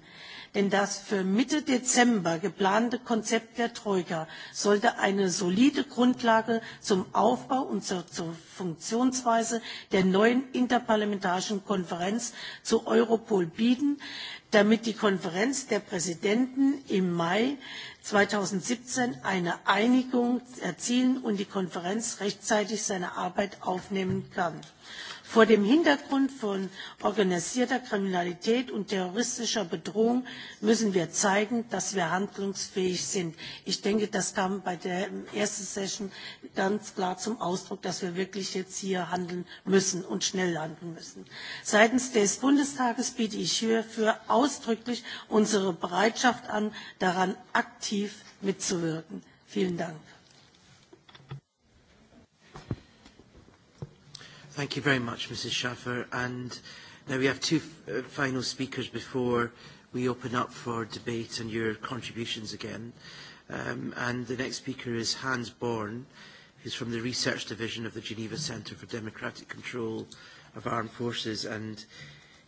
Denn das für Mitte Dezember geplante Konzept der Troika sollte eine solide Grundlage zum Aufbau und zur, zur Funktionsweise der neuen interparlamentarischen Konferenz zu Europol bieten, damit die Konferenz der Präsidenten im Mai zweitausendsiebzehn eine Einigung erzielen und die Konferenz rechtzeitig seine Arbeit aufnehmen kann. Vor dem Hintergrund von organisierter Kriminalität und terroristischer Bedrohung müssen wir zeigen, dass wir handlungsfähig sind. Ich denke, das kam bei der ersten Session ganz klar zum Ausdruck, dass wir wirklich jetzt hier handeln müssen und schnell handeln müssen. Seitens des Bundestages biete ich hierfür ausdrücklich unsere Bereitschaft an, daran aktiv mitzuwirken. Vielen Dank. Thank you very much, Mrs. Schaffer. And now we have two uh, final speakers before we open up for debate and your contributions again. Um, and the next speaker is Hans Born, who's from the Research Division of the Geneva Centre for Democratic Control of Armed Forces. And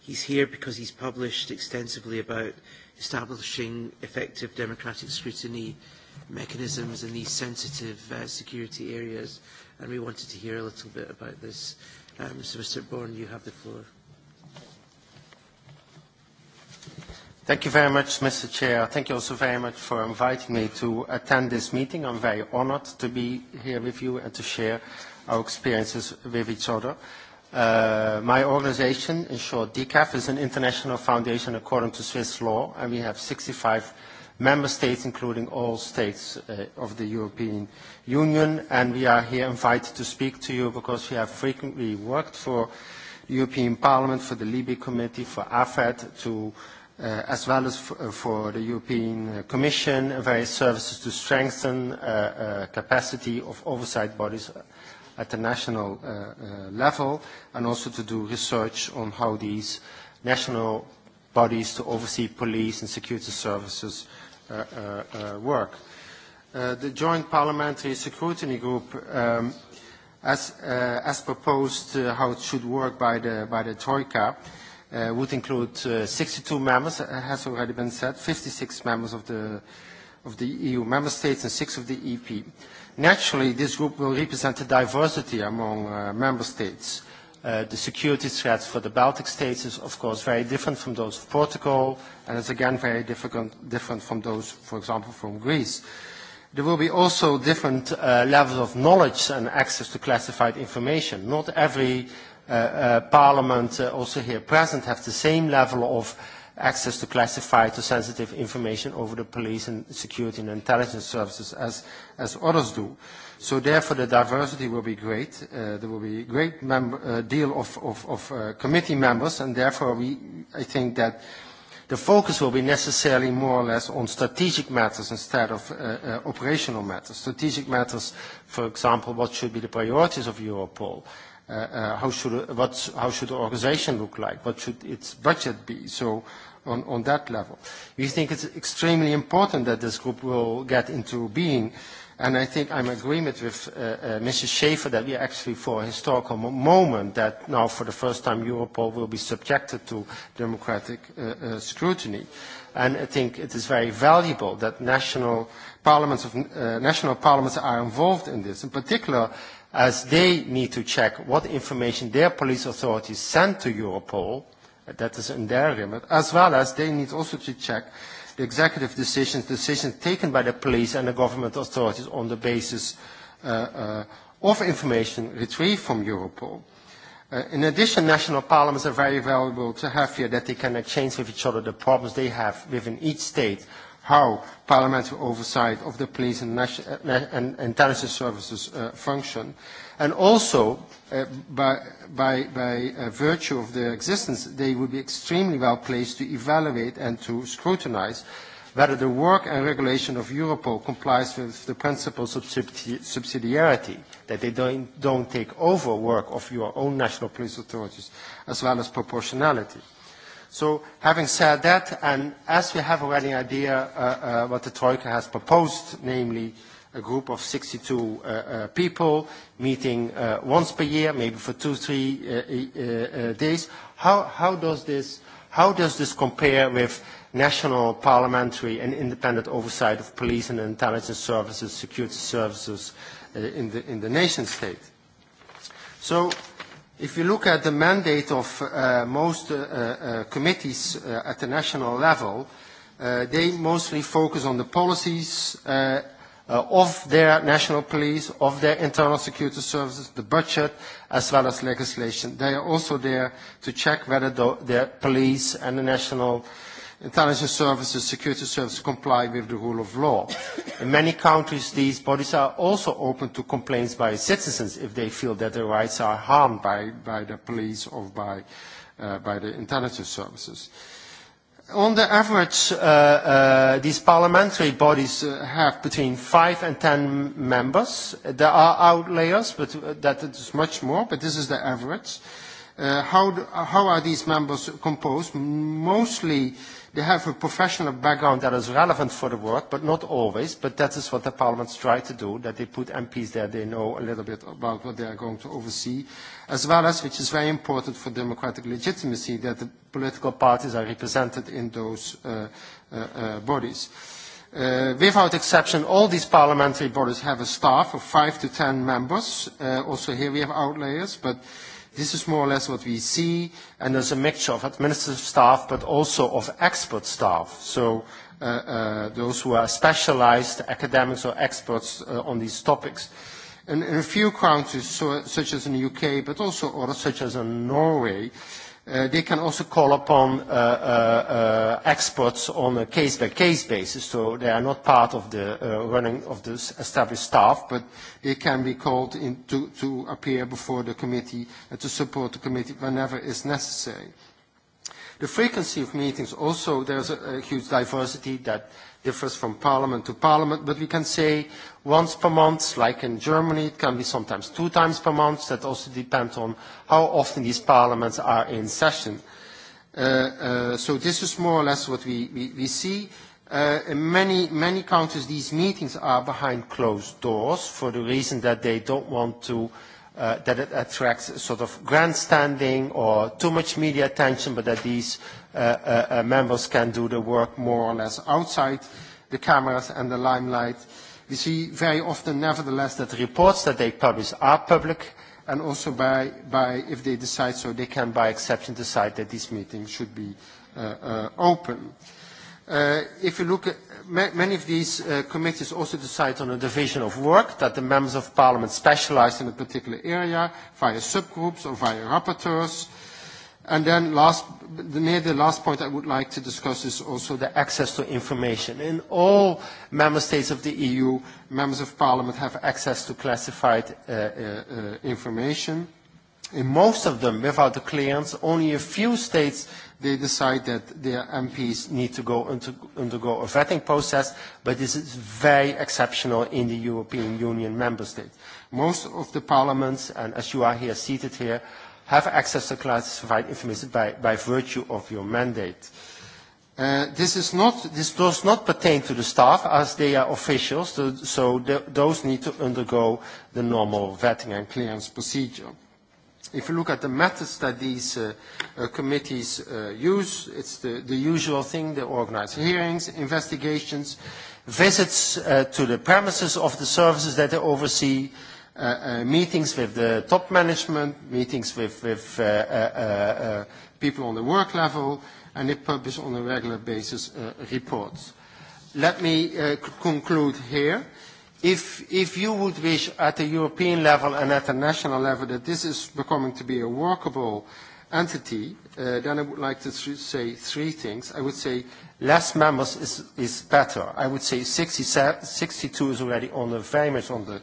he's here because he's published extensively about establishing effective democratic scrutiny mechanisms in these sensitive uh, security areas. And we wanted to hear a little bit about this Um, Mr. Bourne, you have the floor. Thank you very much, Mr. Chair. Thank you also very much for inviting me to attend this meeting. I'm very honored to be here with you and to share our experiences with each other. Uh, my organization, in short, DCAF, is an international foundation according to Swiss law, and we have 65 member states, including all states uh, of the European Union. And we are here invited to speak to you because we have frequently worked for the European Parliament, for the Libe Committee, for AFED, to, uh, as well as for, uh, for the European uh, Commission, uh, various services to strengthen uh, uh, capacity of oversight bodies at the national uh, uh, level, and also to do research on how these national bodies to oversee police and security services uh, uh, uh, work. Uh, the Joint Parliamentary Scrutiny Group, um, as, uh, as proposed uh, how it should work by the, by the Troika, uh, would include uh, 62 members, uh, has already been said, 56 members of the, of the EU member states and six of the EP. Naturally, this group will represent a diversity among uh, member states. Uh, the security threats for the Baltic states is, of course, very different from those of Portugal, and it's again very different, different from those, for example, from Greece. There will be also different uh, levels of knowledge and access to classified information. Not every uh, uh, parliament, uh, also here present, have the same level of access to classified or sensitive information over the police and security and intelligence services as, as others do. Uh, So therefore, the diversity will be great. Uh, there will be a great mem- uh, deal of, of, of uh, committee members, and therefore we, I think that the focus will be necessarily more or less on strategic matters instead of uh, uh, operational matters. Strategic matters, for example, what should be the priorities of Europol? Uh, uh, how, should, uh, what, how should the organization look like? What should its budget be? So on, on that level. We think it's extremely important that this group will get into being. Uh, And I think I'm in agreement with uh, uh, Mrs. Schaefer that we are actually for a historical moment that now for the first time Europol will be subjected to democratic uh, uh, scrutiny. And I think it is very valuable that national parliaments, of, uh, national parliaments are involved in this, in particular as they need to check what information their police authorities send to Europol, that is in their remit, as well as they need also to check uh, the executive decisions, decisions taken by the police and the government authorities on the basis uh, uh, of information retrieved from Europol. Uh, in addition, national parliaments are very valuable to have here that they can exchange with each other the problems they have within each state how parliamentary oversight of the police and, eh, and intelligence services uh, function. And also, uh, by, by, by uh, virtue of their existence, they would be extremely well placed to evaluate and to scrutinize whether the work and regulation of Europol complies with the principles of subsidiarity, that they don't, don't take over work of your own national police authorities, as well as proportionality. Uh, So having said that, and as we have already an idea uh, uh, what the Troika has proposed, namely a group of 62 uh, uh, people meeting uh, once per year, maybe for two, three uh uh, uh, uh, days, how, how, does this, how does this compare with national parliamentary and independent oversight of police and intelligence services, security services uh, in, the, in the nation state? So If you look at the mandate of uh, most uh, uh, committees uh, at the national level, uh, they mostly focus on the policies uh, uh, of their national police, of their internal security services, the budget, as well as legislation. They are also there to check whether the, their police and the national uh, intelligence services, security services comply with the rule of law. In many countries, these bodies are also open to complaints by citizens if they feel that their rights are harmed by, by the police or by, uh, by the intelligence services. On the average, uh, uh, these parliamentary bodies uh, have between five and ten members. There are outliers, but uh, that is much more, but this is the average. Uh, how, do, how are these members composed? Mostly uh, They have a professional background that is relevant for the work, but not always. But that is what the parliaments try to do, that they put MPs there. They know a little bit about what they are going to oversee, as well as, which is very important for democratic legitimacy, that the political parties are represented in those uh, uh, uh, bodies. Uh, without exception, all these parliamentary bodies have a staff of five to ten members. Uh, also here we have outliers, but This is more or less what we see, and there's a mixture of administrative staff, but also of expert staff. So uh, uh, those who are specialized academics or experts uh, on these topics. And in a few countries, so, such as in the UK, but also or such as in Norway, uh, Uh, they can also call upon uh, uh, uh experts on a case-by-case -case basis, so they are not part of the uh, running of the established staff, but they can be called in to, to appear before the committee and uh, to support the committee whenever is necessary. The frequency of meetings also, there's a, a huge diversity that differs from parliament to parliament, but we can say once per month, like in Germany, it can be sometimes two times per month. That also depends on how often these parliaments are in session. Uh, uh, so this is more or less what we, we, we see. Uh, in many, many countries, these meetings are behind closed doors for the reason that they don't want to, uh, that it attracts sort of grandstanding or too much media attention, but that these uh, uh, uh members can do the work more or less outside the cameras and the limelight. Uh, We see very often, nevertheless, that the reports that they publish are public, and also by, by if they decide so, they can, by exception, decide that these meetings should be uh, uh, open. Uh, if you look at ma many of these uh, committees also decide on a division of work that the members of parliament specialize in a particular area via subgroups or via rapporteurs uh, And then last, near the last point I would like to discuss is also the access to information. In all member states of the EU, members of parliament have access to classified uh, uh, information. In most of them, without the clearance, only a few states, they decide that their MPs need to go into, undergo a vetting process, but this is very exceptional in the European Union member states. Most of the parliaments, and as you are here seated here, have access to classified information by, by virtue of your mandate. Uh, this, is not, this does not pertain to the staff as they are officials, so, so the, those need to undergo the normal vetting and clearance procedure. If you look at the methods that these uh, uh, committees uh, use, it's the, the usual thing. They organize hearings, investigations, visits uh, to the premises of the services that they oversee, uh, Uh, uh, meetings with the top management, meetings with, with uh, people on the work level, and they publish on a regular basis reports. Let me conclude here. If, you would wish at the European level and at the national level that this is becoming to be a workable entity, then I would like to say three things. I would say less members is, better. I would say 62 is already on the, very much on the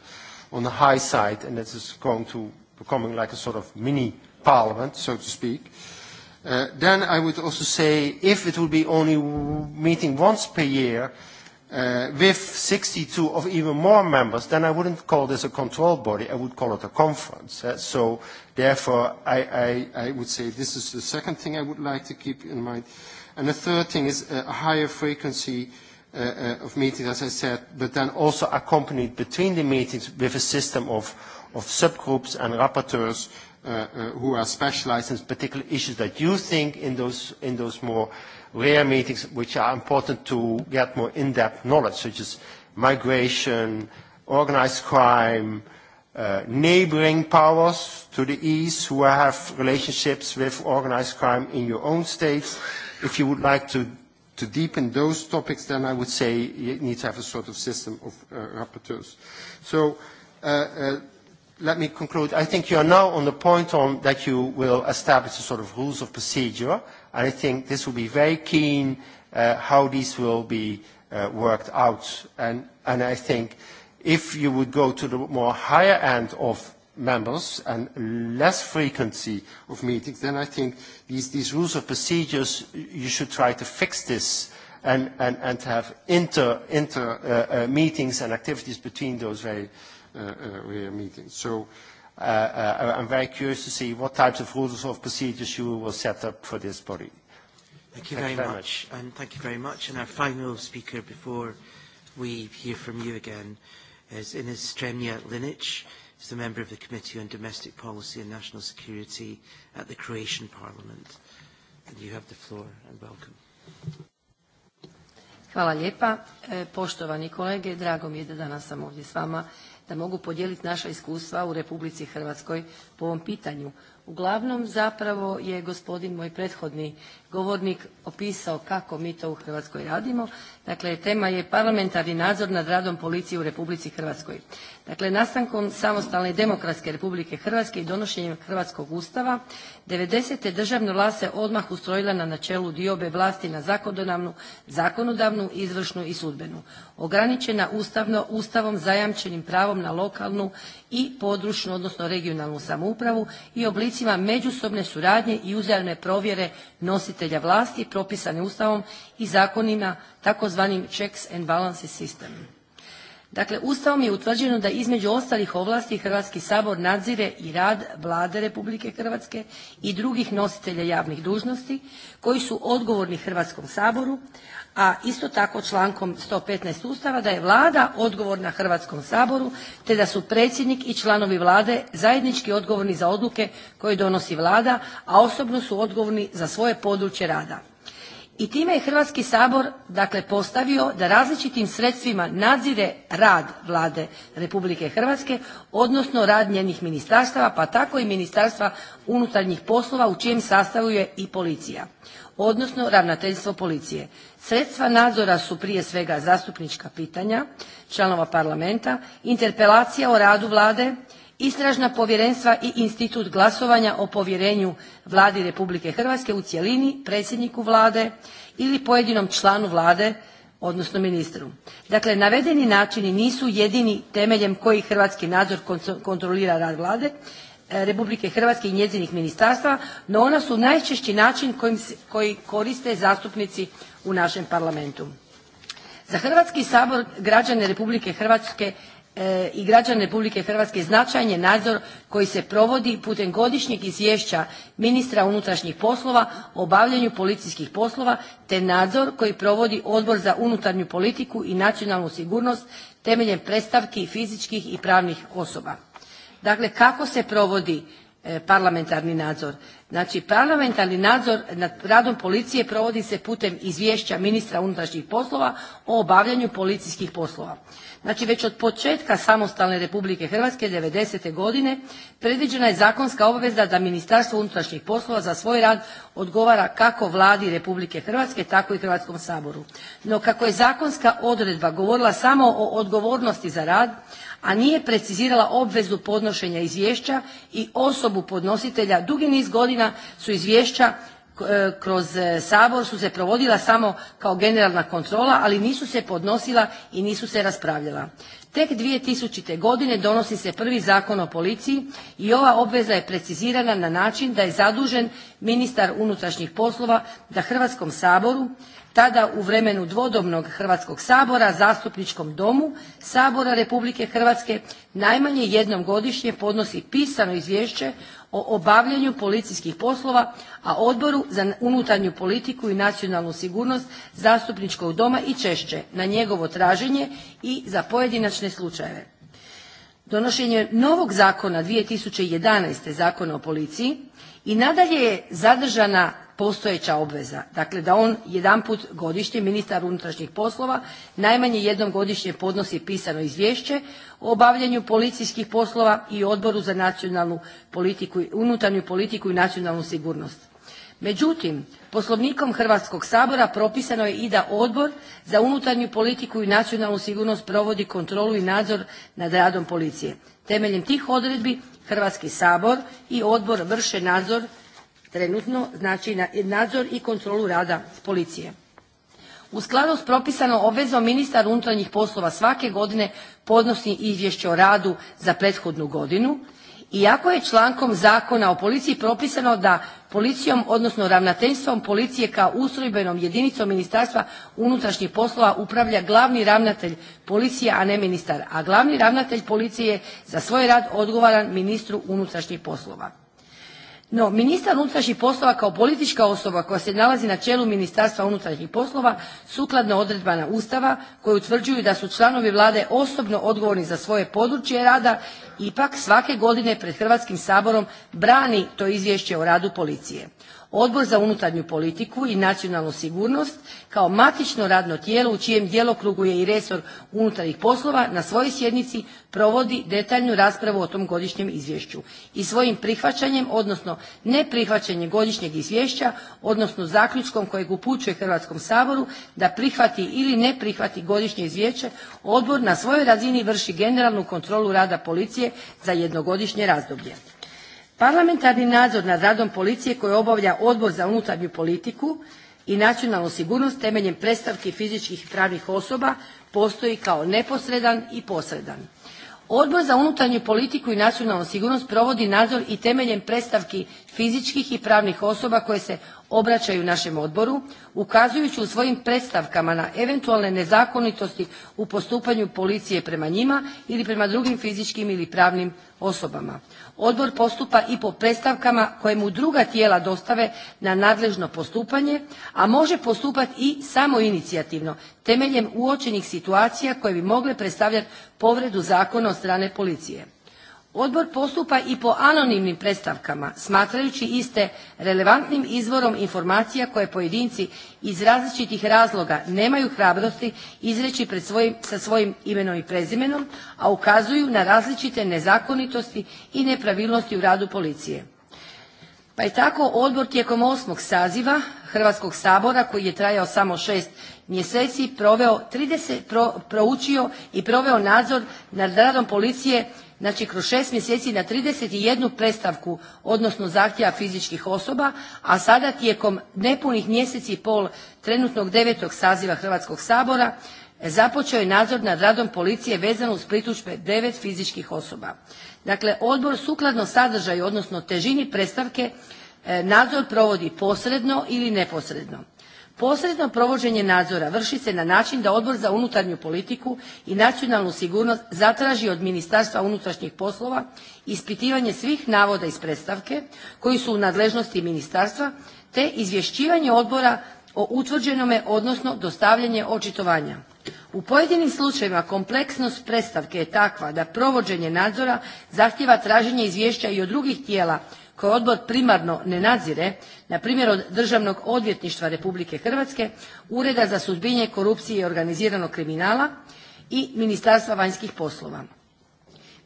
on the high side, and that is going to becoming like a sort of mini parliament, so to speak. Uh, then I would also say if it will be only meeting once per year uh, with 62 of even more members, then I wouldn't call this a control body. I would call it a conference. Uh, so therefore, I, I, I would say this is the second thing I would like to keep in mind. And the third thing is uh, a higher frequency uh, Uh, uh, of meetings, as I said, but then also accompanied between the meetings with a system of, of subgroups and rapporteurs uh, uh, who are specialized in particular issues that you think in those, in those more rare meetings which are important to get more in-depth knowledge, such as migration, organized crime, uh, neighboring powers to the east who have relationships with organized crime in your own states. If you would like to to deepen those topics, then I would say you need to have a sort of system of uh, rapporteurs. So uh, uh, let me conclude. I think you are now on the point on that you will establish a sort of rules of procedure, and I think this will be very keen uh, how these will be uh, worked out. And, and I think if you would go to the more higher end of members and less frequency of meetings, then I think these, these rules of procedures, you should try to fix this and, and, and to have inter, inter uh, uh, meetings and activities between those very uh, uh, meetings. So uh, uh, I'm very curious to see what types of rules of procedures you will set up for this body. Thank you thank very, very much. much. And thank you very much. And our final speaker before we hear from you again is Ines Stremia Linich as the member of the Committee on Domestic Policy and National Security at the Croatian Parliament. And you have the floor and welcome. Hvala lijepa. E, poštovani kolege, drago mi je da danas sam ovdje s vama da mogu podijeliti naša iskustva u Republici Hrvatskoj po ovom pitanju. Uglavnom zapravo je gospodin moj prethodni govornik opisao kako mi to u Hrvatskoj radimo, Dakle, tema je parlamentarni nadzor nad radom policije u Republici Hrvatskoj. Dakle, nastankom samostalne demokratske Republike Hrvatske i donošenjem Hrvatskog ustava, 90. državna vlast se odmah ustrojila na načelu diobe vlasti na zakonodavnu, zakonodavnu, izvršnu i sudbenu, ograničena ustavno ustavom zajamčenim pravom na lokalnu i područnu, odnosno regionalnu samoupravu i oblicima međusobne suradnje i uzajamne provjere nositelja vlasti propisane ustavom i zakonima takozvanim checks and balances system. Dakle, Ustavom je utvrđeno da između ostalih ovlasti Hrvatski sabor nadzire i rad Vlade Republike Hrvatske i drugih nositelja javnih dužnosti koji su odgovorni Hrvatskom saboru, a isto tako člankom 115 Ustava da je Vlada odgovorna Hrvatskom saboru te da su predsjednik i članovi Vlade zajednički odgovorni za odluke koje donosi Vlada, a osobno su odgovorni za svoje područje rada i time je Hrvatski sabor dakle postavio da različitim sredstvima nadzire rad Vlade Republike Hrvatske, odnosno rad njenih ministarstava, pa tako i Ministarstva unutarnjih poslova u čijem sastavu je i policija, odnosno ravnateljstvo policije. Sredstva nadzora su prije svega zastupnička pitanja članova parlamenta, interpelacija o radu Vlade, istražna povjerenstva i institut glasovanja o povjerenju Vladi Republike Hrvatske u cjelini, predsjedniku Vlade ili pojedinom članu Vlade, odnosno ministru. Dakle, navedeni načini nisu jedini temeljem koji hrvatski nadzor kontrolira rad Vlade eh, Republike Hrvatske i njezinih ministarstva, no ona su najčešći način kojim, koji koriste zastupnici u našem parlamentu. Za Hrvatski sabor građane Republike Hrvatske E, i građana Republike Hrvatske značajan je nadzor koji se provodi putem godišnjeg izvješća ministra unutrašnjih poslova o obavljanju policijskih poslova te nadzor koji provodi Odbor za unutarnju politiku i nacionalnu sigurnost temeljem predstavki fizičkih i pravnih osoba. Dakle, kako se provodi e, parlamentarni nadzor? Znači, parlamentarni nadzor nad radom policije provodi se putem izvješća ministra unutrašnjih poslova o obavljanju policijskih poslova. Znači već od početka samostalne Republike Hrvatske 90. godine predviđena je zakonska obveza da Ministarstvo unutrašnjih poslova za svoj rad odgovara kako Vladi Republike Hrvatske, tako i Hrvatskom saboru. No kako je zakonska odredba govorila samo o odgovornosti za rad, a nije precizirala obvezu podnošenja izvješća i osobu podnositelja, dugi niz godina su izvješća E, kroz e, Sabor su se provodila samo kao generalna kontrola, ali nisu se podnosila i nisu se raspravljala. Tek 2000. godine donosi se prvi zakon o policiji i ova obveza je precizirana na način da je zadužen ministar unutrašnjih poslova da Hrvatskom saboru, tada u vremenu dvodobnog Hrvatskog sabora, zastupničkom domu Sabora Republike Hrvatske, najmanje jednom godišnje podnosi pisano izvješće o obavljanju policijskih poslova, a Odboru za unutarnju politiku i nacionalnu sigurnost zastupničkog doma i češće na njegovo traženje i za pojedinačne slučajeve. Donošenje novog zakona 2011. Zakona o policiji i nadalje je zadržana postojeća obveza. Dakle, da on jedanput godišnje, ministar unutrašnjih poslova, najmanje jednom godišnje podnosi pisano izvješće o obavljanju policijskih poslova i odboru za nacionalnu politiku, unutarnju politiku i nacionalnu sigurnost. Međutim, Poslovnikom Hrvatskog sabora propisano je i da Odbor za unutarnju politiku i nacionalnu sigurnost provodi kontrolu i nadzor nad radom policije. Temeljem tih odredbi Hrvatski sabor i odbor vrše nadzor trenutno, znači nadzor i kontrolu rada policije. U skladu s propisanom obvezom ministar unutarnjih poslova svake godine podnosi izvješće o radu za prethodnu godinu, iako je člankom Zakona o policiji propisano da policijom, odnosno ravnateljstvom policije kao ustrojbenom jedinicom Ministarstva unutrašnjih poslova upravlja glavni ravnatelj policije, a ne ministar, a glavni ravnatelj policije za svoj rad odgovaran ministru unutrašnjih poslova. No, ministar unutrašnjih poslova kao politička osoba koja se nalazi na čelu Ministarstva unutrašnjih poslova sukladno odredbama Ustava koji utvrđuju da su članovi vlade osobno odgovorni za svoje područje rada, ipak svake godine pred Hrvatskim saborom brani to izvješće o radu policije. Odbor za unutarnju politiku i nacionalnu sigurnost kao matično radno tijelo u čijem djelokrugu je i resor unutarnjih poslova na svojoj sjednici provodi detaljnu raspravu o tom godišnjem izvješću i svojim prihvaćanjem, odnosno neprihvaćanjem godišnjeg izvješća, odnosno zaključkom kojeg upućuje Hrvatskom saboru da prihvati ili ne prihvati godišnje izvješće, odbor na svojoj razini vrši generalnu kontrolu rada policije za jednogodišnje razdoblje. Parlamentarni nadzor nad radom policije koji obavlja Odbor za unutarnju politiku i nacionalnu sigurnost temeljem predstavki fizičkih i pravnih osoba postoji kao neposredan i posredan. Odbor za unutarnju politiku i nacionalnu sigurnost provodi nadzor i temeljem predstavki fizičkih i pravnih osoba koje se obraćaju našem odboru, ukazujući u svojim predstavkama na eventualne nezakonitosti u postupanju policije prema njima ili prema drugim fizičkim ili pravnim osobama odbor postupa i po predstavkama koje mu druga tijela dostave na nadležno postupanje, a može postupati i samoinicijativno temeljem uočenih situacija koje bi mogle predstavljati povredu zakona od strane policije. Odbor postupa i po anonimnim predstavkama, smatrajući iste relevantnim izvorom informacija koje pojedinci iz različitih razloga nemaju hrabrosti izreći pred svojim, sa svojim imenom i prezimenom, a ukazuju na različite nezakonitosti i nepravilnosti u radu policije. Pa je tako odbor tijekom osmog saziva Hrvatskog sabora koji je trajao samo šest mjeseci proveo 30, pro, proučio i proveo nadzor nad radom policije znači kroz šest mjeseci na 31 predstavku, odnosno zahtjeva fizičkih osoba, a sada tijekom nepunih mjesec i pol trenutnog devetog saziva Hrvatskog sabora e, započeo je nadzor nad radom policije vezano uz pritužbe devet fizičkih osoba. Dakle, odbor sukladno sadržaju, odnosno težini predstavke, e, nadzor provodi posredno ili neposredno. Posredno provođenje nadzora vrši se na način da Odbor za unutarnju politiku i nacionalnu sigurnost zatraži od Ministarstva unutrašnjih poslova ispitivanje svih navoda iz predstavke koji su u nadležnosti ministarstva te izvješćivanje odbora o utvrđenome, odnosno dostavljanje očitovanja. U pojedinim slučajevima kompleksnost predstavke je takva da provođenje nadzora zahtjeva traženje izvješća i od drugih tijela koje odbor primarno ne nadzire, na primjer od Državnog odvjetništva Republike Hrvatske, Ureda za suzbijanje korupcije i organiziranog kriminala i Ministarstva vanjskih poslova.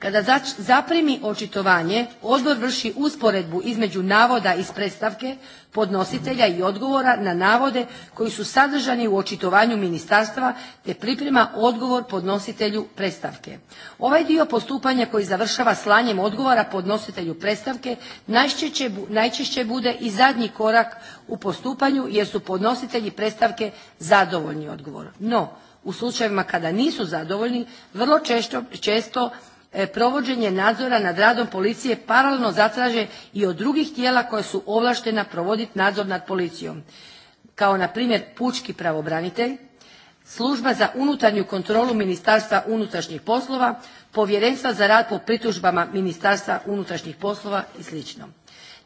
Kada zaprimi očitovanje, odbor vrši usporedbu između navoda iz predstavke, podnositelja i odgovora na navode koji su sadržani u očitovanju ministarstva te priprema odgovor podnositelju predstavke. Ovaj dio postupanja koji završava slanjem odgovora podnositelju predstavke najčešće, najčešće bude i zadnji korak u postupanju jer su podnositelji predstavke zadovoljni odgovorom. No, u slučajevima kada nisu zadovoljni, vrlo često, često E, provođenje nadzora nad radom policije paralelno zatraže i od drugih tijela koja su ovlaštena provoditi nadzor nad policijom, kao na primjer pučki pravobranitelj, služba za unutarnju kontrolu Ministarstva unutrašnjih poslova, povjerenstva za rad po pritužbama Ministarstva unutrašnjih poslova i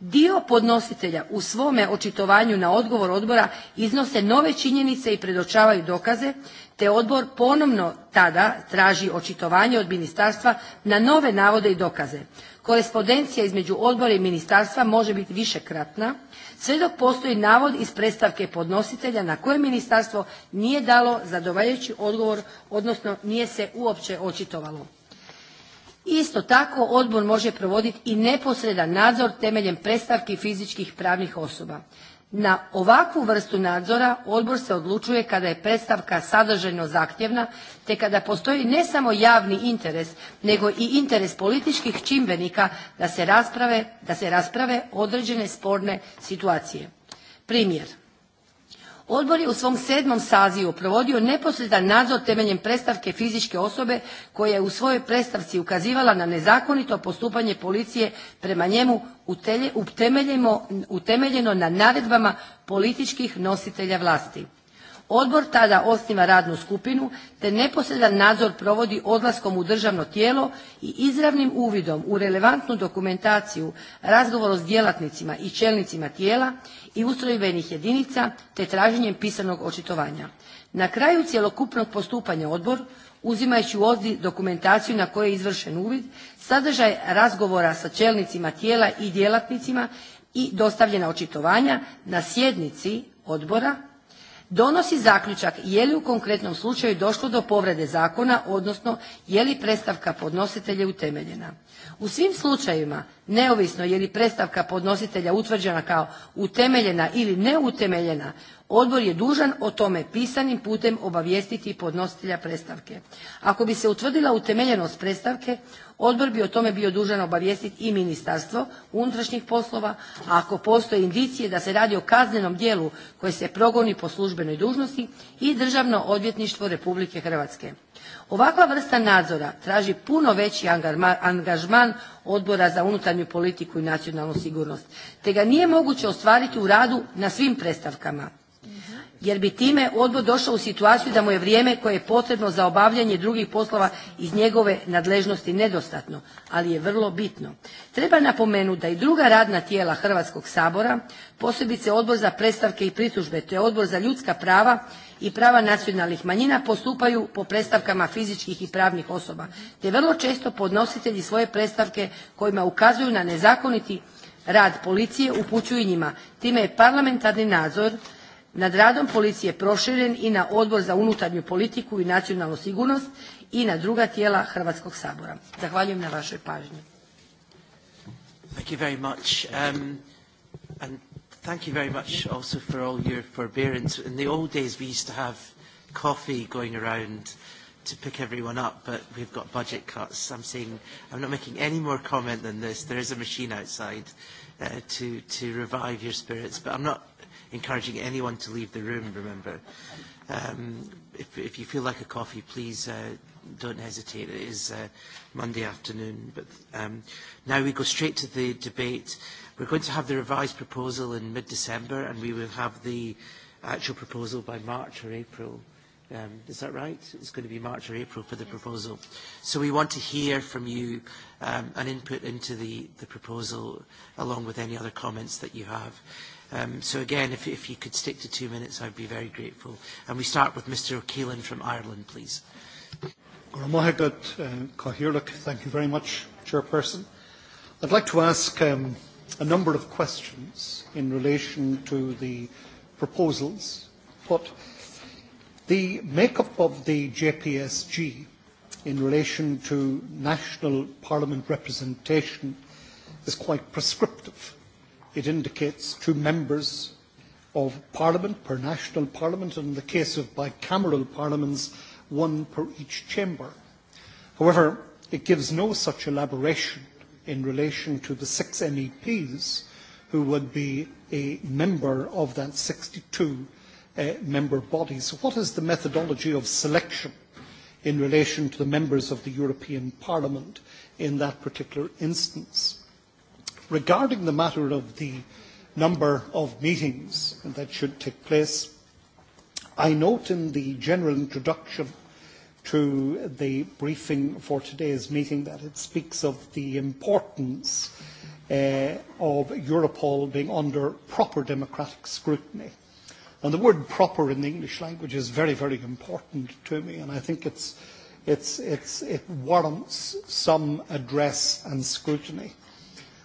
Dio podnositelja u svome očitovanju na odgovor odbora iznose nove činjenice i predočavaju dokaze, te odbor ponovno tada traži očitovanje od ministarstva na nove navode i dokaze. Korespondencija između odbora i ministarstva može biti višekratna, sve dok postoji navod iz predstavke podnositelja na koje ministarstvo nije dalo zadovoljavajući odgovor, odnosno nije se uopće očitovalo. Isto tako, odbor može provoditi i neposredan nadzor temeljem predstavki fizičkih pravnih osoba. Na ovakvu vrstu nadzora odbor se odlučuje kada je predstavka sadržajno zahtjevna, te kada postoji ne samo javni interes, nego i interes političkih čimbenika da se rasprave, da se rasprave određene sporne situacije. Primjer, Odbor je u svom sedmom sazivu provodio neposredan nadzor temeljem predstavke fizičke osobe koja je u svojoj predstavci ukazivala na nezakonito postupanje policije prema njemu utemeljeno na naredbama političkih nositelja vlasti. Odbor tada osniva radnu skupinu te neposredan nadzor provodi odlaskom u državno tijelo i izravnim uvidom u relevantnu dokumentaciju, razgovoru s djelatnicima i čelnicima tijela i ustrojbenih jedinica te traženjem pisanog očitovanja. Na kraju cjelokupnog postupanja odbor, uzimajući u obzir dokumentaciju na kojoj je izvršen uvid, sadržaj razgovora sa čelnicima tijela i djelatnicima i dostavljena očitovanja na sjednici odbora donosi zaključak je li u konkretnom slučaju došlo do povrede zakona, odnosno je li predstavka podnositelja utemeljena. U svim slučajevima neovisno je li predstavka podnositelja utvrđena kao utemeljena ili neutemeljena, odbor je dužan o tome pisanim putem obavijestiti podnositelja predstavke. Ako bi se utvrdila utemeljenost predstavke, odbor bi o tome bio dužan obavijestiti i Ministarstvo unutrašnjih poslova, a ako postoje indicije da se radi o kaznenom dijelu koje se progoni po službenoj dužnosti i Državno odvjetništvo Republike Hrvatske. Ovakva vrsta nadzora traži puno veći angažman odbora za unutarnju politiku i nacionalnu sigurnost, te ga nije moguće ostvariti u radu na svim predstavkama jer bi time odbor došao u situaciju da mu je vrijeme koje je potrebno za obavljanje drugih poslova iz njegove nadležnosti nedostatno, ali je vrlo bitno. Treba napomenuti da i druga radna tijela Hrvatskog sabora, posebice Odbor za predstavke i pritužbe te Odbor za ljudska prava i prava nacionalnih manjina postupaju po predstavkama fizičkih i pravnih osoba, te vrlo često podnositelji svoje predstavke kojima ukazuju na nezakoniti rad policije upućuju njima. Time je parlamentarni nadzor nad radom policije proširen i na Odbor za unutarnju politiku i nacionalnu sigurnost i na druga tijela Hrvatskog sabora. Zahvaljujem na vašoj pažnji. Thank you very much. Um, and thank you very much also for all your forbearance. In the old days we used to have coffee going around to pick everyone up, but we've got budget cuts. I'm saying I'm not making any more comment than this. There is a machine outside uh, to, to revive your spirits, but I'm not encouraging anyone to leave the room, remember. Um, if, if you feel like a coffee, please uh, don't hesitate. It is uh, Monday afternoon. But um, now we go straight to the debate. We're going to have the revised proposal in mid-December, and we will have the actual proposal by March or April. Um, is that right? It's going to be March or April for the proposal. So we want to hear from you um, an input into the, the proposal along with any other comments that you have. Um, so again, if, if you could stick to two minutes, I'd be very grateful. And we start with Mr. Keelan from Ireland, please. Uh, thank you very much, Chairperson. I'd like to ask um, a number of questions in relation to the proposals, but the makeup of the JPSG in relation to national parliament representation is quite prescriptive it indicates to members of Parliament per national parliament, and in the case of bicameral parliaments, one per each chamber. However, it gives no such elaboration in relation to the six MEPs who would be a member of that 62 uh, member body. So what is the methodology of selection in relation to the members of the European Parliament in that particular instance? regarding the matter of the number of meetings that should take place, I note in the general introduction to the briefing for today's meeting that it speaks of the importance uh, of Europol being under proper democratic scrutiny. And the word proper in the English language is very, very important to me, and I think it's, it's, it's, it warrants some address and scrutiny.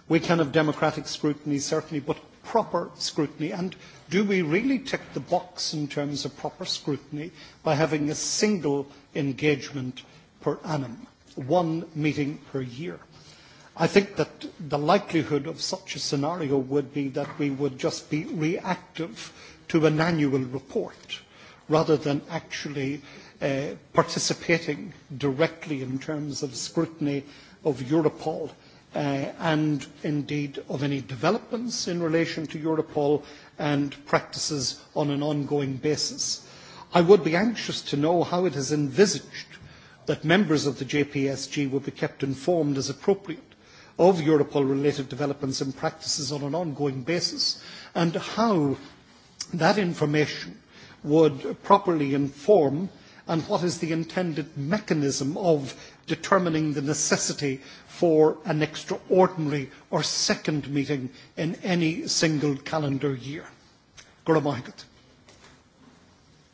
We can have democratic scrutiny, certainly, but proper scrutiny. And do we really tick the box in terms of proper scrutiny by having a single engagement per annum, one meeting per year? I think that the likelihood of such a scenario would be that we would just be reactive to an annual report rather than actually uh, participating directly in terms of scrutiny of Europol uh, and indeed of any developments in relation to Europol and practices on an ongoing basis. I would be anxious to know how it is envisaged that members of the JPSG will be kept informed as appropriate of Europol-related developments and practices on an ongoing basis, and how that information would properly inform and what is the intended mechanism of determining the necessity for an extraordinary or second meeting in any single calendar year. Guramahigat.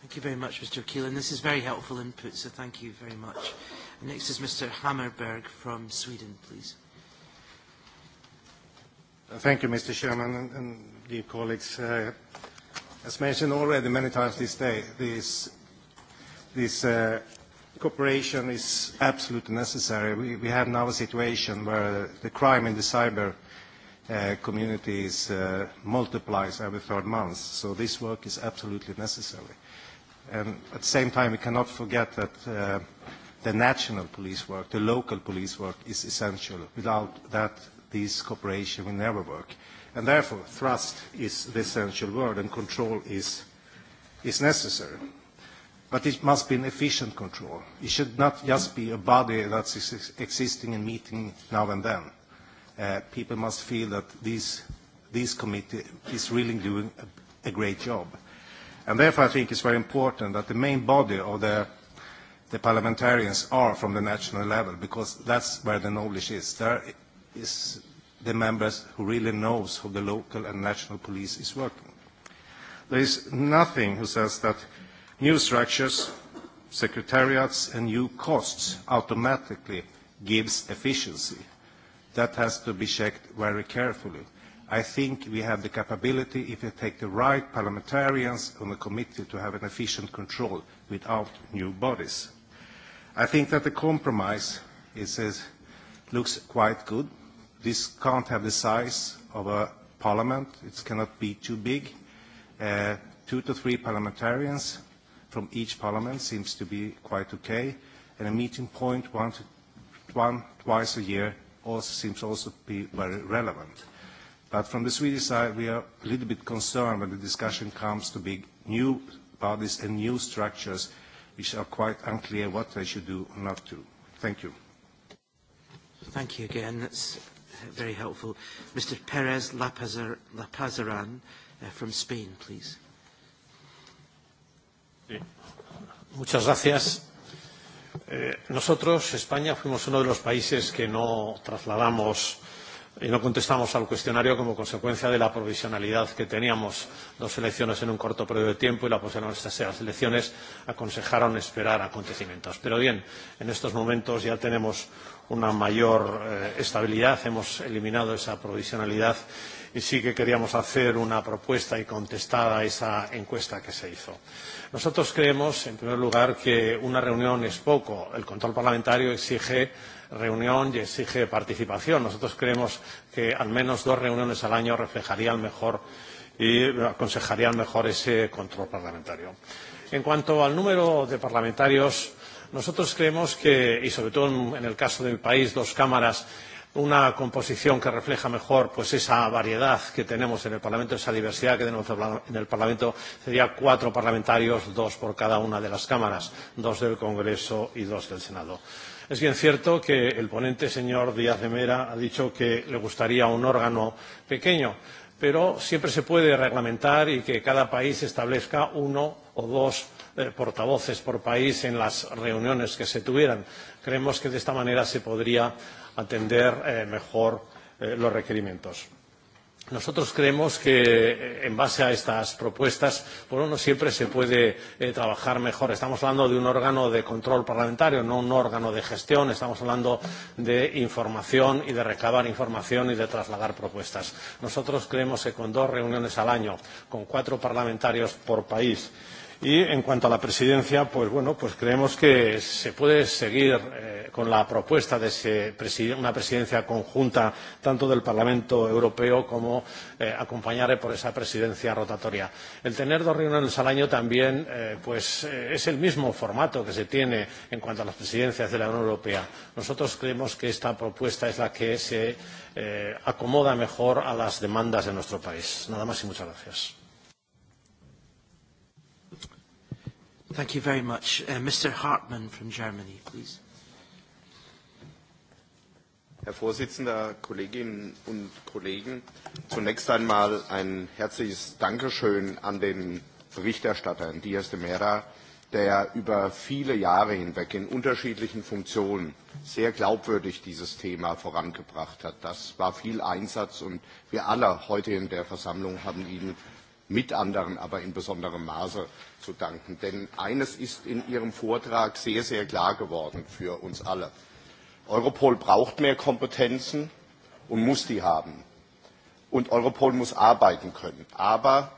Thank you very much, Mr. Keelan. This is very helpful input, so thank you very much. Next is Mr. Hammerberg from Sweden, please. Thank you, Mr. Chairman and, and dear colleagues. Uh, as mentioned already many times this day, this, this uh, cooperation is absolutely necessary. We, we have now a situation where the crime in the cyber uh, communities uh, multiplies every third month, so this work is absolutely necessary. And at the same time, we cannot forget that uh, the national police work, the local police work is essential. Without that, this cooperation will never work. And therefore, thrust is the essential word and control is, is necessary. But it must be an efficient control. It should not just be a body that's ex existing and meeting now and then. Uh, people must feel that these, this committee is really doing a, a great job. And therefore, I think it's very important that the main body of the, the parliamentarians are from the national level, because that's where the knowledge is. There is the members who really knows how the local and national police is working. There is nothing who says that New structures, secretariats, and new costs automatically gives efficiency. That has to be checked very carefully. I think we have the capability, if we take the right parliamentarians on the committee, to have an efficient control without new bodies. I think that the compromise is, looks quite good. This can't have the size of a parliament. It cannot be too big. Uh, two to three parliamentarians from each parliament seems to be quite okay, and a meeting point one, to, one twice a year also seems also to be very relevant. But from the Swedish side, we are a little bit concerned when the discussion comes to big new bodies and new structures, which are quite unclear what they should do or not do. Thank you. Thank you again. That's very helpful. Mr. Perez Lapazaran uh, from Spain, please. Muchas gracias. Eh, nosotros, España, fuimos uno de los países que no trasladamos y no contestamos al cuestionario como consecuencia de la provisionalidad que teníamos. Dos elecciones en un corto periodo de tiempo y la posibilidad de estas elecciones aconsejaron esperar acontecimientos. Pero bien, en estos momentos ya tenemos una mayor eh, estabilidad, hemos eliminado esa provisionalidad y sí que queríamos hacer una propuesta y contestar a esa encuesta que se hizo. Nosotros creemos, en primer lugar, que una reunión es poco. El control parlamentario exige reunión y exige participación. Nosotros creemos que al menos dos reuniones al año reflejarían mejor y aconsejarían mejor ese control parlamentario. En cuanto al número de parlamentarios, nosotros creemos que, y sobre todo en el caso de mi país, dos cámaras una composición que refleja mejor pues esa variedad que tenemos en el Parlamento, esa diversidad que tenemos en el Parlamento, sería cuatro parlamentarios, dos por cada una de las cámaras, dos del Congreso y dos del Senado. Es bien cierto que el ponente, señor Díaz de Mera, ha dicho que le gustaría un órgano pequeño, pero siempre se puede reglamentar y que cada país establezca uno o dos eh, portavoces por país en las reuniones que se tuvieran. Creemos que de esta manera se podría atender eh, mejor eh, los requerimientos. Nosotros creemos que eh, en base a estas propuestas, por uno no siempre se puede eh, trabajar mejor. Estamos hablando de un órgano de control parlamentario, no un órgano de gestión. Estamos hablando de información y de recabar información y de trasladar propuestas. Nosotros creemos que con dos reuniones al año, con cuatro parlamentarios por país, Y en cuanto a la presidencia, pues bueno, pues creemos que se puede seguir eh, con la propuesta de ese preside una presidencia conjunta tanto del Parlamento Europeo como eh, acompañar por esa presidencia rotatoria. El tener dos reuniones al año también eh, pues eh, es el mismo formato que se tiene en cuanto a las presidencias de la Unión Europea. Nosotros creemos que esta propuesta es la que se eh, acomoda mejor a las demandas de nuestro país. Nada más y muchas gracias. Thank you very much. Uh, Mr. Hartmann from Germany, please. Herr Vorsitzender, Kolleginnen und Kollegen, zunächst einmal ein herzliches Dankeschön an den Berichterstatter, Dias de Mera, der über viele Jahre hinweg in unterschiedlichen Funktionen sehr glaubwürdig dieses Thema vorangebracht hat. Das war viel Einsatz und wir alle heute in der Versammlung haben Ihnen mit anderen aber in besonderem Maße zu danken. Denn eines ist in Ihrem Vortrag sehr, sehr klar geworden für uns alle. Europol braucht mehr Kompetenzen und muss die haben. Und Europol muss arbeiten können. Aber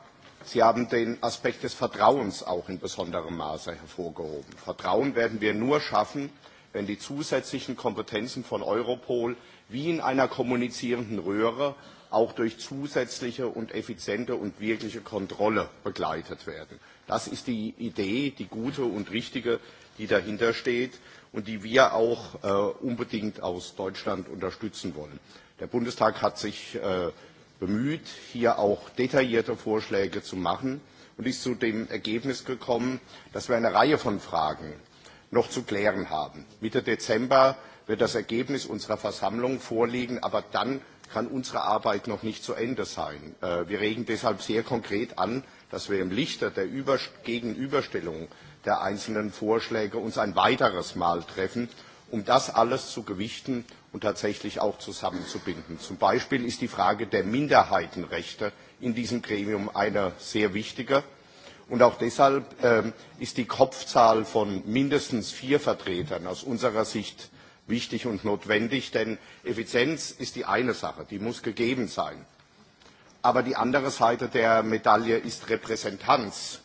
Sie haben den Aspekt des Vertrauens auch in besonderem Maße hervorgehoben. Vertrauen werden wir nur schaffen, wenn die zusätzlichen Kompetenzen von Europol wie in einer kommunizierenden Röhre auch durch zusätzliche und effiziente und wirkliche Kontrolle begleitet werden. Das ist die Idee, die gute und richtige, die dahinter steht und die wir auch äh, unbedingt aus Deutschland unterstützen wollen. Der Bundestag hat sich äh, bemüht, hier auch detaillierte Vorschläge zu machen und ist zu dem Ergebnis gekommen, dass wir eine Reihe von Fragen noch zu klären haben. Mitte Dezember wird das Ergebnis unserer Versammlung vorliegen, aber dann kann unsere Arbeit noch nicht zu Ende sein. Äh, wir regen deshalb sehr konkret an, dass wir im Lichter der Über Gegenüberstellung der einzelnen Vorschläge uns ein weiteres Mal treffen, um das alles zu gewichten und tatsächlich auch zusammenzubinden. Zum Beispiel ist die Frage der Minderheitenrechte in diesem Gremium eine sehr wichtige. Und auch deshalb ähm, ist die Kopfzahl von mindestens vier Vertretern aus unserer Sicht wichtig und notwendig, denn Effizienz ist die eine Sache, die muss gegeben sein. Aber die andere Seite der Medaille ist Repräsentanz.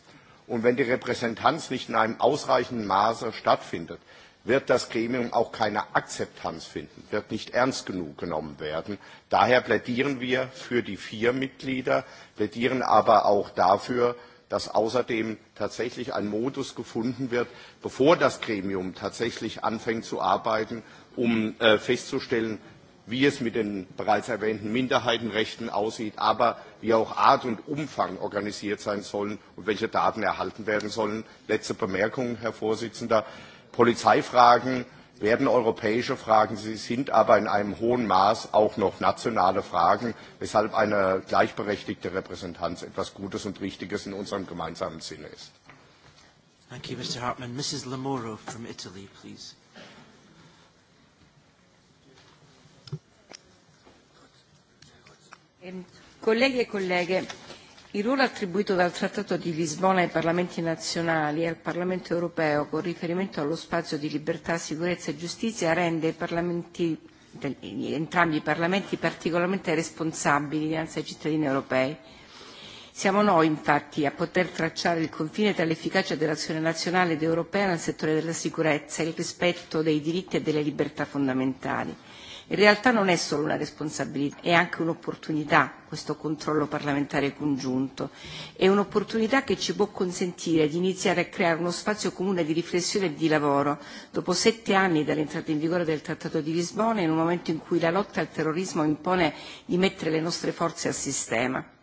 Und wenn die Repräsentanz nicht in einem ausreichenden Maße stattfindet, wird das Gremium auch keine Akzeptanz finden, wird nicht ernst genug genommen werden. Daher plädieren wir für die vier Mitglieder, plädieren aber auch dafür, dass außerdem tatsächlich ein Modus gefunden wird, bevor das Gremium tatsächlich anfängt zu arbeiten, um äh, festzustellen, wie es mit den bereits erwähnten Minderheitenrechten aussieht, aber wie auch Art und Umfang organisiert sein sollen und welche Daten erhalten werden sollen. Letzte Bemerkung, Herr Vorsitzender. Polizeifragen werden europäische Fragen, sie sind aber in einem hohen Maß auch noch nationale Fragen, weshalb eine gleichberechtigte Repräsentanz etwas Gutes und Richtiges in unserem gemeinsamen Sinne ist. Thank you, Mr. Hartmann. Mrs. Lamoro from Italy, please. Colleghi e colleghe, Il ruolo attribuito dal Trattato di Lisbona ai Parlamenti nazionali e al Parlamento europeo con riferimento allo spazio di libertà, sicurezza e giustizia rende i Parlamenti, entrambi i Parlamenti particolarmente responsabili dinanzi ai cittadini europei. Siamo noi, infatti, a poter tracciare il confine tra l'efficacia dell'azione nazionale ed europea nel settore della sicurezza e il rispetto dei diritti e delle libertà fondamentali. In realtà non è solo una responsabilità, è anche un'opportunità questo controllo parlamentare congiunto. È un'opportunità che ci può consentire di iniziare a creare uno spazio comune di riflessione e di lavoro dopo sette anni dall'entrata in vigore del Trattato di Lisbona in un momento in cui la lotta al terrorismo impone di mettere le nostre forze a sistema.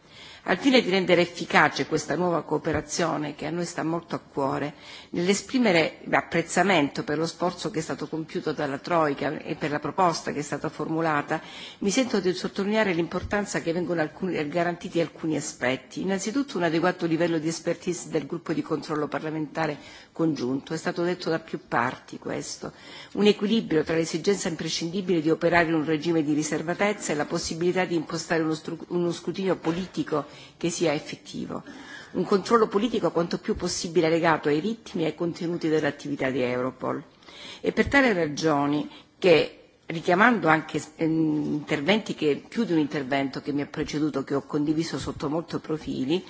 Al fine di rendere efficace questa nuova cooperazione, che a noi sta molto a cuore, nell'esprimere apprezzamento per lo sforzo che è stato compiuto dalla Troica e per la proposta che è stata formulata, mi sento di sottolineare l'importanza che vengono alcuni, garantiti alcuni aspetti. Innanzitutto un adeguato livello di expertise del gruppo di controllo parlamentare congiunto, è stato detto da più parti questo, un equilibrio tra l'esigenza imprescindibile di operare in un regime di riservatezza e la possibilità di impostare uno, uno scrutinio politico che sia effettivo. Un controllo politico quanto più possibile legato ai ritmi e ai contenuti dell'attività di Europol. E per tale ragioni che richiamando anche ehm, interventi che, più di un intervento che mi ha preceduto, che ho condiviso sotto molti profili,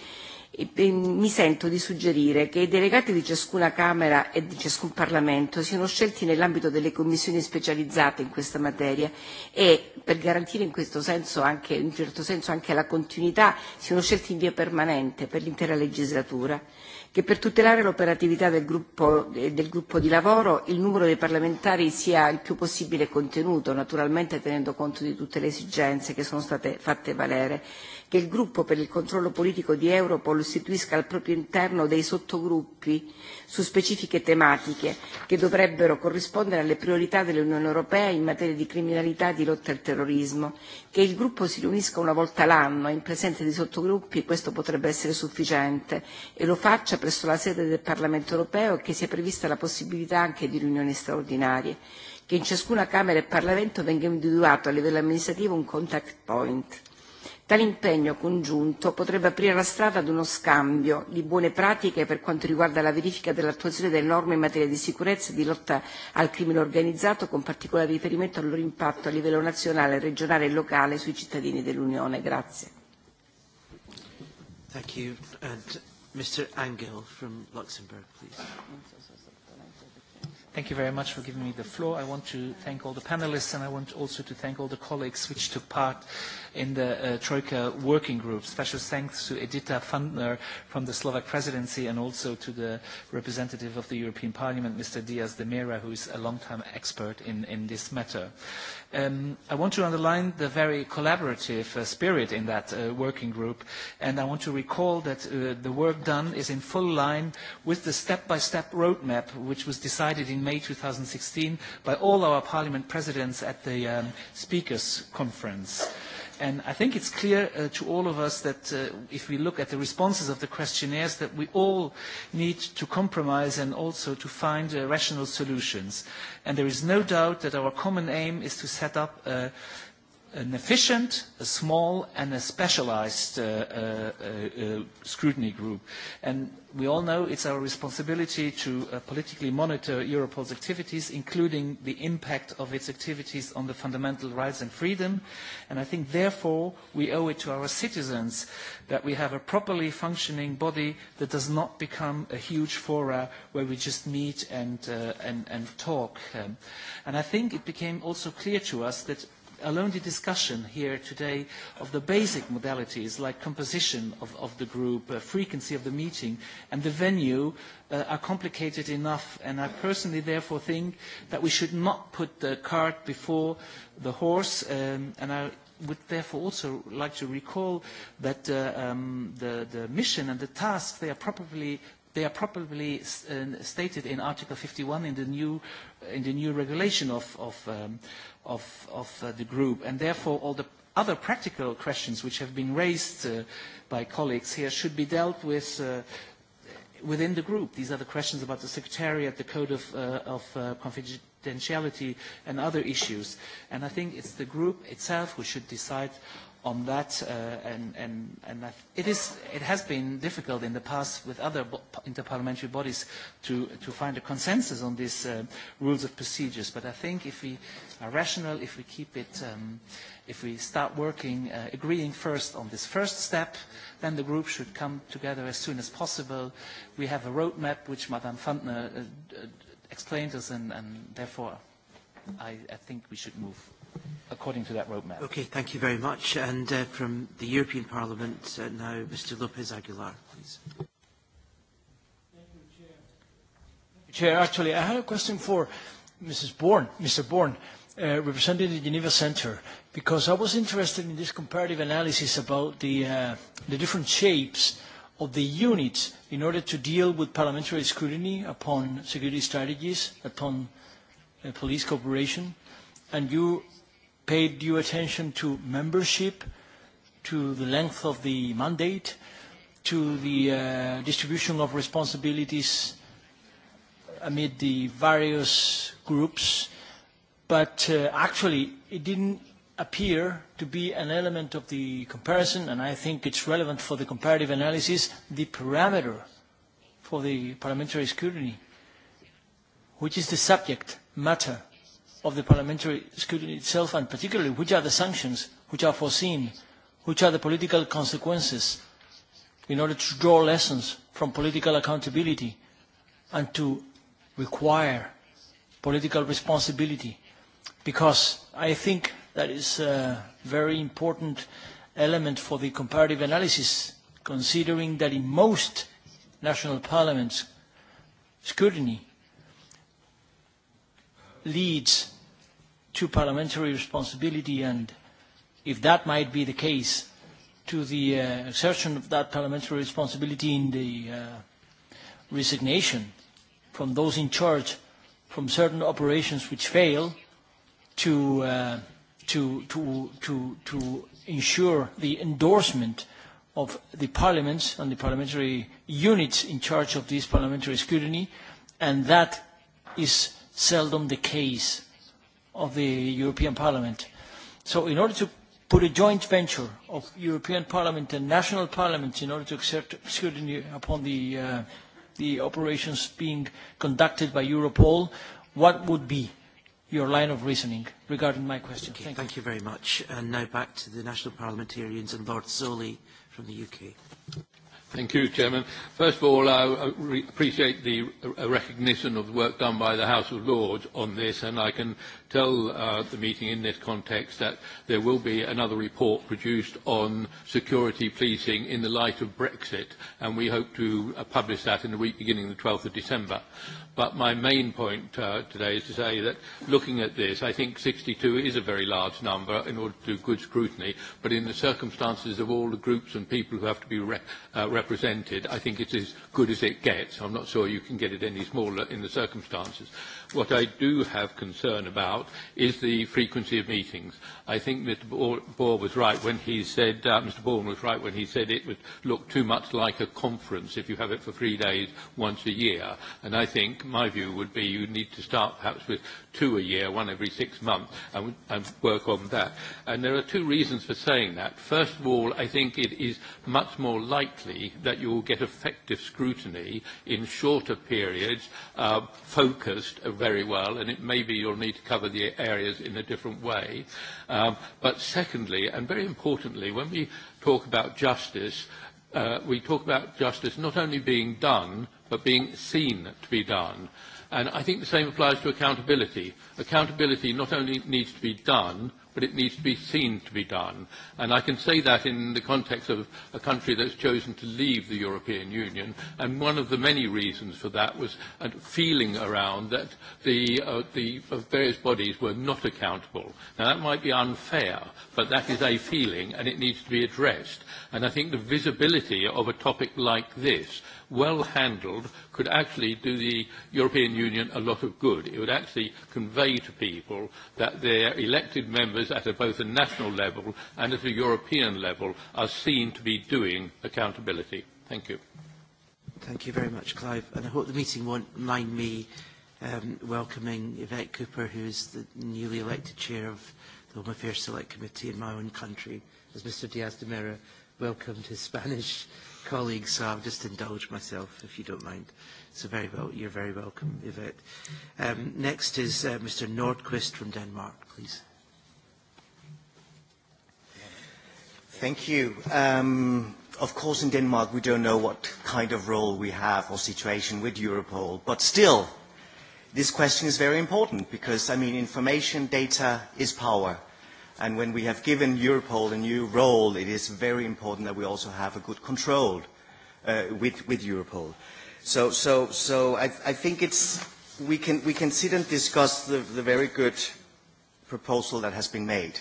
E, e mi sento di suggerire che i delegati di ciascuna Camera e di ciascun Parlamento siano scelti nell'ambito delle commissioni specializzate in questa materia e per garantire in questo senso anche, in un certo senso anche la continuità siano scelti in via permanente per l'intera legislatura che per tutelare l'operatività del gruppo, eh, del gruppo di lavoro il numero dei parlamentari sia il più possibile contenuto, naturalmente tenendo conto di tutte le esigenze che sono state fatte valere che il gruppo per il controllo politico di Europol istituisca al proprio interno dei sottogruppi su specifiche tematiche che dovrebbero corrispondere alle priorità dell'Unione Europea in materia di criminalità e di lotta al terrorismo, che il gruppo si riunisca una volta l'anno in presenza di sottogruppi questo potrebbe essere sufficiente e lo faccia presso la sede del Parlamento europeo e che sia prevista la possibilità anche di riunioni straordinarie che in ciascuna Camera e Parlamento venga individuato a livello amministrativo un contact point. Tale impegno congiunto potrebbe aprire la strada ad uno scambio di buone pratiche per quanto riguarda la verifica dell'attuazione delle norme in materia di sicurezza e di lotta al crimine organizzato, con particolare riferimento al loro impatto a livello nazionale, regionale e locale sui cittadini dell'Unione. Grazie. Thank you. And Mr. Angel from Luxembourg, please. Thank you very much for giving me the floor. I want to thank all the panelists and I want also to thank all the colleagues which took part in the uh, Troika working group. Special thanks to Edita Fundner from the Slovak presidency and also to the representative of the European Parliament, Mr. Diaz de Mera, who is a long-time expert in, in this matter. Um, I want to underline the very collaborative uh, spirit in that uh, working group, and I want to recall that uh, the work done is in full line with the step-by-step -step roadmap which was decided in May 2016 by all our Parliament presidents at the um, Speakers Conference. And I think it's clear uh, to all of us that uh, if we look at the responses of the questionnaires, that we all need to compromise and also to find uh, rational solutions. And there is no doubt that our common aim is to set up uh, an efficient, a small, and a specialized uh, uh, uh, uh, scrutiny group. And we all know it's our responsibility to uh, politically monitor Europol's activities, including the impact of its activities on the fundamental rights and freedom. And I think, therefore, we owe it to our citizens that we have a properly functioning body that does not become a huge fora where we just meet and, uh, and, and talk. Um, and I think it became also clear to us that alone the discussion here today of the basic modalities like composition of, of the group, uh, frequency of the meeting, and the venue uh, are complicated enough. And I personally therefore think that we should not put the cart before the horse. Um, and I would therefore also like to recall that uh, um, the, the mission and the task, they are properly they are properly uh, stated in Article 51 in the new, in the new regulation of, of, um, of, of uh, the group. And therefore, all the other practical questions which have been raised uh, by colleagues here should be dealt with uh, within the group. These are the questions about the Secretariat, the Code of, uh, of uh, Confidentiality, and other issues. And I think it's the group itself who should decide on that, uh, and, and, and it, is, it has been difficult in the past with other interparliamentary bodies to, to find a consensus on these uh, rules of procedures. But I think if we are rational, if we keep it, um, if we start working, uh, agreeing first on this first step, then the group should come together as soon as possible. We have a roadmap which Madame Fandner uh, uh, explained us, and, and therefore I, I think we should move according to that roadmap. Okay, thank you very much. And uh, from the European Parliament uh, now, Mr. Lopez Aguilar, please. Thank you, Chair. Chair, actually, I had a question for Mrs. Bourne, Mr. Bourne, uh, representing the Geneva Center, because I was interested in this comparative analysis about the, uh, the different shapes of the units in order to deal with parliamentary scrutiny upon security strategies, upon uh, police cooperation. And you paid due attention to membership, to the length of the mandate, to the uh, distribution of responsibilities amid the various groups, but uh, actually it didn't appear to be an element of the comparison, and I think it's relevant for the comparative analysis, the parameter for the parliamentary scrutiny, which is the subject matter of the parliamentary scrutiny itself, and particularly which are the sanctions which are foreseen, which are the political consequences, in order to draw lessons from political accountability and to require political responsibility. Because I think that is a very important element for the comparative analysis, considering that in most national parliaments, scrutiny leads to parliamentary responsibility and if that might be the case to the uh, exertion of that parliamentary responsibility in the uh, resignation from those in charge from certain operations which fail to, uh, to, to, to, to ensure the endorsement of the parliaments and the parliamentary units in charge of this parliamentary scrutiny, and that is seldom the case of the European Parliament. So in order to put a joint venture of European Parliament and national parliaments in order to exert scrutiny upon the, uh, the operations being conducted by Europol, what would be your line of reasoning regarding my question? Okay, thank, thank you. you very much. And now back to the national parliamentarians and Lord Zoli from the UK. Thank you, Chairman. First of all, I appreciate the uh, recognition of the work done by the House of Lords on this, and I can tell uh, the meeting in this context that there will be another report produced on security policing in the light of Brexit, and we hope to uh, publish that in the week beginning the 12th of December. But my main point uh, today is to say that looking at this, I think 62 is a very large number in order to do good scrutiny, but in the circumstances of all the groups and people who have to be re uh, represented, I think it's as good as it gets. I'm not sure you can get it any smaller in the circumstances. What I do have concern about is the frequency of meetings. I think Mr. Bohr was right when he said, uh, Mr. Bourne was right when he said it would look too much like a conference if you have it for three days once a year. And I think my view would be you need to start perhaps with two a year, one every six months, and, and work on that. And there are two reasons for saying that. First of all, I think it is much more likely that you will get effective scrutiny in shorter periods uh, focused very well, and it may be you'll need to cover the areas in a different way. Um, but secondly, and very importantly, when we talk about justice, uh, we talk about justice not only being done, but being seen to be done. And I think the same applies to accountability. Accountability not only needs to be done, but it needs to be seen to be done. And I can say that in the context of a country that's chosen to leave the European Union. And one of the many reasons for that was a feeling around that the, uh, the uh, various bodies were not accountable. Now, that might be unfair, but that is a feeling, and it needs to be addressed. And I think the visibility of a topic like this well handled, could actually do the European Union a lot of good. It would actually convey to people that their elected members at a, both a national level and at a European level are seen to be doing accountability. Thank you. Thank you very much, Clive. And I hope the meeting won't mind me um, welcoming Yvette Cooper, who is the newly elected chair of the Home Affairs Select Committee in my own country, as Mr Diaz de Mera welcomed his Spanish colleagues, so I'll just indulge myself if you don't mind. So very well, you're very welcome, Yvette. Um, next is uh, Mr. Nordquist from Denmark, please. Thank you. Um, of course, in Denmark, we don't know what kind of role we have or situation with Europol, but still, this question is very important because, I mean, information, data is power. And when we have given Europol a new role, it is very important that we also have a good control uh, with, with Europol. So, so, so I, I think it's, we, can, we can sit and discuss the, the very good proposal that has been made.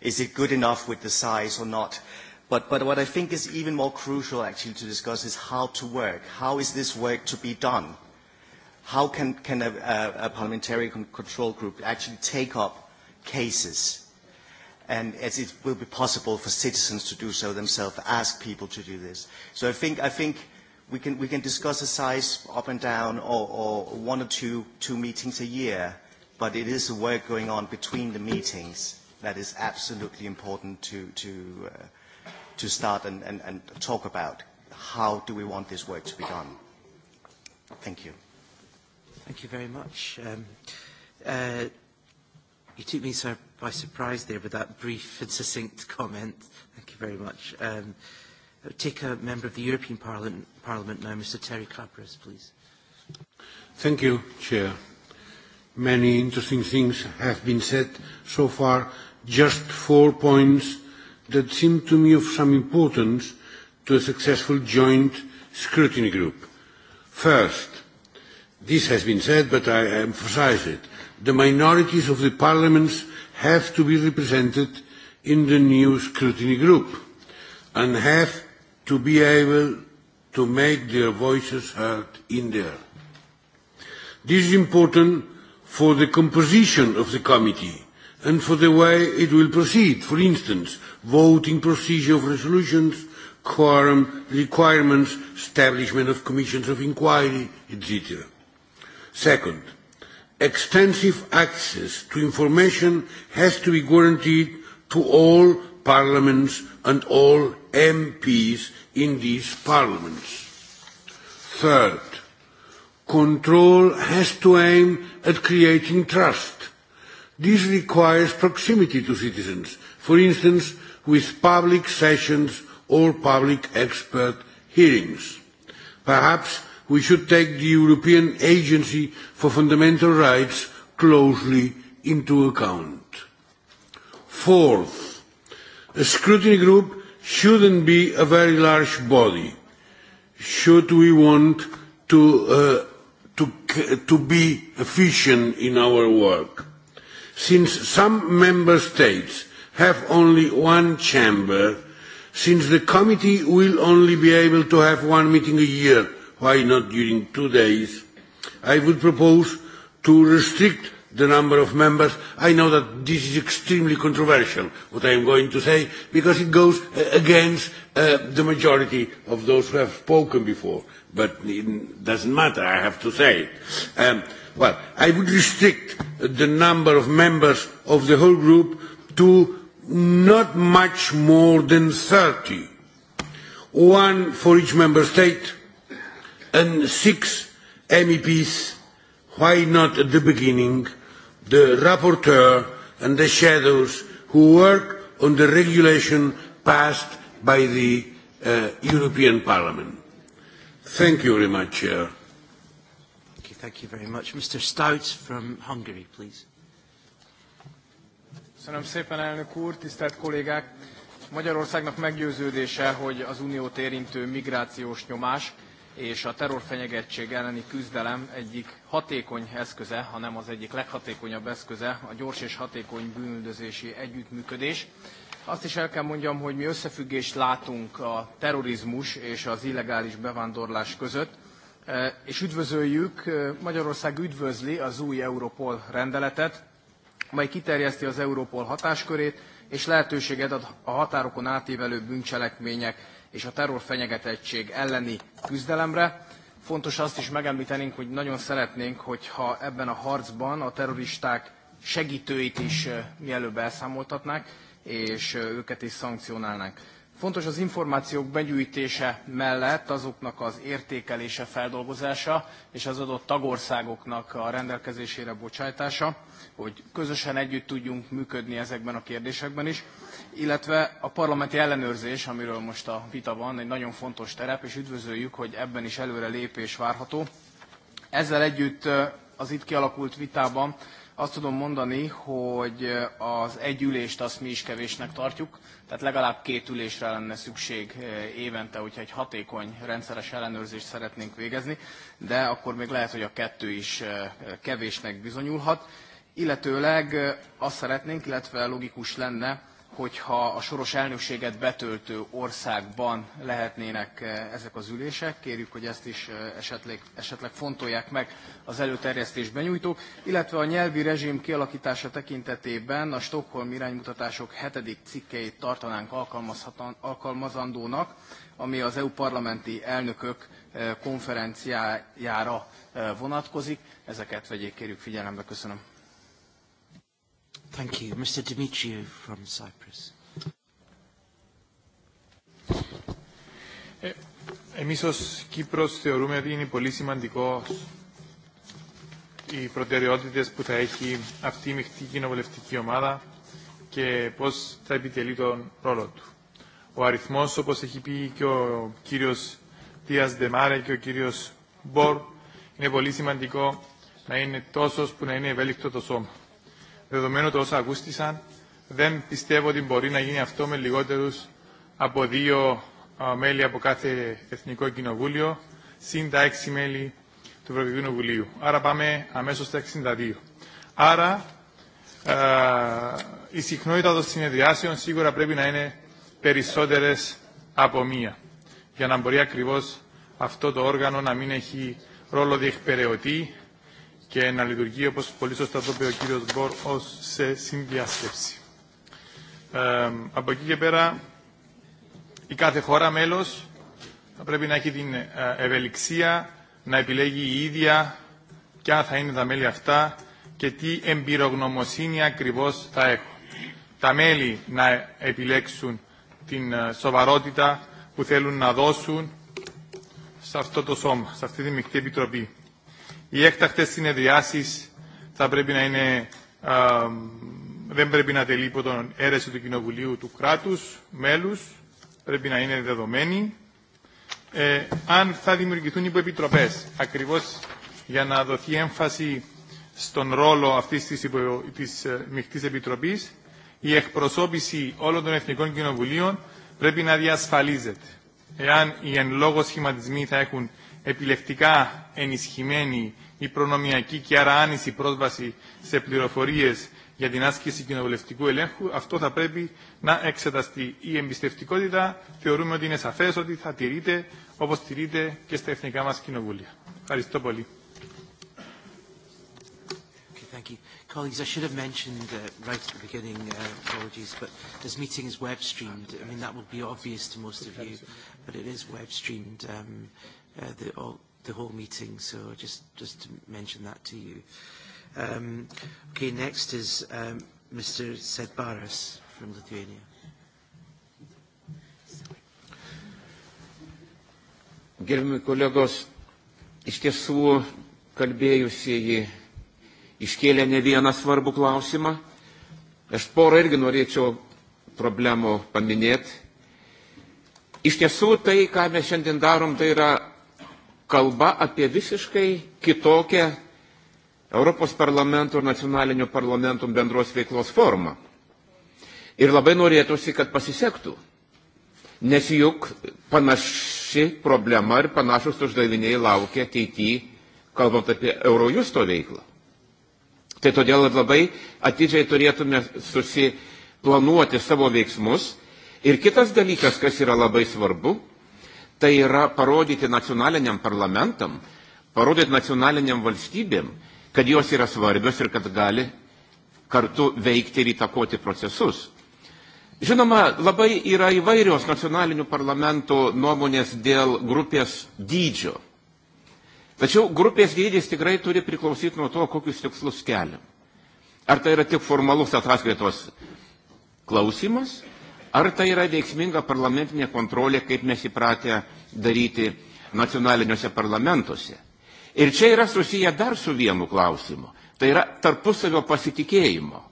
Is it good enough with the size or not? But, but what I think is even more crucial actually to discuss is how to work. How is this work to be done? How can, can a, a, a parliamentary control group actually take up cases? and as it will be possible for citizens to do so themselves, ask people to do this. So I think, I think we, can, we can discuss a size up and down or, or one or two, two meetings a year, but it is a work going on between the meetings that is absolutely important to, to, uh, to start and, and, and talk about how do we want this work to be done. Thank you. Thank you very much. Um, uh, You took me sur by surprise there with that brief and succinct comment. Thank you very much. Um, I would take a member of the European Parliament, Parliament now, Mr. Terry Clapras, please. Thank you, Chair. Many interesting things have been said so far. Just four points that seem to me of some importance to a successful joint scrutiny group. First, This has been said, but I emphasize it. The minorities of the parliaments have to be represented in the new scrutiny group and have to be able to make their voices heard in there. This is important for the composition of the committee and for the way it will proceed. For instance, voting procedure of resolutions, quorum requirements, establishment of commissions of inquiry, etc. Second, extensive access to information has to be guaranteed to all parliaments and all MPs in these parliaments. Third, control has to aim at creating trust. This requires proximity to citizens, for instance, with public sessions or public expert hearings. Perhaps we should take the European Agency for Fundamental Rights closely into account. Fourth, a scrutiny group shouldn't be a very large body. Should we want to, uh, to, to be efficient in our work? Since some member states have only one chamber, since the committee will only be able to have one meeting a year, why not during two days, I would propose to restrict the number of members. I know that this is extremely controversial, what I am going to say, because it goes uh, against uh, the majority of those who have spoken before. But it doesn't matter, I have to say it. Um, well, I would restrict the number of members of the whole group to not much more than 30, one for each member state, and six MEPs, why not at the beginning, the rapporteur and the shadows who work on the regulation passed by the uh, European Parliament. Thank you very much, Chair. Okay, thank you very much. Mr. Stout from Hungary, please. Köszönöm szépen, elnök úr, tisztelt kollégák! Magyarországnak meggyőződése, hogy az uniót érintő migrációs nyomás és a terrorfenyegettség elleni küzdelem egyik hatékony eszköze, hanem az egyik leghatékonyabb eszköze a gyors és hatékony bűnöldözési együttműködés. Azt is el kell mondjam, hogy mi összefüggést látunk a terrorizmus és az illegális bevándorlás között, e, és üdvözöljük, e, Magyarország üdvözli az új Europol rendeletet, mely kiterjeszti az Europol hatáskörét, és lehetőséget ad a határokon átívelő bűncselekmények és a terrorfenyegetettség elleni küzdelemre. Fontos azt is megemlítenünk, hogy nagyon szeretnénk, hogyha ebben a harcban a terroristák segítőit is mielőbb elszámoltatnák, és őket is szankcionálnánk. Fontos az információk begyűjtése mellett azoknak az értékelése, feldolgozása és az adott tagországoknak a rendelkezésére bocsájtása, hogy közösen együtt tudjunk működni ezekben a kérdésekben is illetve a parlamenti ellenőrzés, amiről most a vita van, egy nagyon fontos terep, és üdvözöljük, hogy ebben is előre lépés várható. Ezzel együtt az itt kialakult vitában azt tudom mondani, hogy az egy ülést azt mi is kevésnek tartjuk, tehát legalább két ülésre lenne szükség évente, hogyha egy hatékony, rendszeres ellenőrzést szeretnénk végezni, de akkor még lehet, hogy a kettő is kevésnek bizonyulhat. Illetőleg azt szeretnénk, illetve logikus lenne, hogyha a soros elnökséget betöltő országban lehetnének eh, ezek az ülések. Kérjük, hogy ezt is eh, esetleg, esetleg fontolják meg az előterjesztés benyújtók, illetve a nyelvi rezsim kialakítása tekintetében a Stockholm iránymutatások hetedik cikkeit tartanánk alkalmazandónak, ami az EU parlamenti elnökök eh, konferenciájára vonatkozik. Ezeket vegyék kérjük figyelembe. Köszönöm. Thank you. Mr. Dimitriou from Cyprus. Εμείς ως Κύπρος θεωρούμε ότι είναι πολύ σημαντικό οι προτεραιότητες που θα έχει αυτή η μειχτή κοινοβουλευτική ομάδα και πώς θα επιτελεί τον ρόλο του. Ο αριθμός, όπως έχει πει και ο κύριος Δίας Δεμάρε και ο κύριος Μπορ, είναι πολύ σημαντικό να είναι τόσος που να είναι ευέλικτο το σώμα δεδομένου το όσα ακούστησαν, δεν πιστεύω ότι μπορεί να γίνει αυτό με λιγότερους από δύο μέλη από κάθε Εθνικό Κοινοβούλιο, συν τα έξι μέλη του Ευρωπαϊκού Κοινοβουλίου. Άρα πάμε αμέσως στα 62. Άρα α, η συχνότητα των συνεδριάσεων σίγουρα πρέπει να είναι περισσότερες από μία, για να μπορεί ακριβώς αυτό το όργανο να μην έχει ρόλο διεκπαιρεωτή και να λειτουργεί, όπως πολύ σωστά το είπε ο κύριος Μπορ, ως σε συνδιάσκεψη. Ε, από εκεί και πέρα, η κάθε χώρα μέλος θα πρέπει να έχει την ευελιξία να επιλέγει η ίδια ποια θα είναι τα μέλη αυτά και τι εμπειρογνωμοσύνη ακριβώς θα έχουν. Τα μέλη να επιλέξουν την σοβαρότητα που θέλουν να δώσουν σε αυτό το σώμα, σε αυτή τη μεικτή επιτροπή. Οι έκτακτε συνεδριάσει θα πρέπει να είναι, α, δεν πρέπει να τελεί υπό τον αίρεση του Κοινοβουλίου του κράτου, μέλου, πρέπει να είναι δεδομένοι. Ε, αν θα δημιουργηθούν υποεπιτροπές, ακριβώ για να δοθεί έμφαση στον ρόλο αυτή τη υπο, της ε, μειχτής η εκπροσώπηση όλων των εθνικών κοινοβουλίων πρέπει να διασφαλίζεται. Εάν οι εν λόγω σχηματισμοί θα έχουν επιλεκτικά ενισχυμένη η προνομιακή και άρα άνηση πρόσβαση σε πληροφορίες για την άσκηση κοινοβουλευτικού ελέγχου, αυτό θα πρέπει να εξεταστεί. Η εμπιστευτικότητα θεωρούμε ότι είναι σαφές ότι θα τηρείται όπως τηρείται και στα εθνικά μας κοινοβούλια. Ευχαριστώ πολύ. Thank you. Colleagues, I should have mentioned uh, right at the beginning, uh, apologies, but this meeting is web streamed. I mean, that would be obvious to most of you, but it is web streamed. Um, uh, the whole meeting, so just, just to mention that to you. Um, okay, next is um, Mr. Sedbaras from Lithuania. Gerbimi kolegos, iš tiesų kalbėjusieji iškėlė ne vieną svarbų klausimą. Aš porą irgi norėčiau problemų paminėti. Iš tiesų tai, ką mes šiandien darom, tai yra kalba apie visiškai kitokią Europos parlamentų ir nacionalinių parlamentų bendros veiklos formą. Ir labai norėtųsi, kad pasisektų. Nes juk panaši problema ir panašus uždaviniai laukia ateityje, kalbant apie Eurojusto veiklą. Tai todėl labai atidžiai turėtume susiplanuoti savo veiksmus. Ir kitas dalykas, kas yra labai svarbu, tai yra parodyti nacionaliniam parlamentam, parodyti nacionaliniam valstybėm, kad jos yra svarbios ir kad gali kartu veikti ir įtakoti procesus. Žinoma, labai yra įvairios nacionalinių parlamentų nuomonės dėl grupės dydžio. Tačiau grupės dydis tikrai turi priklausyti nuo to, kokius tikslus keliam. Ar tai yra tik formalus ataskaitos klausimas, Ar tai yra veiksminga parlamentinė kontrolė, kaip mes įpratę daryti nacionaliniuose parlamentuose? Ir čia yra susiję dar su vienu klausimu. Tai yra tarpusavio pasitikėjimo.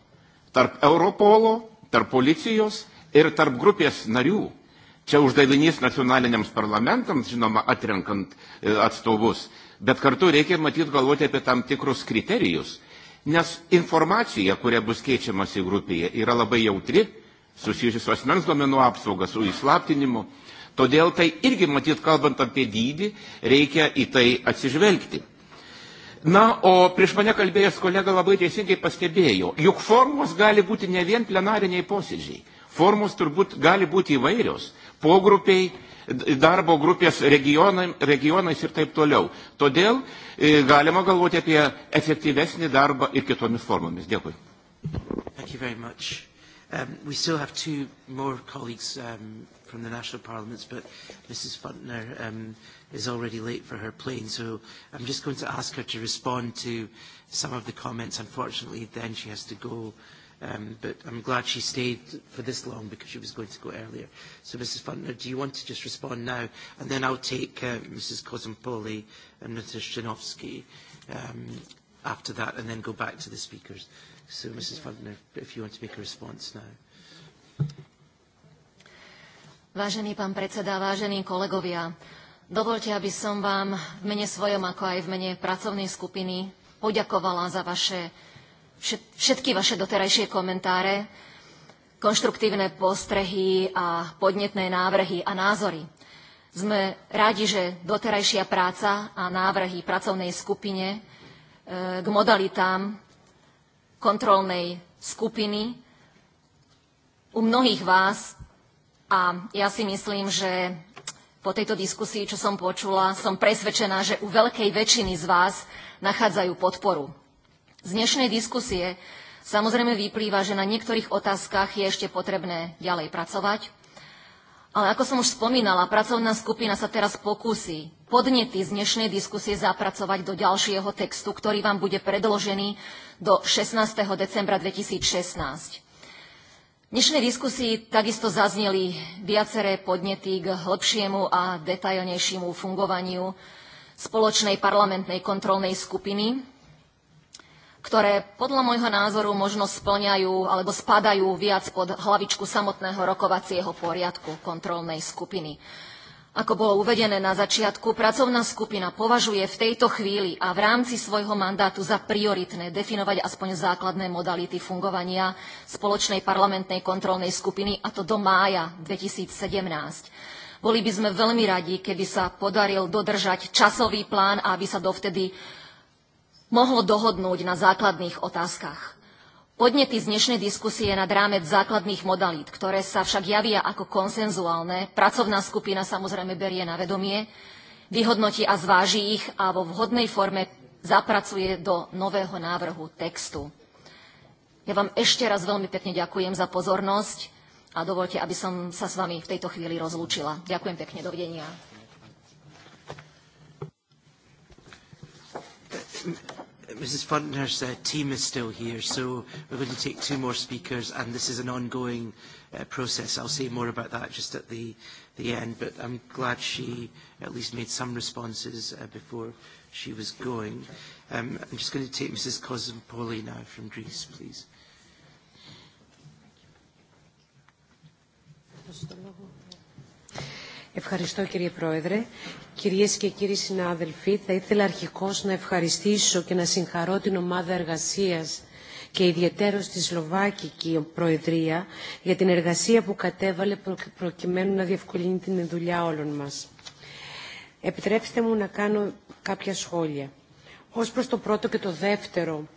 Tarp Europolo, tarp policijos ir tarp grupės narių. Čia uždavinys nacionaliniams parlamentams, žinoma, atrenkant e, atstovus. Bet kartu reikia matyti galvoti apie tam tikrus kriterijus. Nes informacija, kuria bus į grupėje, yra labai jautri susijusi su asmens duomenų apsauga, su įslaptinimu. Todėl tai irgi, matyt, kalbant apie dydį, reikia į tai atsižvelgti. Na, o prieš mane kalbėjęs kolega labai teisingai pastebėjo, juk formos gali būti ne vien plenariniai posėdžiai. Formos turbūt gali būti įvairios. Pogrupiai, darbo grupės regionai, regionais ir taip toliau. Todėl e, galima galvoti apie efektyvesnį darbą ir kitomis formomis. Dėkui. Thank you very much. Um, we still have two more colleagues um, from the national parliaments, but Mrs. Funtner um, is already late for her plane, so I'm just going to ask her to respond to some of the comments. Unfortunately, then she has to go, um, but I'm glad she stayed for this long because she was going to go earlier. So, Mrs. Funtner, do you want to just respond now? And then I'll take uh, Mrs. Kozampoli and Mr. Shinovsky um, after that, and then go back to the speakers. So, Mrs. Fundner, if you want to make a response now. Vážený pán predseda, vážení kolegovia, dovolte, aby som vám v mene svojom, ako aj v mene pracovnej skupiny poďakovala za vaše, všetky vaše doterajšie komentáre, konštruktívne postrehy a podnetné návrhy a názory. Sme rádi, že doterajšia práca a návrhy pracovnej skupine eh, k modalitám kontrolnej skupiny u mnohých vás a ja si myslím, že po tejto diskusii, čo som počula, som presvedčená, že u veľkej väčšiny z vás nachádzajú podporu. Z dnešnej diskusie samozrejme vyplýva, že na niektorých otázkach je ešte potrebné ďalej pracovať, ale ako som už spomínala, pracovná skupina sa teraz pokusí podnety z dnešnej diskusie zapracovať do ďalšieho textu, ktorý vám bude predložený do 16. decembra 2016. V dnešnej diskusii takisto zazneli viaceré podnety k hlbšiemu a detailnejšiemu fungovaniu spoločnej parlamentnej kontrolnej skupiny, ktoré podľa môjho názoru možno splňajú alebo spadajú viac pod hlavičku samotného rokovacieho poriadku kontrolnej skupiny. Ako bolo uvedené na začiatku, pracovná skupina považuje v tejto chvíli a v rámci svojho mandátu za prioritné definovať aspoň základné modality fungovania spoločnej parlamentnej kontrolnej skupiny, a to do mája 2017. Boli by sme veľmi radi, keby sa podaril dodržať časový plán a aby sa dovtedy mohlo dohodnúť na základných otázkach. Podnety z dnešnej diskusie nad rámec základných modalít, ktoré sa však javia ako konsenzuálne, pracovná skupina samozrejme berie na vedomie, vyhodnotí a zváži ich a vo vhodnej forme zapracuje do nového návrhu textu. Ja vám ešte raz veľmi pekne ďakujem za pozornosť a dovolte, aby som sa s vami v tejto chvíli rozlúčila. Ďakujem pekne, dovidenia. Eh, Mrs. Puntner's uh, team is still here, so we're going to take two more speakers, and this is an ongoing uh, process. I'll say more about that just at the, the end, but I'm glad she at least made some responses uh, before she was going. Um, I'm just going to take Mrs. Kozampoli now from Greece, please. Ευχαριστώ κύριε Πρόεδρε. Κυρίες και κύριοι συνάδελφοι, θα ήθελα αρχικώς να ευχαριστήσω και να συγχαρώ την ομάδα εργασίας και ιδιαίτερος στη Σλοβάκικη Προεδρία για την εργασία που κατέβαλε προκειμένου να διευκολύνει την δουλειά όλων μας. Επιτρέψτε μου να κάνω κάποια σχόλια. Ως προς το πρώτο και το δεύτερο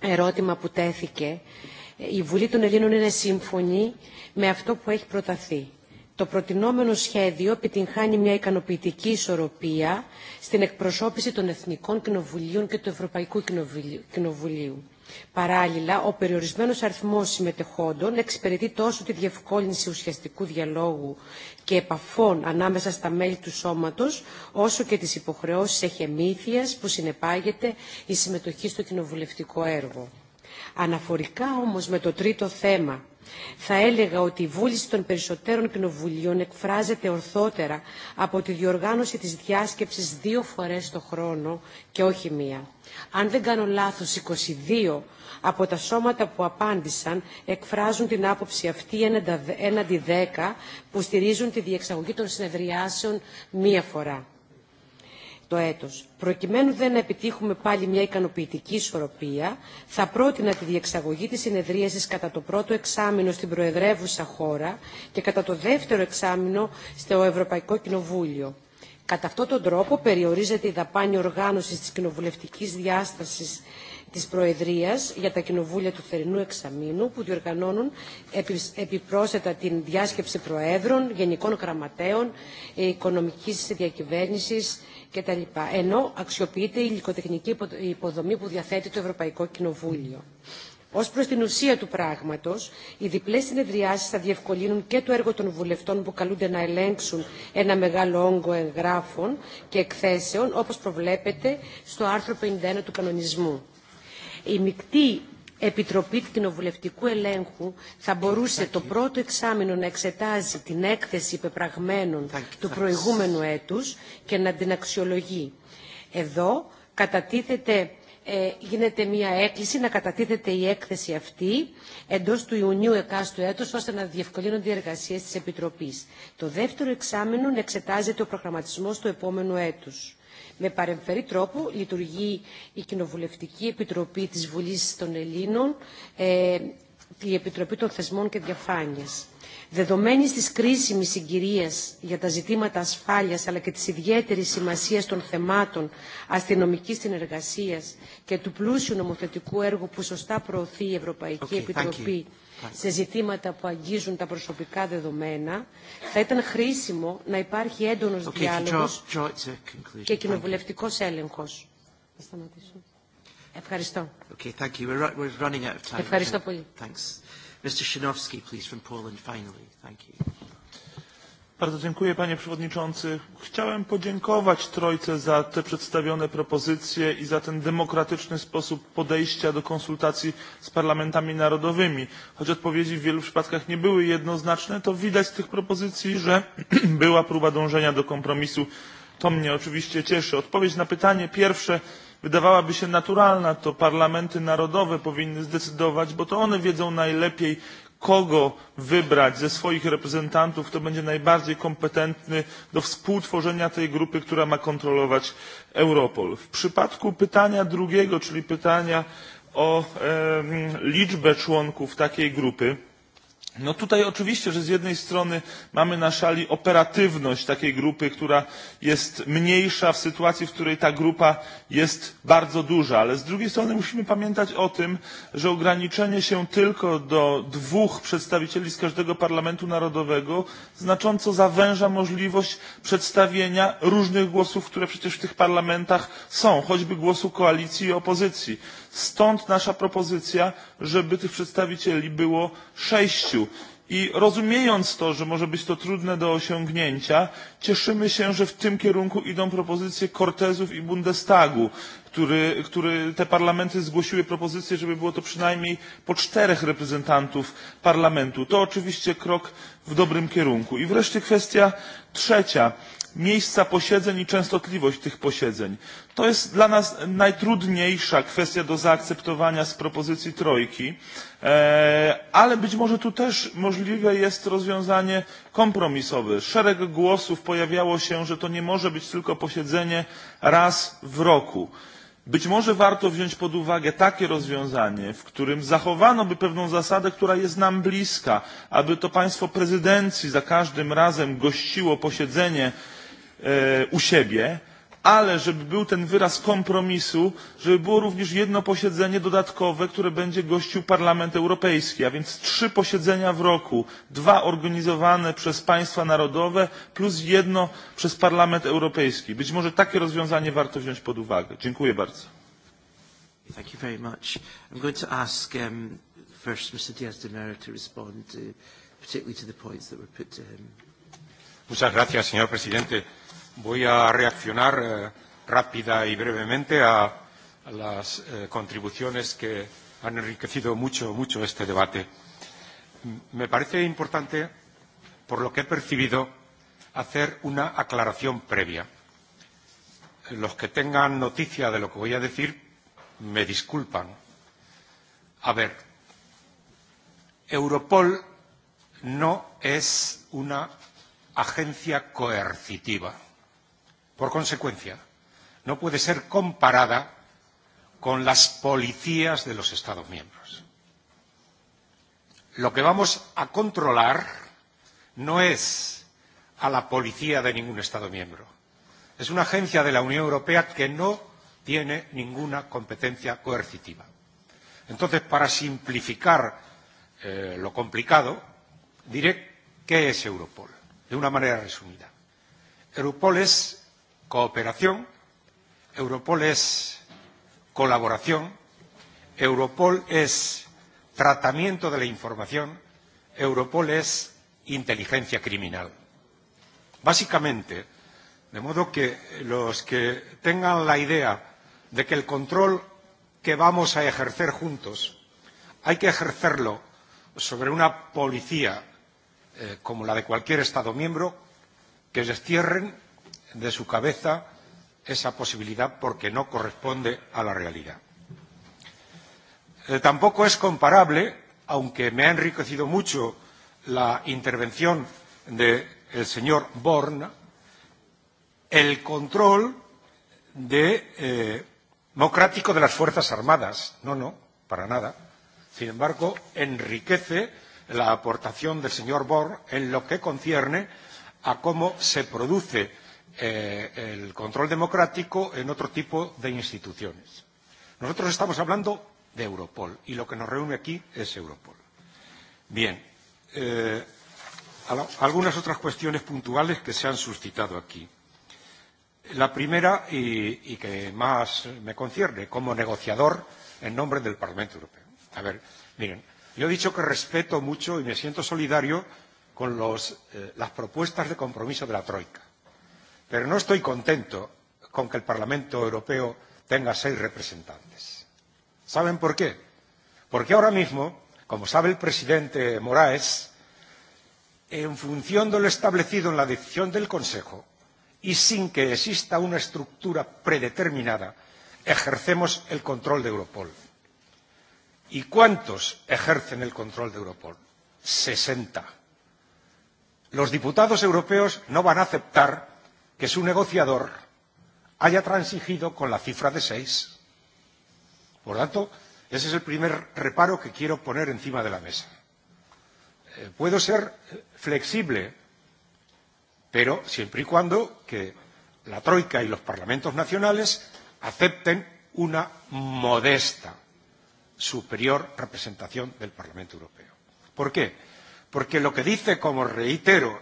ερώτημα που τέθηκε, η Βουλή των Ελλήνων είναι σύμφωνη με αυτό που έχει προταθεί το προτινόμενο σχέδιο επιτυγχάνει μια ικανοποιητική ισορροπία στην εκπροσώπηση των Εθνικών Κοινοβουλίων και του Ευρωπαϊκού Κοινοβουλίου. Παράλληλα, ο περιορισμένος αριθμός συμμετεχόντων εξυπηρετεί τόσο τη διευκόλυνση ουσιαστικού διαλόγου και επαφών ανάμεσα στα μέλη του σώματος, όσο και τις υποχρεώσεις εχεμήθειας που συνεπάγεται η συμμετοχή στο κοινοβουλευτικό έργο. Αναφορικά όμως με το τρίτο θέμα Θα έλεγα ότι η βούληση των περισσότερων κοινοβουλίων εκφράζεται ορθότερα από τη διοργάνωση της διάσκεψης δύο φορές το χρόνο και όχι μία. Αν δεν κάνω λάθος, 22 από τα σώματα που απάντησαν εκφράζουν την άποψη αυτή έναντι 10 που στηρίζουν τη διεξαγωγή των συνεδριάσεων μία φορά το έτος. Προκειμένου δεν να επιτύχουμε πάλι μια ικανοποιητική ισορροπία, θα πρότεινα τη διεξαγωγή της συνεδρίασης κατά το πρώτο εξάμεινο στην προεδρεύουσα χώρα και κατά το δεύτερο εξάμεινο στο Ευρωπαϊκό Κοινοβούλιο. Κατά αυτόν τον τρόπο περιορίζεται η δαπάνη οργάνωσης της κοινοβουλευτικής διάστασης της Προεδρίας για τα κοινοβούλια του θερινού εξαμήνου που διοργανώνουν επιπρόσθετα την διάσκεψη προέδρων, γενικών γραμματέων, οικονομικής διακυβέρνησης, κτλ. Ενώ αξιοποιείται η υλικοτεχνική υποδομή που διαθέτει το Ευρωπαϊκό Κοινοβούλιο. Ω προ την ουσία του πράγματο, οι διπλέ συνεδριάσει θα διευκολύνουν και το έργο των βουλευτών που καλούνται να ελέγξουν ένα μεγάλο όγκο εγγράφων και εκθέσεων, όπω προβλέπεται στο άρθρο 51 του κανονισμού. Η μεικτή Επιτροπή Κοινοβουλευτικού Ελέγχου θα μπορούσε το πρώτο εξάμεινο να εξετάζει την έκθεση υπεπραγμένων του προηγούμενου έτους και να την αξιολογεί. Εδώ κατατίθεται ε, γίνεται μια έκκληση να κατατίθεται η έκθεση αυτή εντός του Ιουνίου εκάστου έτους ώστε να διευκολύνονται οι εργασίες της Επιτροπής. Το δεύτερο εξάμεινο εξετάζεται ο προγραμματισμός του επόμενου έτους με παρεμφερή τρόπο λειτουργεί η Κοινοβουλευτική Επιτροπή της Βουλής των Ελλήνων, ε, η Επιτροπή των Θεσμών και Διαφάνειας. Δεδομένη της κρίσιμης συγκυρίας για τα ζητήματα ασφάλειας αλλά και της ιδιαίτερης σημασίας των θεμάτων αστυνομικής συνεργασίας και του πλούσιου νομοθετικού έργου που σωστά προωθεί η Ευρωπαϊκή okay, Επιτροπή σε ζητήματα που αγγίζουν τα προσωπικά δεδομένα, θα ήταν χρήσιμο να υπάρχει έντονος okay, διάλογος draw, draw και κοινοβουλευτικό έλεγχος. Θα σταματήσω. Ευχαριστώ. Okay, thank you. We're, we're running out of time. Ευχαριστώ πολύ. Thanks. Mr. Shinovsky, please, from Poland, finally. Thank you. Bardzo dziękuję panie przewodniczący. Chciałem podziękować Trojce za te przedstawione propozycje i za ten demokratyczny sposób podejścia do konsultacji z parlamentami narodowymi. Choć odpowiedzi w wielu przypadkach nie były jednoznaczne, to widać z tych propozycji, że była próba dążenia do kompromisu. To mnie oczywiście cieszy. Odpowiedź na pytanie pierwsze wydawałaby się naturalna, to parlamenty narodowe powinny zdecydować, bo to one wiedzą najlepiej, kogo wybrać ze swoich reprezentantów kto będzie najbardziej kompetentny do współtworzenia tej grupy która ma kontrolować europol. w przypadku pytania drugiego czyli pytania o e, liczbę członków takiej grupy No tutaj oczywiście, że z jednej strony mamy na szali operatywność takiej grupy, która jest mniejsza w sytuacji, w której ta grupa jest bardzo duża, ale z drugiej strony musimy pamiętać o tym, że ograniczenie się tylko do dwóch przedstawicieli z każdego parlamentu narodowego znacząco zawęża możliwość przedstawienia różnych głosów, które przecież w tych parlamentach są, choćby głosu koalicji i opozycji Stąd nasza propozycja, żeby tych przedstawicieli było sześciu. I rozumiejąc to, że może być to trudne do osiągnięcia, cieszymy się, że w tym kierunku idą propozycje cortesów i Bundestagu, który, który te parlamenty zgłosiły propozycję, żeby było to przynajmniej po czterech reprezentantów parlamentu. To oczywiście krok w dobrym kierunku. I wreszcie kwestia trzecia miejsca posiedzeń i częstotliwość tych posiedzeń. To jest dla nas najtrudniejsza kwestia do zaakceptowania z propozycji Trojki, e, ale być może tu też możliwe jest rozwiązanie kompromisowe. Szereg głosów pojawiało się, że to nie może być tylko posiedzenie raz w roku. Być może warto wziąć pod uwagę takie rozwiązanie, w którym zachowano by pewną zasadę, która jest nam bliska, aby to państwo prezydencji za każdym razem gościło posiedzenie E, u siebie, ale żeby był ten wyraz kompromisu, żeby było również jedno posiedzenie dodatkowe, które będzie gościł Parlament Europejski, a więc trzy posiedzenia w roku, dwa organizowane przez państwa narodowe plus jedno przez Parlament Europejski. Być może takie rozwiązanie warto wziąć pod uwagę. Dziękuję bardzo. Thank you very much. I'm going to ask um, first Mr. Diaz de Mera to respond, uh, particularly to the points that were put to him. Muchas gracias, señor presidente. Voy a reaccionar eh, rápida y brevemente a, a las eh, contribuciones que han enriquecido mucho, mucho este debate. Mm, me parece importante, por lo que he percibido, hacer una aclaración previa. Los que tengan noticia de lo que voy a decir, me disculpan. A ver, Europol no es una agencia coercitiva. Por consecuencia, no puede ser comparada con las policías de los Estados miembros. Lo que vamos a controlar no es a la policía de ningún Estado miembro. Es una agencia de la Unión Europea que no tiene ninguna competencia coercitiva. Entonces, para simplificar eh, lo complicado, diré qué es Europol de una manera resumida. Europol es cooperación, Europol es colaboración, Europol es tratamiento de la información, Europol es inteligencia criminal. Básicamente, de modo que los que tengan la idea de que el control que vamos a ejercer juntos hay que ejercerlo sobre una policía eh, como la de cualquier Estado miembro, que destierren de su cabeza esa posibilidad porque no corresponde a la realidad. Eh, tampoco es comparable, aunque me ha enriquecido mucho la intervención del de señor Born, el control de, eh, democrático de las Fuerzas Armadas. No, no, para nada. Sin embargo, enriquece la aportación del señor Borg en lo que concierne a cómo se produce eh, el control democrático en otro tipo de instituciones. Nosotros estamos hablando de Europol y lo que nos reúne aquí es Europol. Bien, eh, algunas otras cuestiones puntuales que se han suscitado aquí. La primera y, y que más me concierne como negociador en nombre del Parlamento Europeo. A ver, miren, Yo he dicho que respeto mucho y me siento solidario con los, eh, las propuestas de compromiso de la Troika. Pero no estoy contento con que el Parlamento Europeo tenga seis representantes. ¿Saben por qué? Porque ahora mismo, como sabe el presidente Moraes, en función de lo establecido en la decisión del Consejo y sin que exista una estructura predeterminada, ejercemos el control de Europol. ¿Y cuántos ejercen el control de Europol? 60. Los diputados europeos no van a aceptar que su negociador haya transigido con la cifra de seis. Por tanto, ese es el primer reparo que quiero poner encima de la mesa. Eh, puedo ser flexible, pero siempre y cuando que la Troika y los parlamentos nacionales acepten una modesta superior representación del Parlamento Europeo. ¿Por qué? Porque lo que dice, como reitero,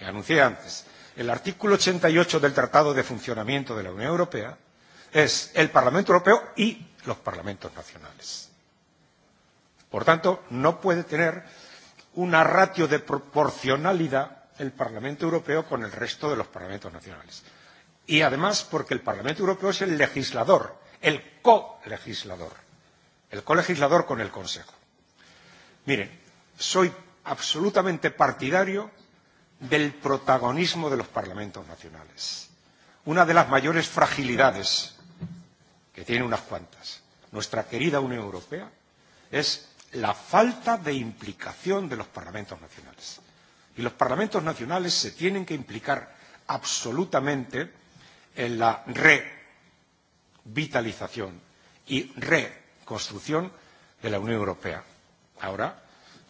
y anuncié antes, el artículo 88 del Tratado de Funcionamiento de la Unión Europea es el Parlamento Europeo y los parlamentos nacionales. Por tanto, no puede tener una ratio de proporcionalidad el Parlamento Europeo con el resto de los parlamentos nacionales. Y además porque el Parlamento Europeo es el legislador, el co-legislador el colegislador con el Consejo. Miren, soy absolutamente partidario del protagonismo de los parlamentos nacionales. Una de las mayores fragilidades, que tiene unas cuantas, nuestra querida Unión Europea, es la falta de implicación de los parlamentos nacionales. Y los parlamentos nacionales se tienen que implicar absolutamente en la revitalización y re construcción de la Unión Europea. Ahora,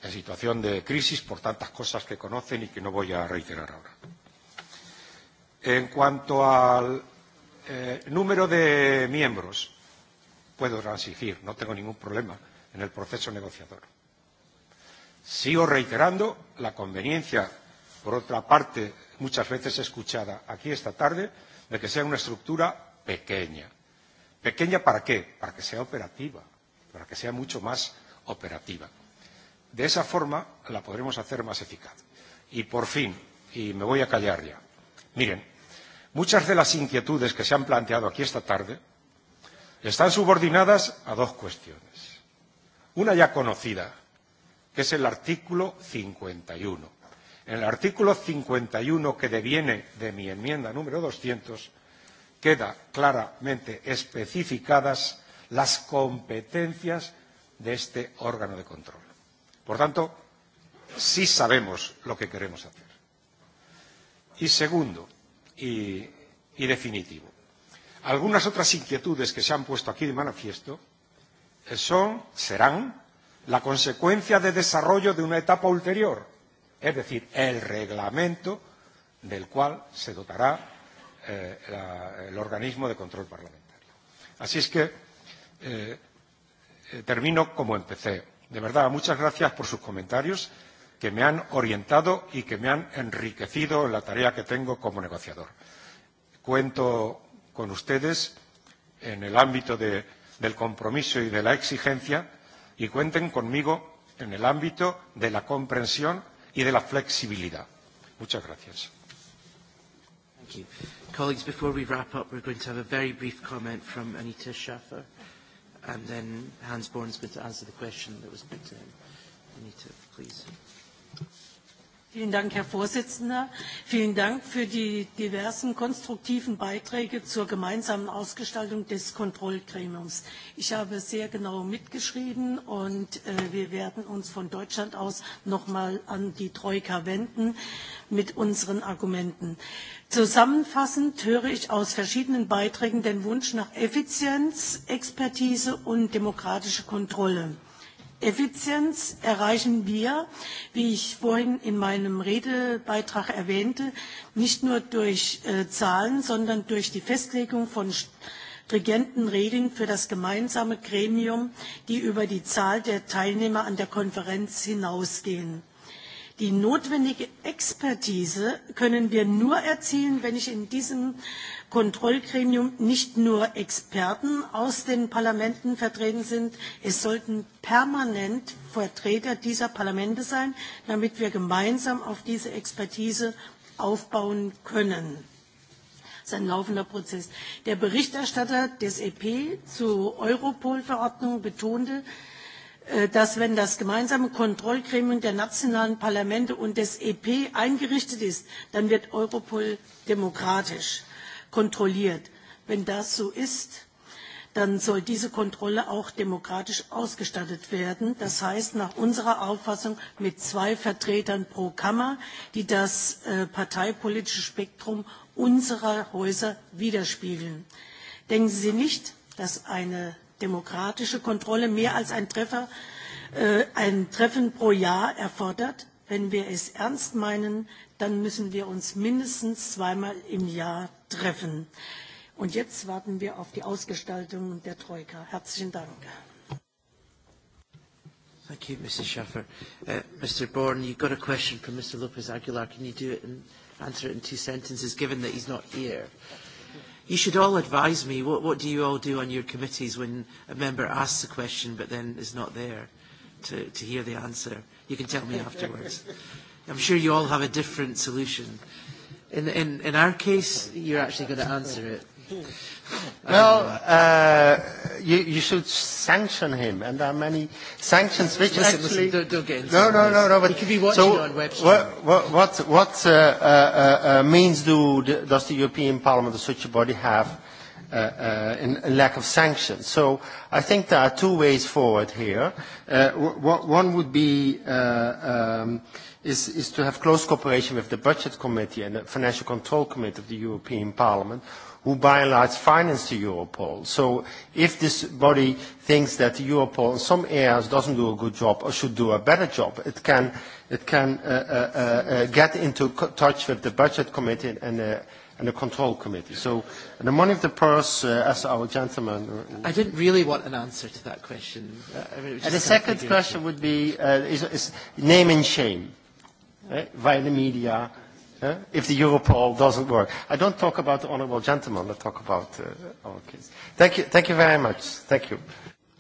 en situación de crisis, por tantas cosas que conocen y que no voy a reiterar ahora. En cuanto al eh, número de miembros, puedo transigir, no tengo ningún problema en el proceso negociador. Sigo reiterando la conveniencia, por otra parte, muchas veces escuchada aquí esta tarde, de que sea una estructura pequeña. ¿Pequeña para qué? Para que sea operativa, para que sea mucho más operativa. De esa forma la podremos hacer más eficaz. Y por fin, y me voy a callar ya, miren, muchas de las inquietudes que se han planteado aquí esta tarde están subordinadas a dos cuestiones. Una ya conocida, que es el artículo 51. En el artículo 51 que deviene de mi enmienda número 200 queda claramente especificadas las competencias de este órgano de control. Por tanto, sí sabemos lo que queremos hacer. Y segundo, y, y definitivo, algunas otras inquietudes que se han puesto aquí de manifiesto eh, son, serán la consecuencia de desarrollo de una etapa ulterior, es decir, el reglamento del cual se dotará eh, la, el organismo de control parlamentario. Así es que eh, eh, termino como empecé. De verdad, muchas gracias por sus comentarios que me han orientado y que me han enriquecido en la tarea que tengo como negociador. Cuento con ustedes en el ámbito de, del compromiso y de la exigencia y cuenten conmigo en el ámbito de la comprensión y de la flexibilidad. Muchas gracias. Thank you. Colleagues, before we wrap up, we're going to have a very brief comment from Anita Schaffer and then Hans Born going to answer the question that was put to him. Anita, please. Vielen Dank, Herr Vorsitzender. Vielen Dank für die diversen konstruktiven Beiträge zur gemeinsamen Ausgestaltung des Kontrollgremiums. Ich habe sehr genau mitgeschrieben und äh, wir werden uns von Deutschland aus noch mal an die Troika wenden mit unseren Argumenten. Zusammenfassend höre ich aus verschiedenen Beiträgen den Wunsch nach Effizienz, Expertise und demokratische Kontrolle. Effizienz erreichen wir, wie ich vorhin in meinem Redebeitrag erwähnte, nicht nur durch äh, Zahlen, sondern durch die Festlegung von stringenten Regeln für das gemeinsame Gremium, die über die Zahl der Teilnehmer an der Konferenz hinausgehen. Die notwendige Expertise können wir nur erzielen, wenn ich in diesem Kontrollgremium nicht nur Experten aus den Parlamenten vertreten sind, es sollten permanent Vertreter dieser Parlamente sein, damit wir gemeinsam auf diese Expertise aufbauen können. Das ist ein laufender Prozess. Der Berichterstatter des EP zur Europol-Verordnung betonte, äh, dass wenn das gemeinsame Kontrollgremium der nationalen Parlamente und des EP eingerichtet ist, dann wird Europol demokratisch kontrolliert. Wenn das so ist, dann soll diese Kontrolle auch demokratisch ausgestattet werden. Das heißt nach unserer Auffassung mit zwei Vertretern pro Kammer, die das äh, parteipolitische Spektrum unserer Häuser widerspiegeln. Denken Sie nicht, dass eine demokratische Kontrolle mehr als ein, Treffer, äh, ein Treffen pro Jahr erfordert? Wenn wir es ernst meinen, dann müssen wir uns mindestens zweimal im Jahr treffen. Und jetzt warten wir auf die Ausgestaltung der Troika. Herzlichen Dank. Thank you, Mrs. Schaffer. Uh, Mr. Bourne, you've got a question from Mr. Lopez Aguilar. Can you do it and answer it in two sentences, given that he's not here? You should all advise me. What, what do you all do on your committees when a member asks a question but then is not there to, to hear the answer? You can tell me afterwards. I'm sure you all have a different solution. In, in, in our case, you're actually going to answer it. Well, uh, you, you should sanction him, and there are many sanctions which listen, actually. Listen, don't, don't get into no, no, no, no. But he could be watching so on website. What, what, what, what uh, uh, uh, uh, means do the, does the European Parliament or such a body have uh, uh, in, in lack of sanctions? So I think there are two ways forward here. Uh, w- one would be. Uh, um, is, is to have close cooperation with the Budget Committee and the Financial Control Committee of the European Parliament, who by and large finance the Europol. So if this body thinks that the Europol in some areas doesn't do a good job or should do a better job, it can, it can uh, uh, uh, uh get into touch with the Budget Committee and the uh, and the control committee. So, and the money of the purse, uh, as our gentleman. Uh, I didn't really want an answer to that question. Uh, I mean, and the second question would be uh, is, is name and shame eh, via the media, eh, if the Europol doesn't work. I don't talk about the honorable gentleman. I talk about uh, our case. Thank you. Thank you very much. Thank you.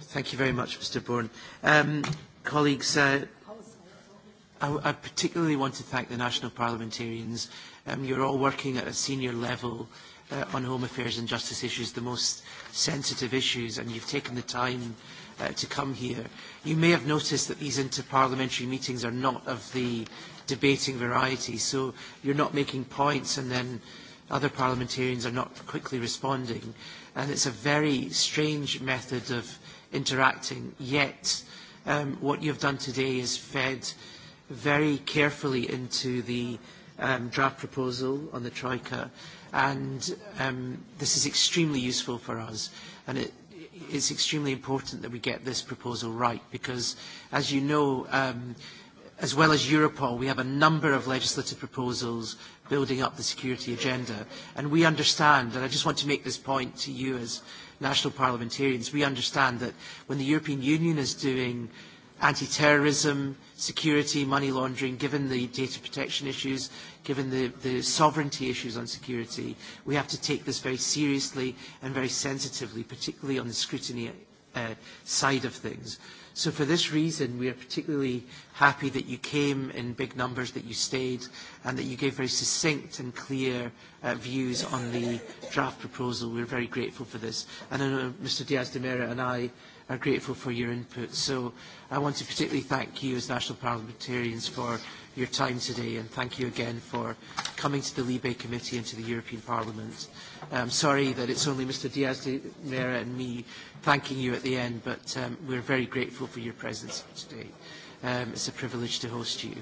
Thank you very much, Mr. Bourne. Um, colleagues, uh, I, I particularly want to thank the national parliamentarians. Um, you're all working at a senior level uh, on home affairs and justice issues, the most sensitive issues, and you've taken the time uh, to come here. You may have noticed that these interparliamentary meetings are not of the debating variety, so you're not making points and then other parliamentarians are not quickly responding. And it's a very strange method of interacting, yet um, what you've done today is fed very carefully into the um, draft proposal on the Troika, and um, this is extremely useful for us. And it, it's extremely important that we get this proposal right, because as you know, um, as well as Europol, we have a number of legislative proposals building up the security agenda. And we understand, and I just want to make this point to you as national parliamentarians, we understand that when the European Union is doing anti-terrorism, security, money laundering, given the data protection issues, given the, the sovereignty issues on security, we have to take this very seriously and very sensitively, particularly on the scrutiny uh, side of things. So for this reason, we are particularly happy that you came in big numbers, that you stayed, and that you gave very succinct and clear uh, views on the draft proposal. We're very grateful for this. And I know Mr Diaz de Mera and I are grateful for your input. So I want to particularly thank you as national parliamentarians for your time today and thank you again for coming to the Libe Committee and to the European Parliament. I'm um, sorry that it's only Mr Diaz de Mera and me thanking you at the end, but um, we're very grateful for your presence today. Um, it's a privilege to host you.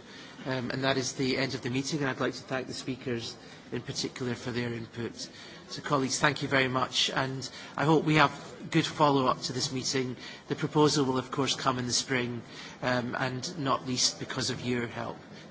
Um, and that is the end of the meeting, and I'd like to thank the speakers in particular for their input. So colleagues, thank you very much, and I hope we have good follow-up to this meeting. The proposal will of course come in the spring, um, and not least because of your help.